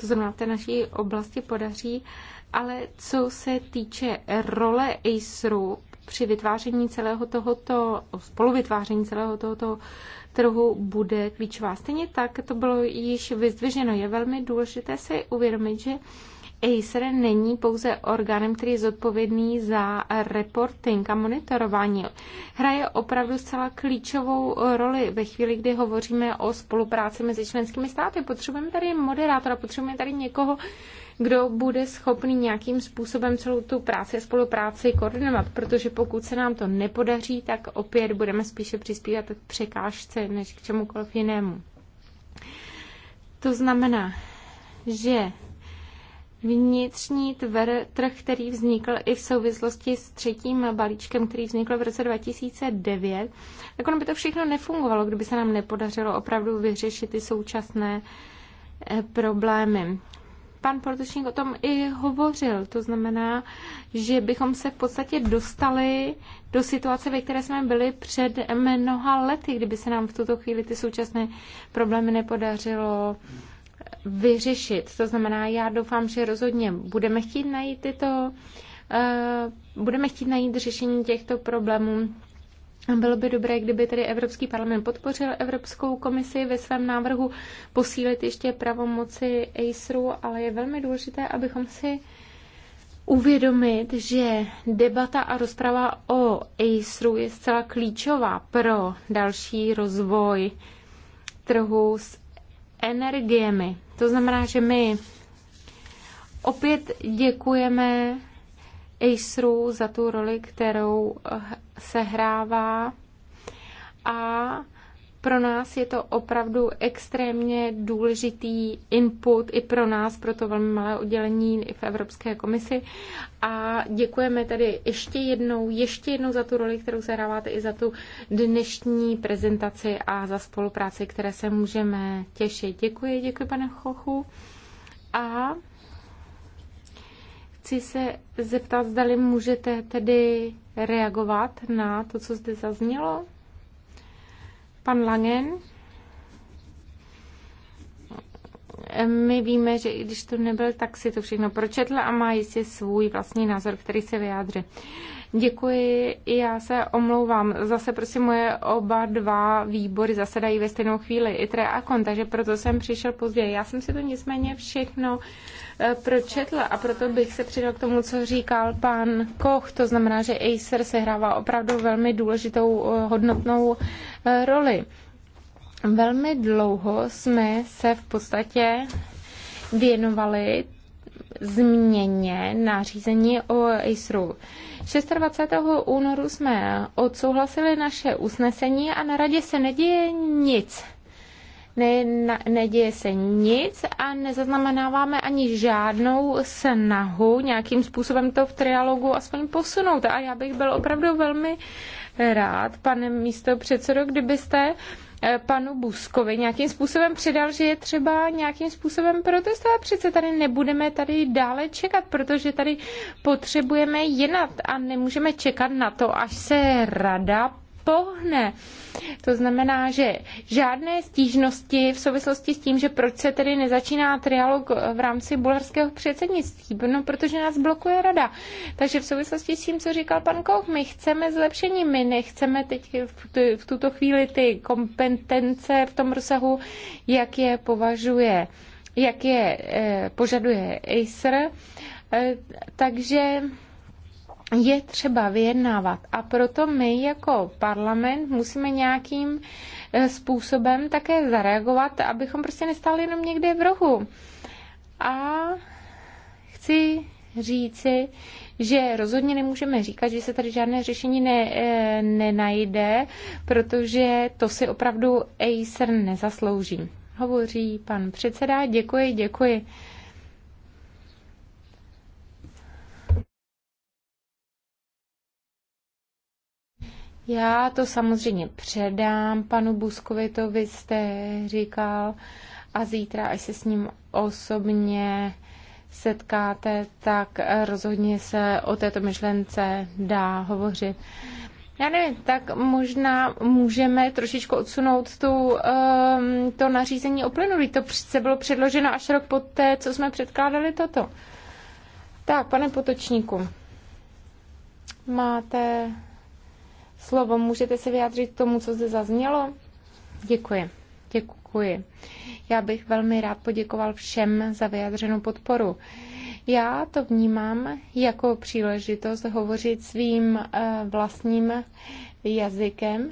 to zrovna v té naší oblasti podaří. Ale co se týče role ACERu při vytváření celého tohoto, spoluvytváření celého tohoto trhu bude klíčová. Stejně tak to bylo již vyzdviženo. Je velmi důležité si uvědomit, že Acer není pouze orgánem, který je zodpovědný za reporting a monitorování. Hraje opravdu zcela klíčovou roli ve chvíli, kdy hovoříme o spolupráci mezi členskými státy. Potřebujeme tady moderátora, potřebujeme tady někoho, kdo bude schopný nějakým způsobem celou tu práci a spolupráci koordinovat, protože pokud se nám to nepodaří, tak opět budeme spíše přispívat k překážce než k čemukoliv jinému. To znamená, že vnitřní tvr, trh, který vznikl i v souvislosti s třetím balíčkem, který vznikl v roce 2009, tak ono by to všechno nefungovalo, kdyby se nám nepodařilo opravdu vyřešit ty současné eh, problémy. Pan Portušník o tom i hovořil, to znamená, že bychom se v podstatě dostali do situace, ve které jsme byli před mnoha lety, kdyby se nám v tuto chvíli ty současné problémy nepodařilo vyřešit. To znamená, já doufám, že rozhodně budeme chtít najít tyto, eh, budeme chtít najít řešení těchto problémů bylo by dobré, kdyby tedy Evropský parlament podpořil Evropskou komisi ve svém návrhu posílit ještě pravomoci ACERu, ale je velmi důležité, abychom si uvědomit, že debata a rozprava o ACERu je zcela klíčová pro další rozvoj trhu s energiemi. To znamená, že my opět děkujeme Aceru za tu roli, kterou sehrává a pro nás je to opravdu extrémně důležitý input i pro nás, pro to velmi malé oddělení v Evropské komisi. A děkujeme tady ještě jednou, ještě jednou za tu roli, kterou zahráváte i za tu dnešní prezentaci a za spolupráci, které se můžeme těšit. Děkuji, děkuji pane Chochu. A chci se zeptat, zdali můžete tedy reagovat na to, co zde zaznělo. Pan Langen? My víme, že i když to nebyl, tak si to všechno pročetl a má jistě svůj vlastní názor, který se vyjádří. Děkuji, já se omlouvám. Zase prosím, moje oba dva výbory zasedají ve stejnou chvíli, tre a KON, takže proto jsem přišel později. Já jsem si to nicméně všechno eh, pročetla a proto bych se přidal k tomu, co říkal pan Koch. To znamená, že Acer sehrává opravdu velmi důležitou eh, hodnotnou roli. Velmi dlouho jsme se v podstatě věnovali změně nařízení o ISRU. 26. únoru jsme odsouhlasili naše usnesení a na radě se neděje nic. Ne, na, neděje se nic a nezaznamenáváme ani žádnou snahu nějakým způsobem to v trialogu aspoň posunout. A já bych byl opravdu velmi rád, pane místo předsedo, kdybyste eh, panu Buskovi nějakým způsobem předal, že je třeba nějakým způsobem protestovat. Přece tady nebudeme tady dále čekat, protože tady potřebujeme jinat a nemůžeme čekat na to, až se rada pohne. To znamená, že žádné stížnosti v souvislosti s tím, že proč se tedy nezačíná trialog v rámci bulharského předsednictví, no protože nás blokuje rada. Takže v souvislosti s tím, co říkal pan Koch, my chceme zlepšení, my nechceme teď v tuto chvíli ty kompetence v tom rozsahu, jak je považuje jak je eh, požaduje Acer. Eh, takže je třeba vyjednávat. A proto my jako parlament musíme nějakým e, způsobem také zareagovat, abychom prostě nestali jenom někde v rohu. A chci říci, že rozhodně nemůžeme říkat, že se tady žádné řešení ne, e, nenajde, protože to si opravdu Acer nezaslouží. Hovoří pan předseda, děkuji, děkuji. Já to samozřejmě předám panu Buskovi, to vy jste říkal, a zítra, až se s ním osobně setkáte, tak rozhodně se o této myšlence dá hovořit. Já nevím, tak možná můžeme trošičku odsunout tu, um, to nařízení o plynu. To přece bylo předloženo až rok poté, co jsme předkládali toto. Tak, pane Potočníku, máte slovo. Můžete se vyjádřit k tomu, co zde zaznělo? Děkuji. Děkuji. Já bych velmi rád poděkoval všem za vyjádřenou podporu. Já to vnímám jako příležitost hovořit svým eh, vlastním jazykem.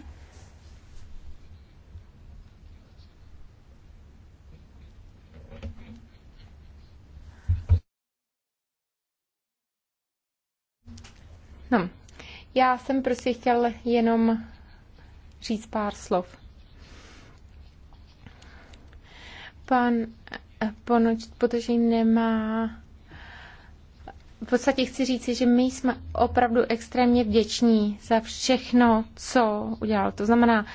No, já jsem prostě chtěl jenom říct pár slov. Pan eh, Ponoč, protože nemá v podstatě chci říct, že my jsme opravdu extrémně vděční za všechno, co udělal. To znamená,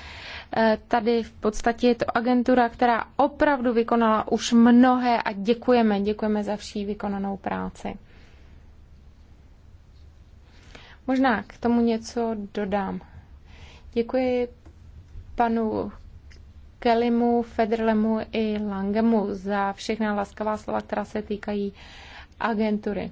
eh, tady v podstatě je to agentura, která opravdu vykonala už mnohé a děkujeme, děkujeme za vší vykonanou práci. Možná k tomu něco dodám. Děkuji panu Kelimu, Federlemu i Langemu za všechna laskavá slova, která se týkají agentury.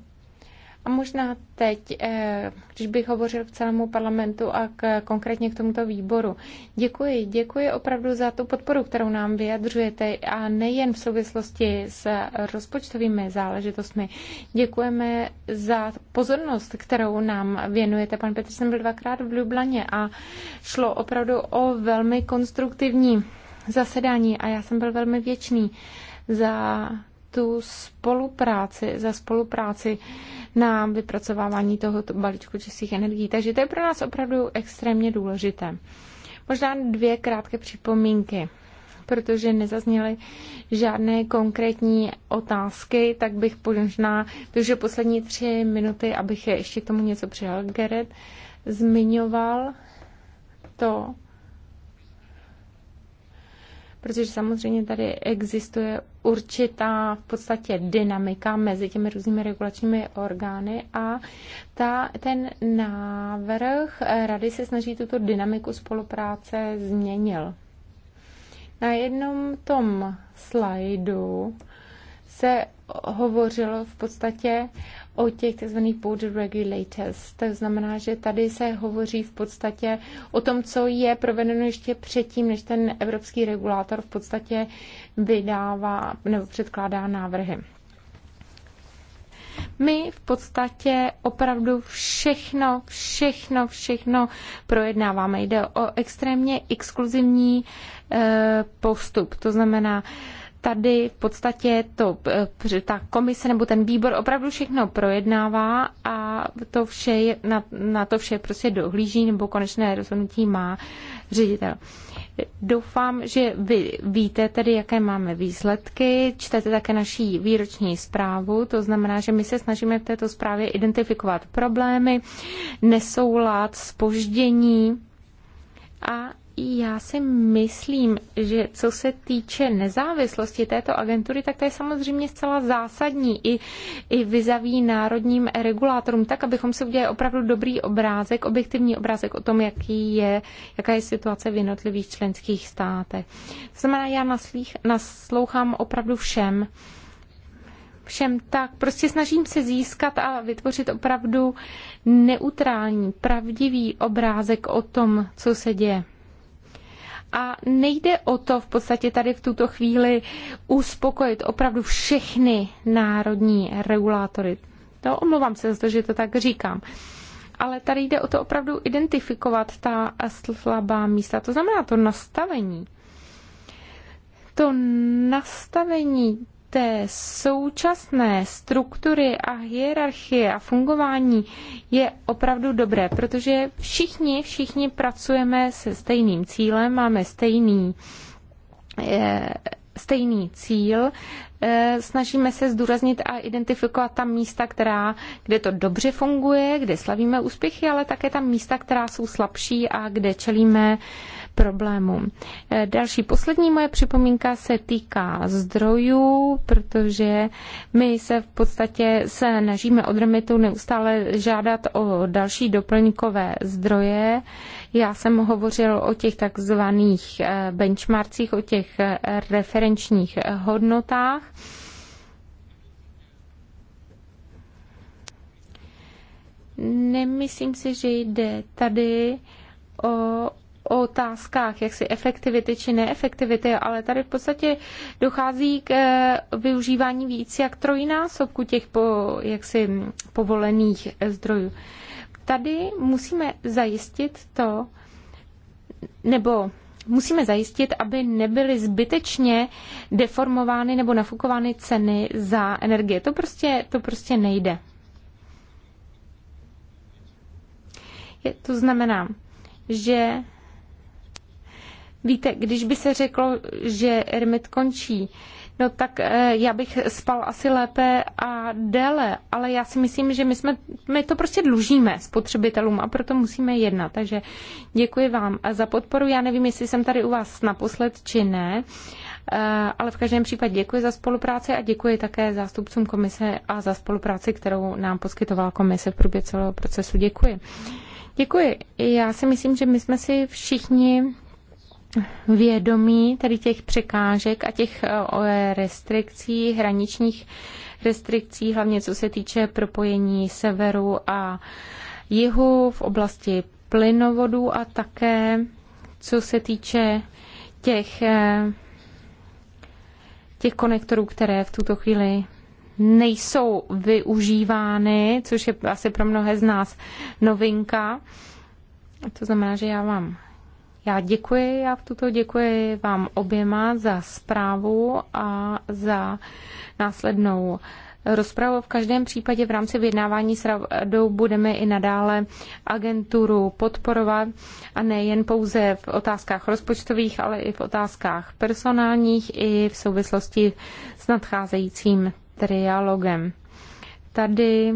A možná teď, eh, když bych hovořil k celému parlamentu a k, konkrétně k tomuto výboru, děkuji, děkuji opravdu za tu podporu, kterou nám vyjadřujete a nejen v souvislosti s rozpočtovými záležitostmi. Děkujeme za pozornost, kterou nám věnujete. Pan Petr jsem byl dvakrát v Ljublaně a šlo opravdu o velmi konstruktivní zasedání a já jsem byl velmi věčný za tu spolupráci, za spolupráci na vypracovávání tohoto balíčku čistých energií. Takže to je pro nás opravdu extrémně důležité. Možná dvě krátké připomínky protože nezazněly žádné konkrétní otázky, tak bych možná že poslední tři minuty, abych je ještě k tomu něco přidal. Geret zmiňoval to, protože samozřejmě tady existuje určitá v podstatě dynamika mezi těmi různými regulačními orgány a ta, ten návrh rady se snaží tuto dynamiku spolupráce změnil. Na jednom tom slajdu se hovořilo v podstatě o těch tzv. border regulators. To znamená, že tady se hovoří v podstatě o tom, co je provedeno ještě předtím, než ten evropský regulátor v podstatě vydává nebo předkládá návrhy. My v podstatě opravdu všechno, všechno, všechno projednáváme. Jde o extrémně exkluzivní eh, postup. To znamená, tady v podstatě to, eh, ta komise nebo ten výbor opravdu všechno projednává a to vše je, na, na to vše prostě dohlíží nebo konečné rozhodnutí má ředitel. Doufám, že vy víte tedy, jaké máme výsledky, čtete také naší výroční zprávu, to znamená, že my se snažíme v této zprávě identifikovat problémy, nesoulad, spoždění a já si myslím, že co se týče nezávislosti této agentury, tak to je samozřejmě zcela zásadní i, i vyzaví národním regulátorům, tak abychom si udělali opravdu dobrý obrázek, objektivní obrázek o tom, jaký je, jaká je situace v jednotlivých členských státech. To znamená, já naslých, naslouchám opravdu všem všem tak. Prostě snažím se získat a vytvořit opravdu neutrální, pravdivý obrázek o tom, co se děje a nejde o to v podstatě tady v tuto chvíli uspokojit opravdu všechny národní regulátory. To omlouvám se za to, že to tak říkám. Ale tady jde o to opravdu identifikovat ta slabá místa, to znamená to nastavení. To nastavení té současné struktury a hierarchie a fungování je opravdu dobré, protože všichni, všichni pracujeme se stejným cílem, máme stejný je, eh, stejný cíl. Eh, snažíme se zdůraznit a identifikovat tam místa, která, kde to dobře funguje, kde slavíme úspěchy, ale také tam místa, která jsou slabší a kde čelíme problémům. Eh, další poslední moje připomínka se týká zdrojů, protože my se v podstatě se nažíme od remitu neustále žádat o další doplňkové zdroje. Já jsem hovořil o těch takzvaných eh, benchmarkcích, o těch eh, referenčních hodnotách. Nemyslím si, že jde tady o o otázkách jaksi efektivity či neefektivity, ale tady v podstatě dochází k eh, využívání víc jak trojnásobku těch po, jaksi povolených eh, zdrojů. Tady musíme zajistit to, nebo musíme zajistit, aby nebyly zbytečně deformovány nebo nafukovány ceny za energie. To prostě, to prostě nejde. Je, to znamená, že Víte, když by se řeklo, že Ermit končí, No tak eh, já bych spal asi lépe a déle, ale já si myslím, že my, jsme, my to prostě dlužíme spotřebitelům a proto musíme jednat. Takže děkuji vám za podporu. Já nevím, jestli jsem tady u vás naposled či ne, eh, ale v každém případě děkuji za spolupráci a děkuji také zástupcům komise a za spolupráci, kterou nám poskytovala komise v průběhu celého procesu. Děkuji. Děkuji. Já si myslím, že my jsme si všichni vědomí tady těch překážek a těch eh, restrikcí, hraničních restrikcí, hlavně co se týče propojení severu a jihu v oblasti plynovodů a také co se týče těch, eh, těch konektorů, které v tuto chvíli nejsou využívány, což je asi pro mnohé z nás novinka. To znamená, že já vám já děkuji, já v tuto děkuji vám oběma za zprávu a za následnou rozpravu. V každém případě v rámci vyjednávání s radou budeme i nadále agenturu podporovat a nejen pouze v otázkách rozpočtových, ale i v otázkách personálních i v souvislosti s nadcházejícím trialogem. Tady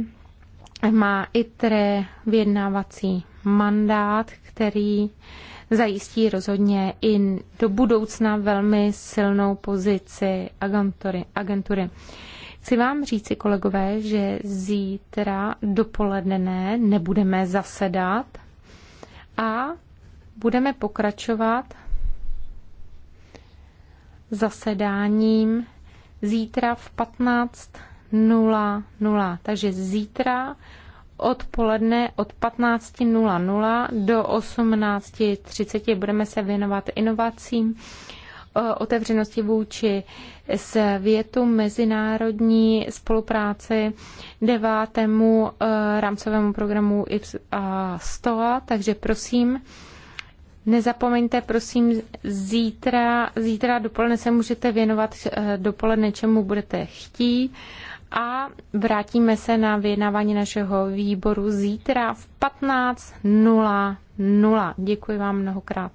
má ITRE vyjednávací mandát, který zajistí rozhodně i do budoucna velmi silnou pozici agentury. agentury. Chci vám říci, kolegové, že zítra dopoledne ne, nebudeme zasedat a budeme pokračovat zasedáním zítra v 15.00. Takže zítra odpoledne od 15.00 do 18.30 budeme se věnovat inovacím, e, otevřenosti vůči světu, mezinárodní spolupráci, devátému e, rámcovému programu STOA, takže prosím, Nezapomeňte, prosím, zítra, zítra dopoledne se můžete věnovat e, dopoledne, čemu budete chtít a vrátíme se na vyjednávání našeho výboru zítra v 15.00. Děkuji vám mnohokrát.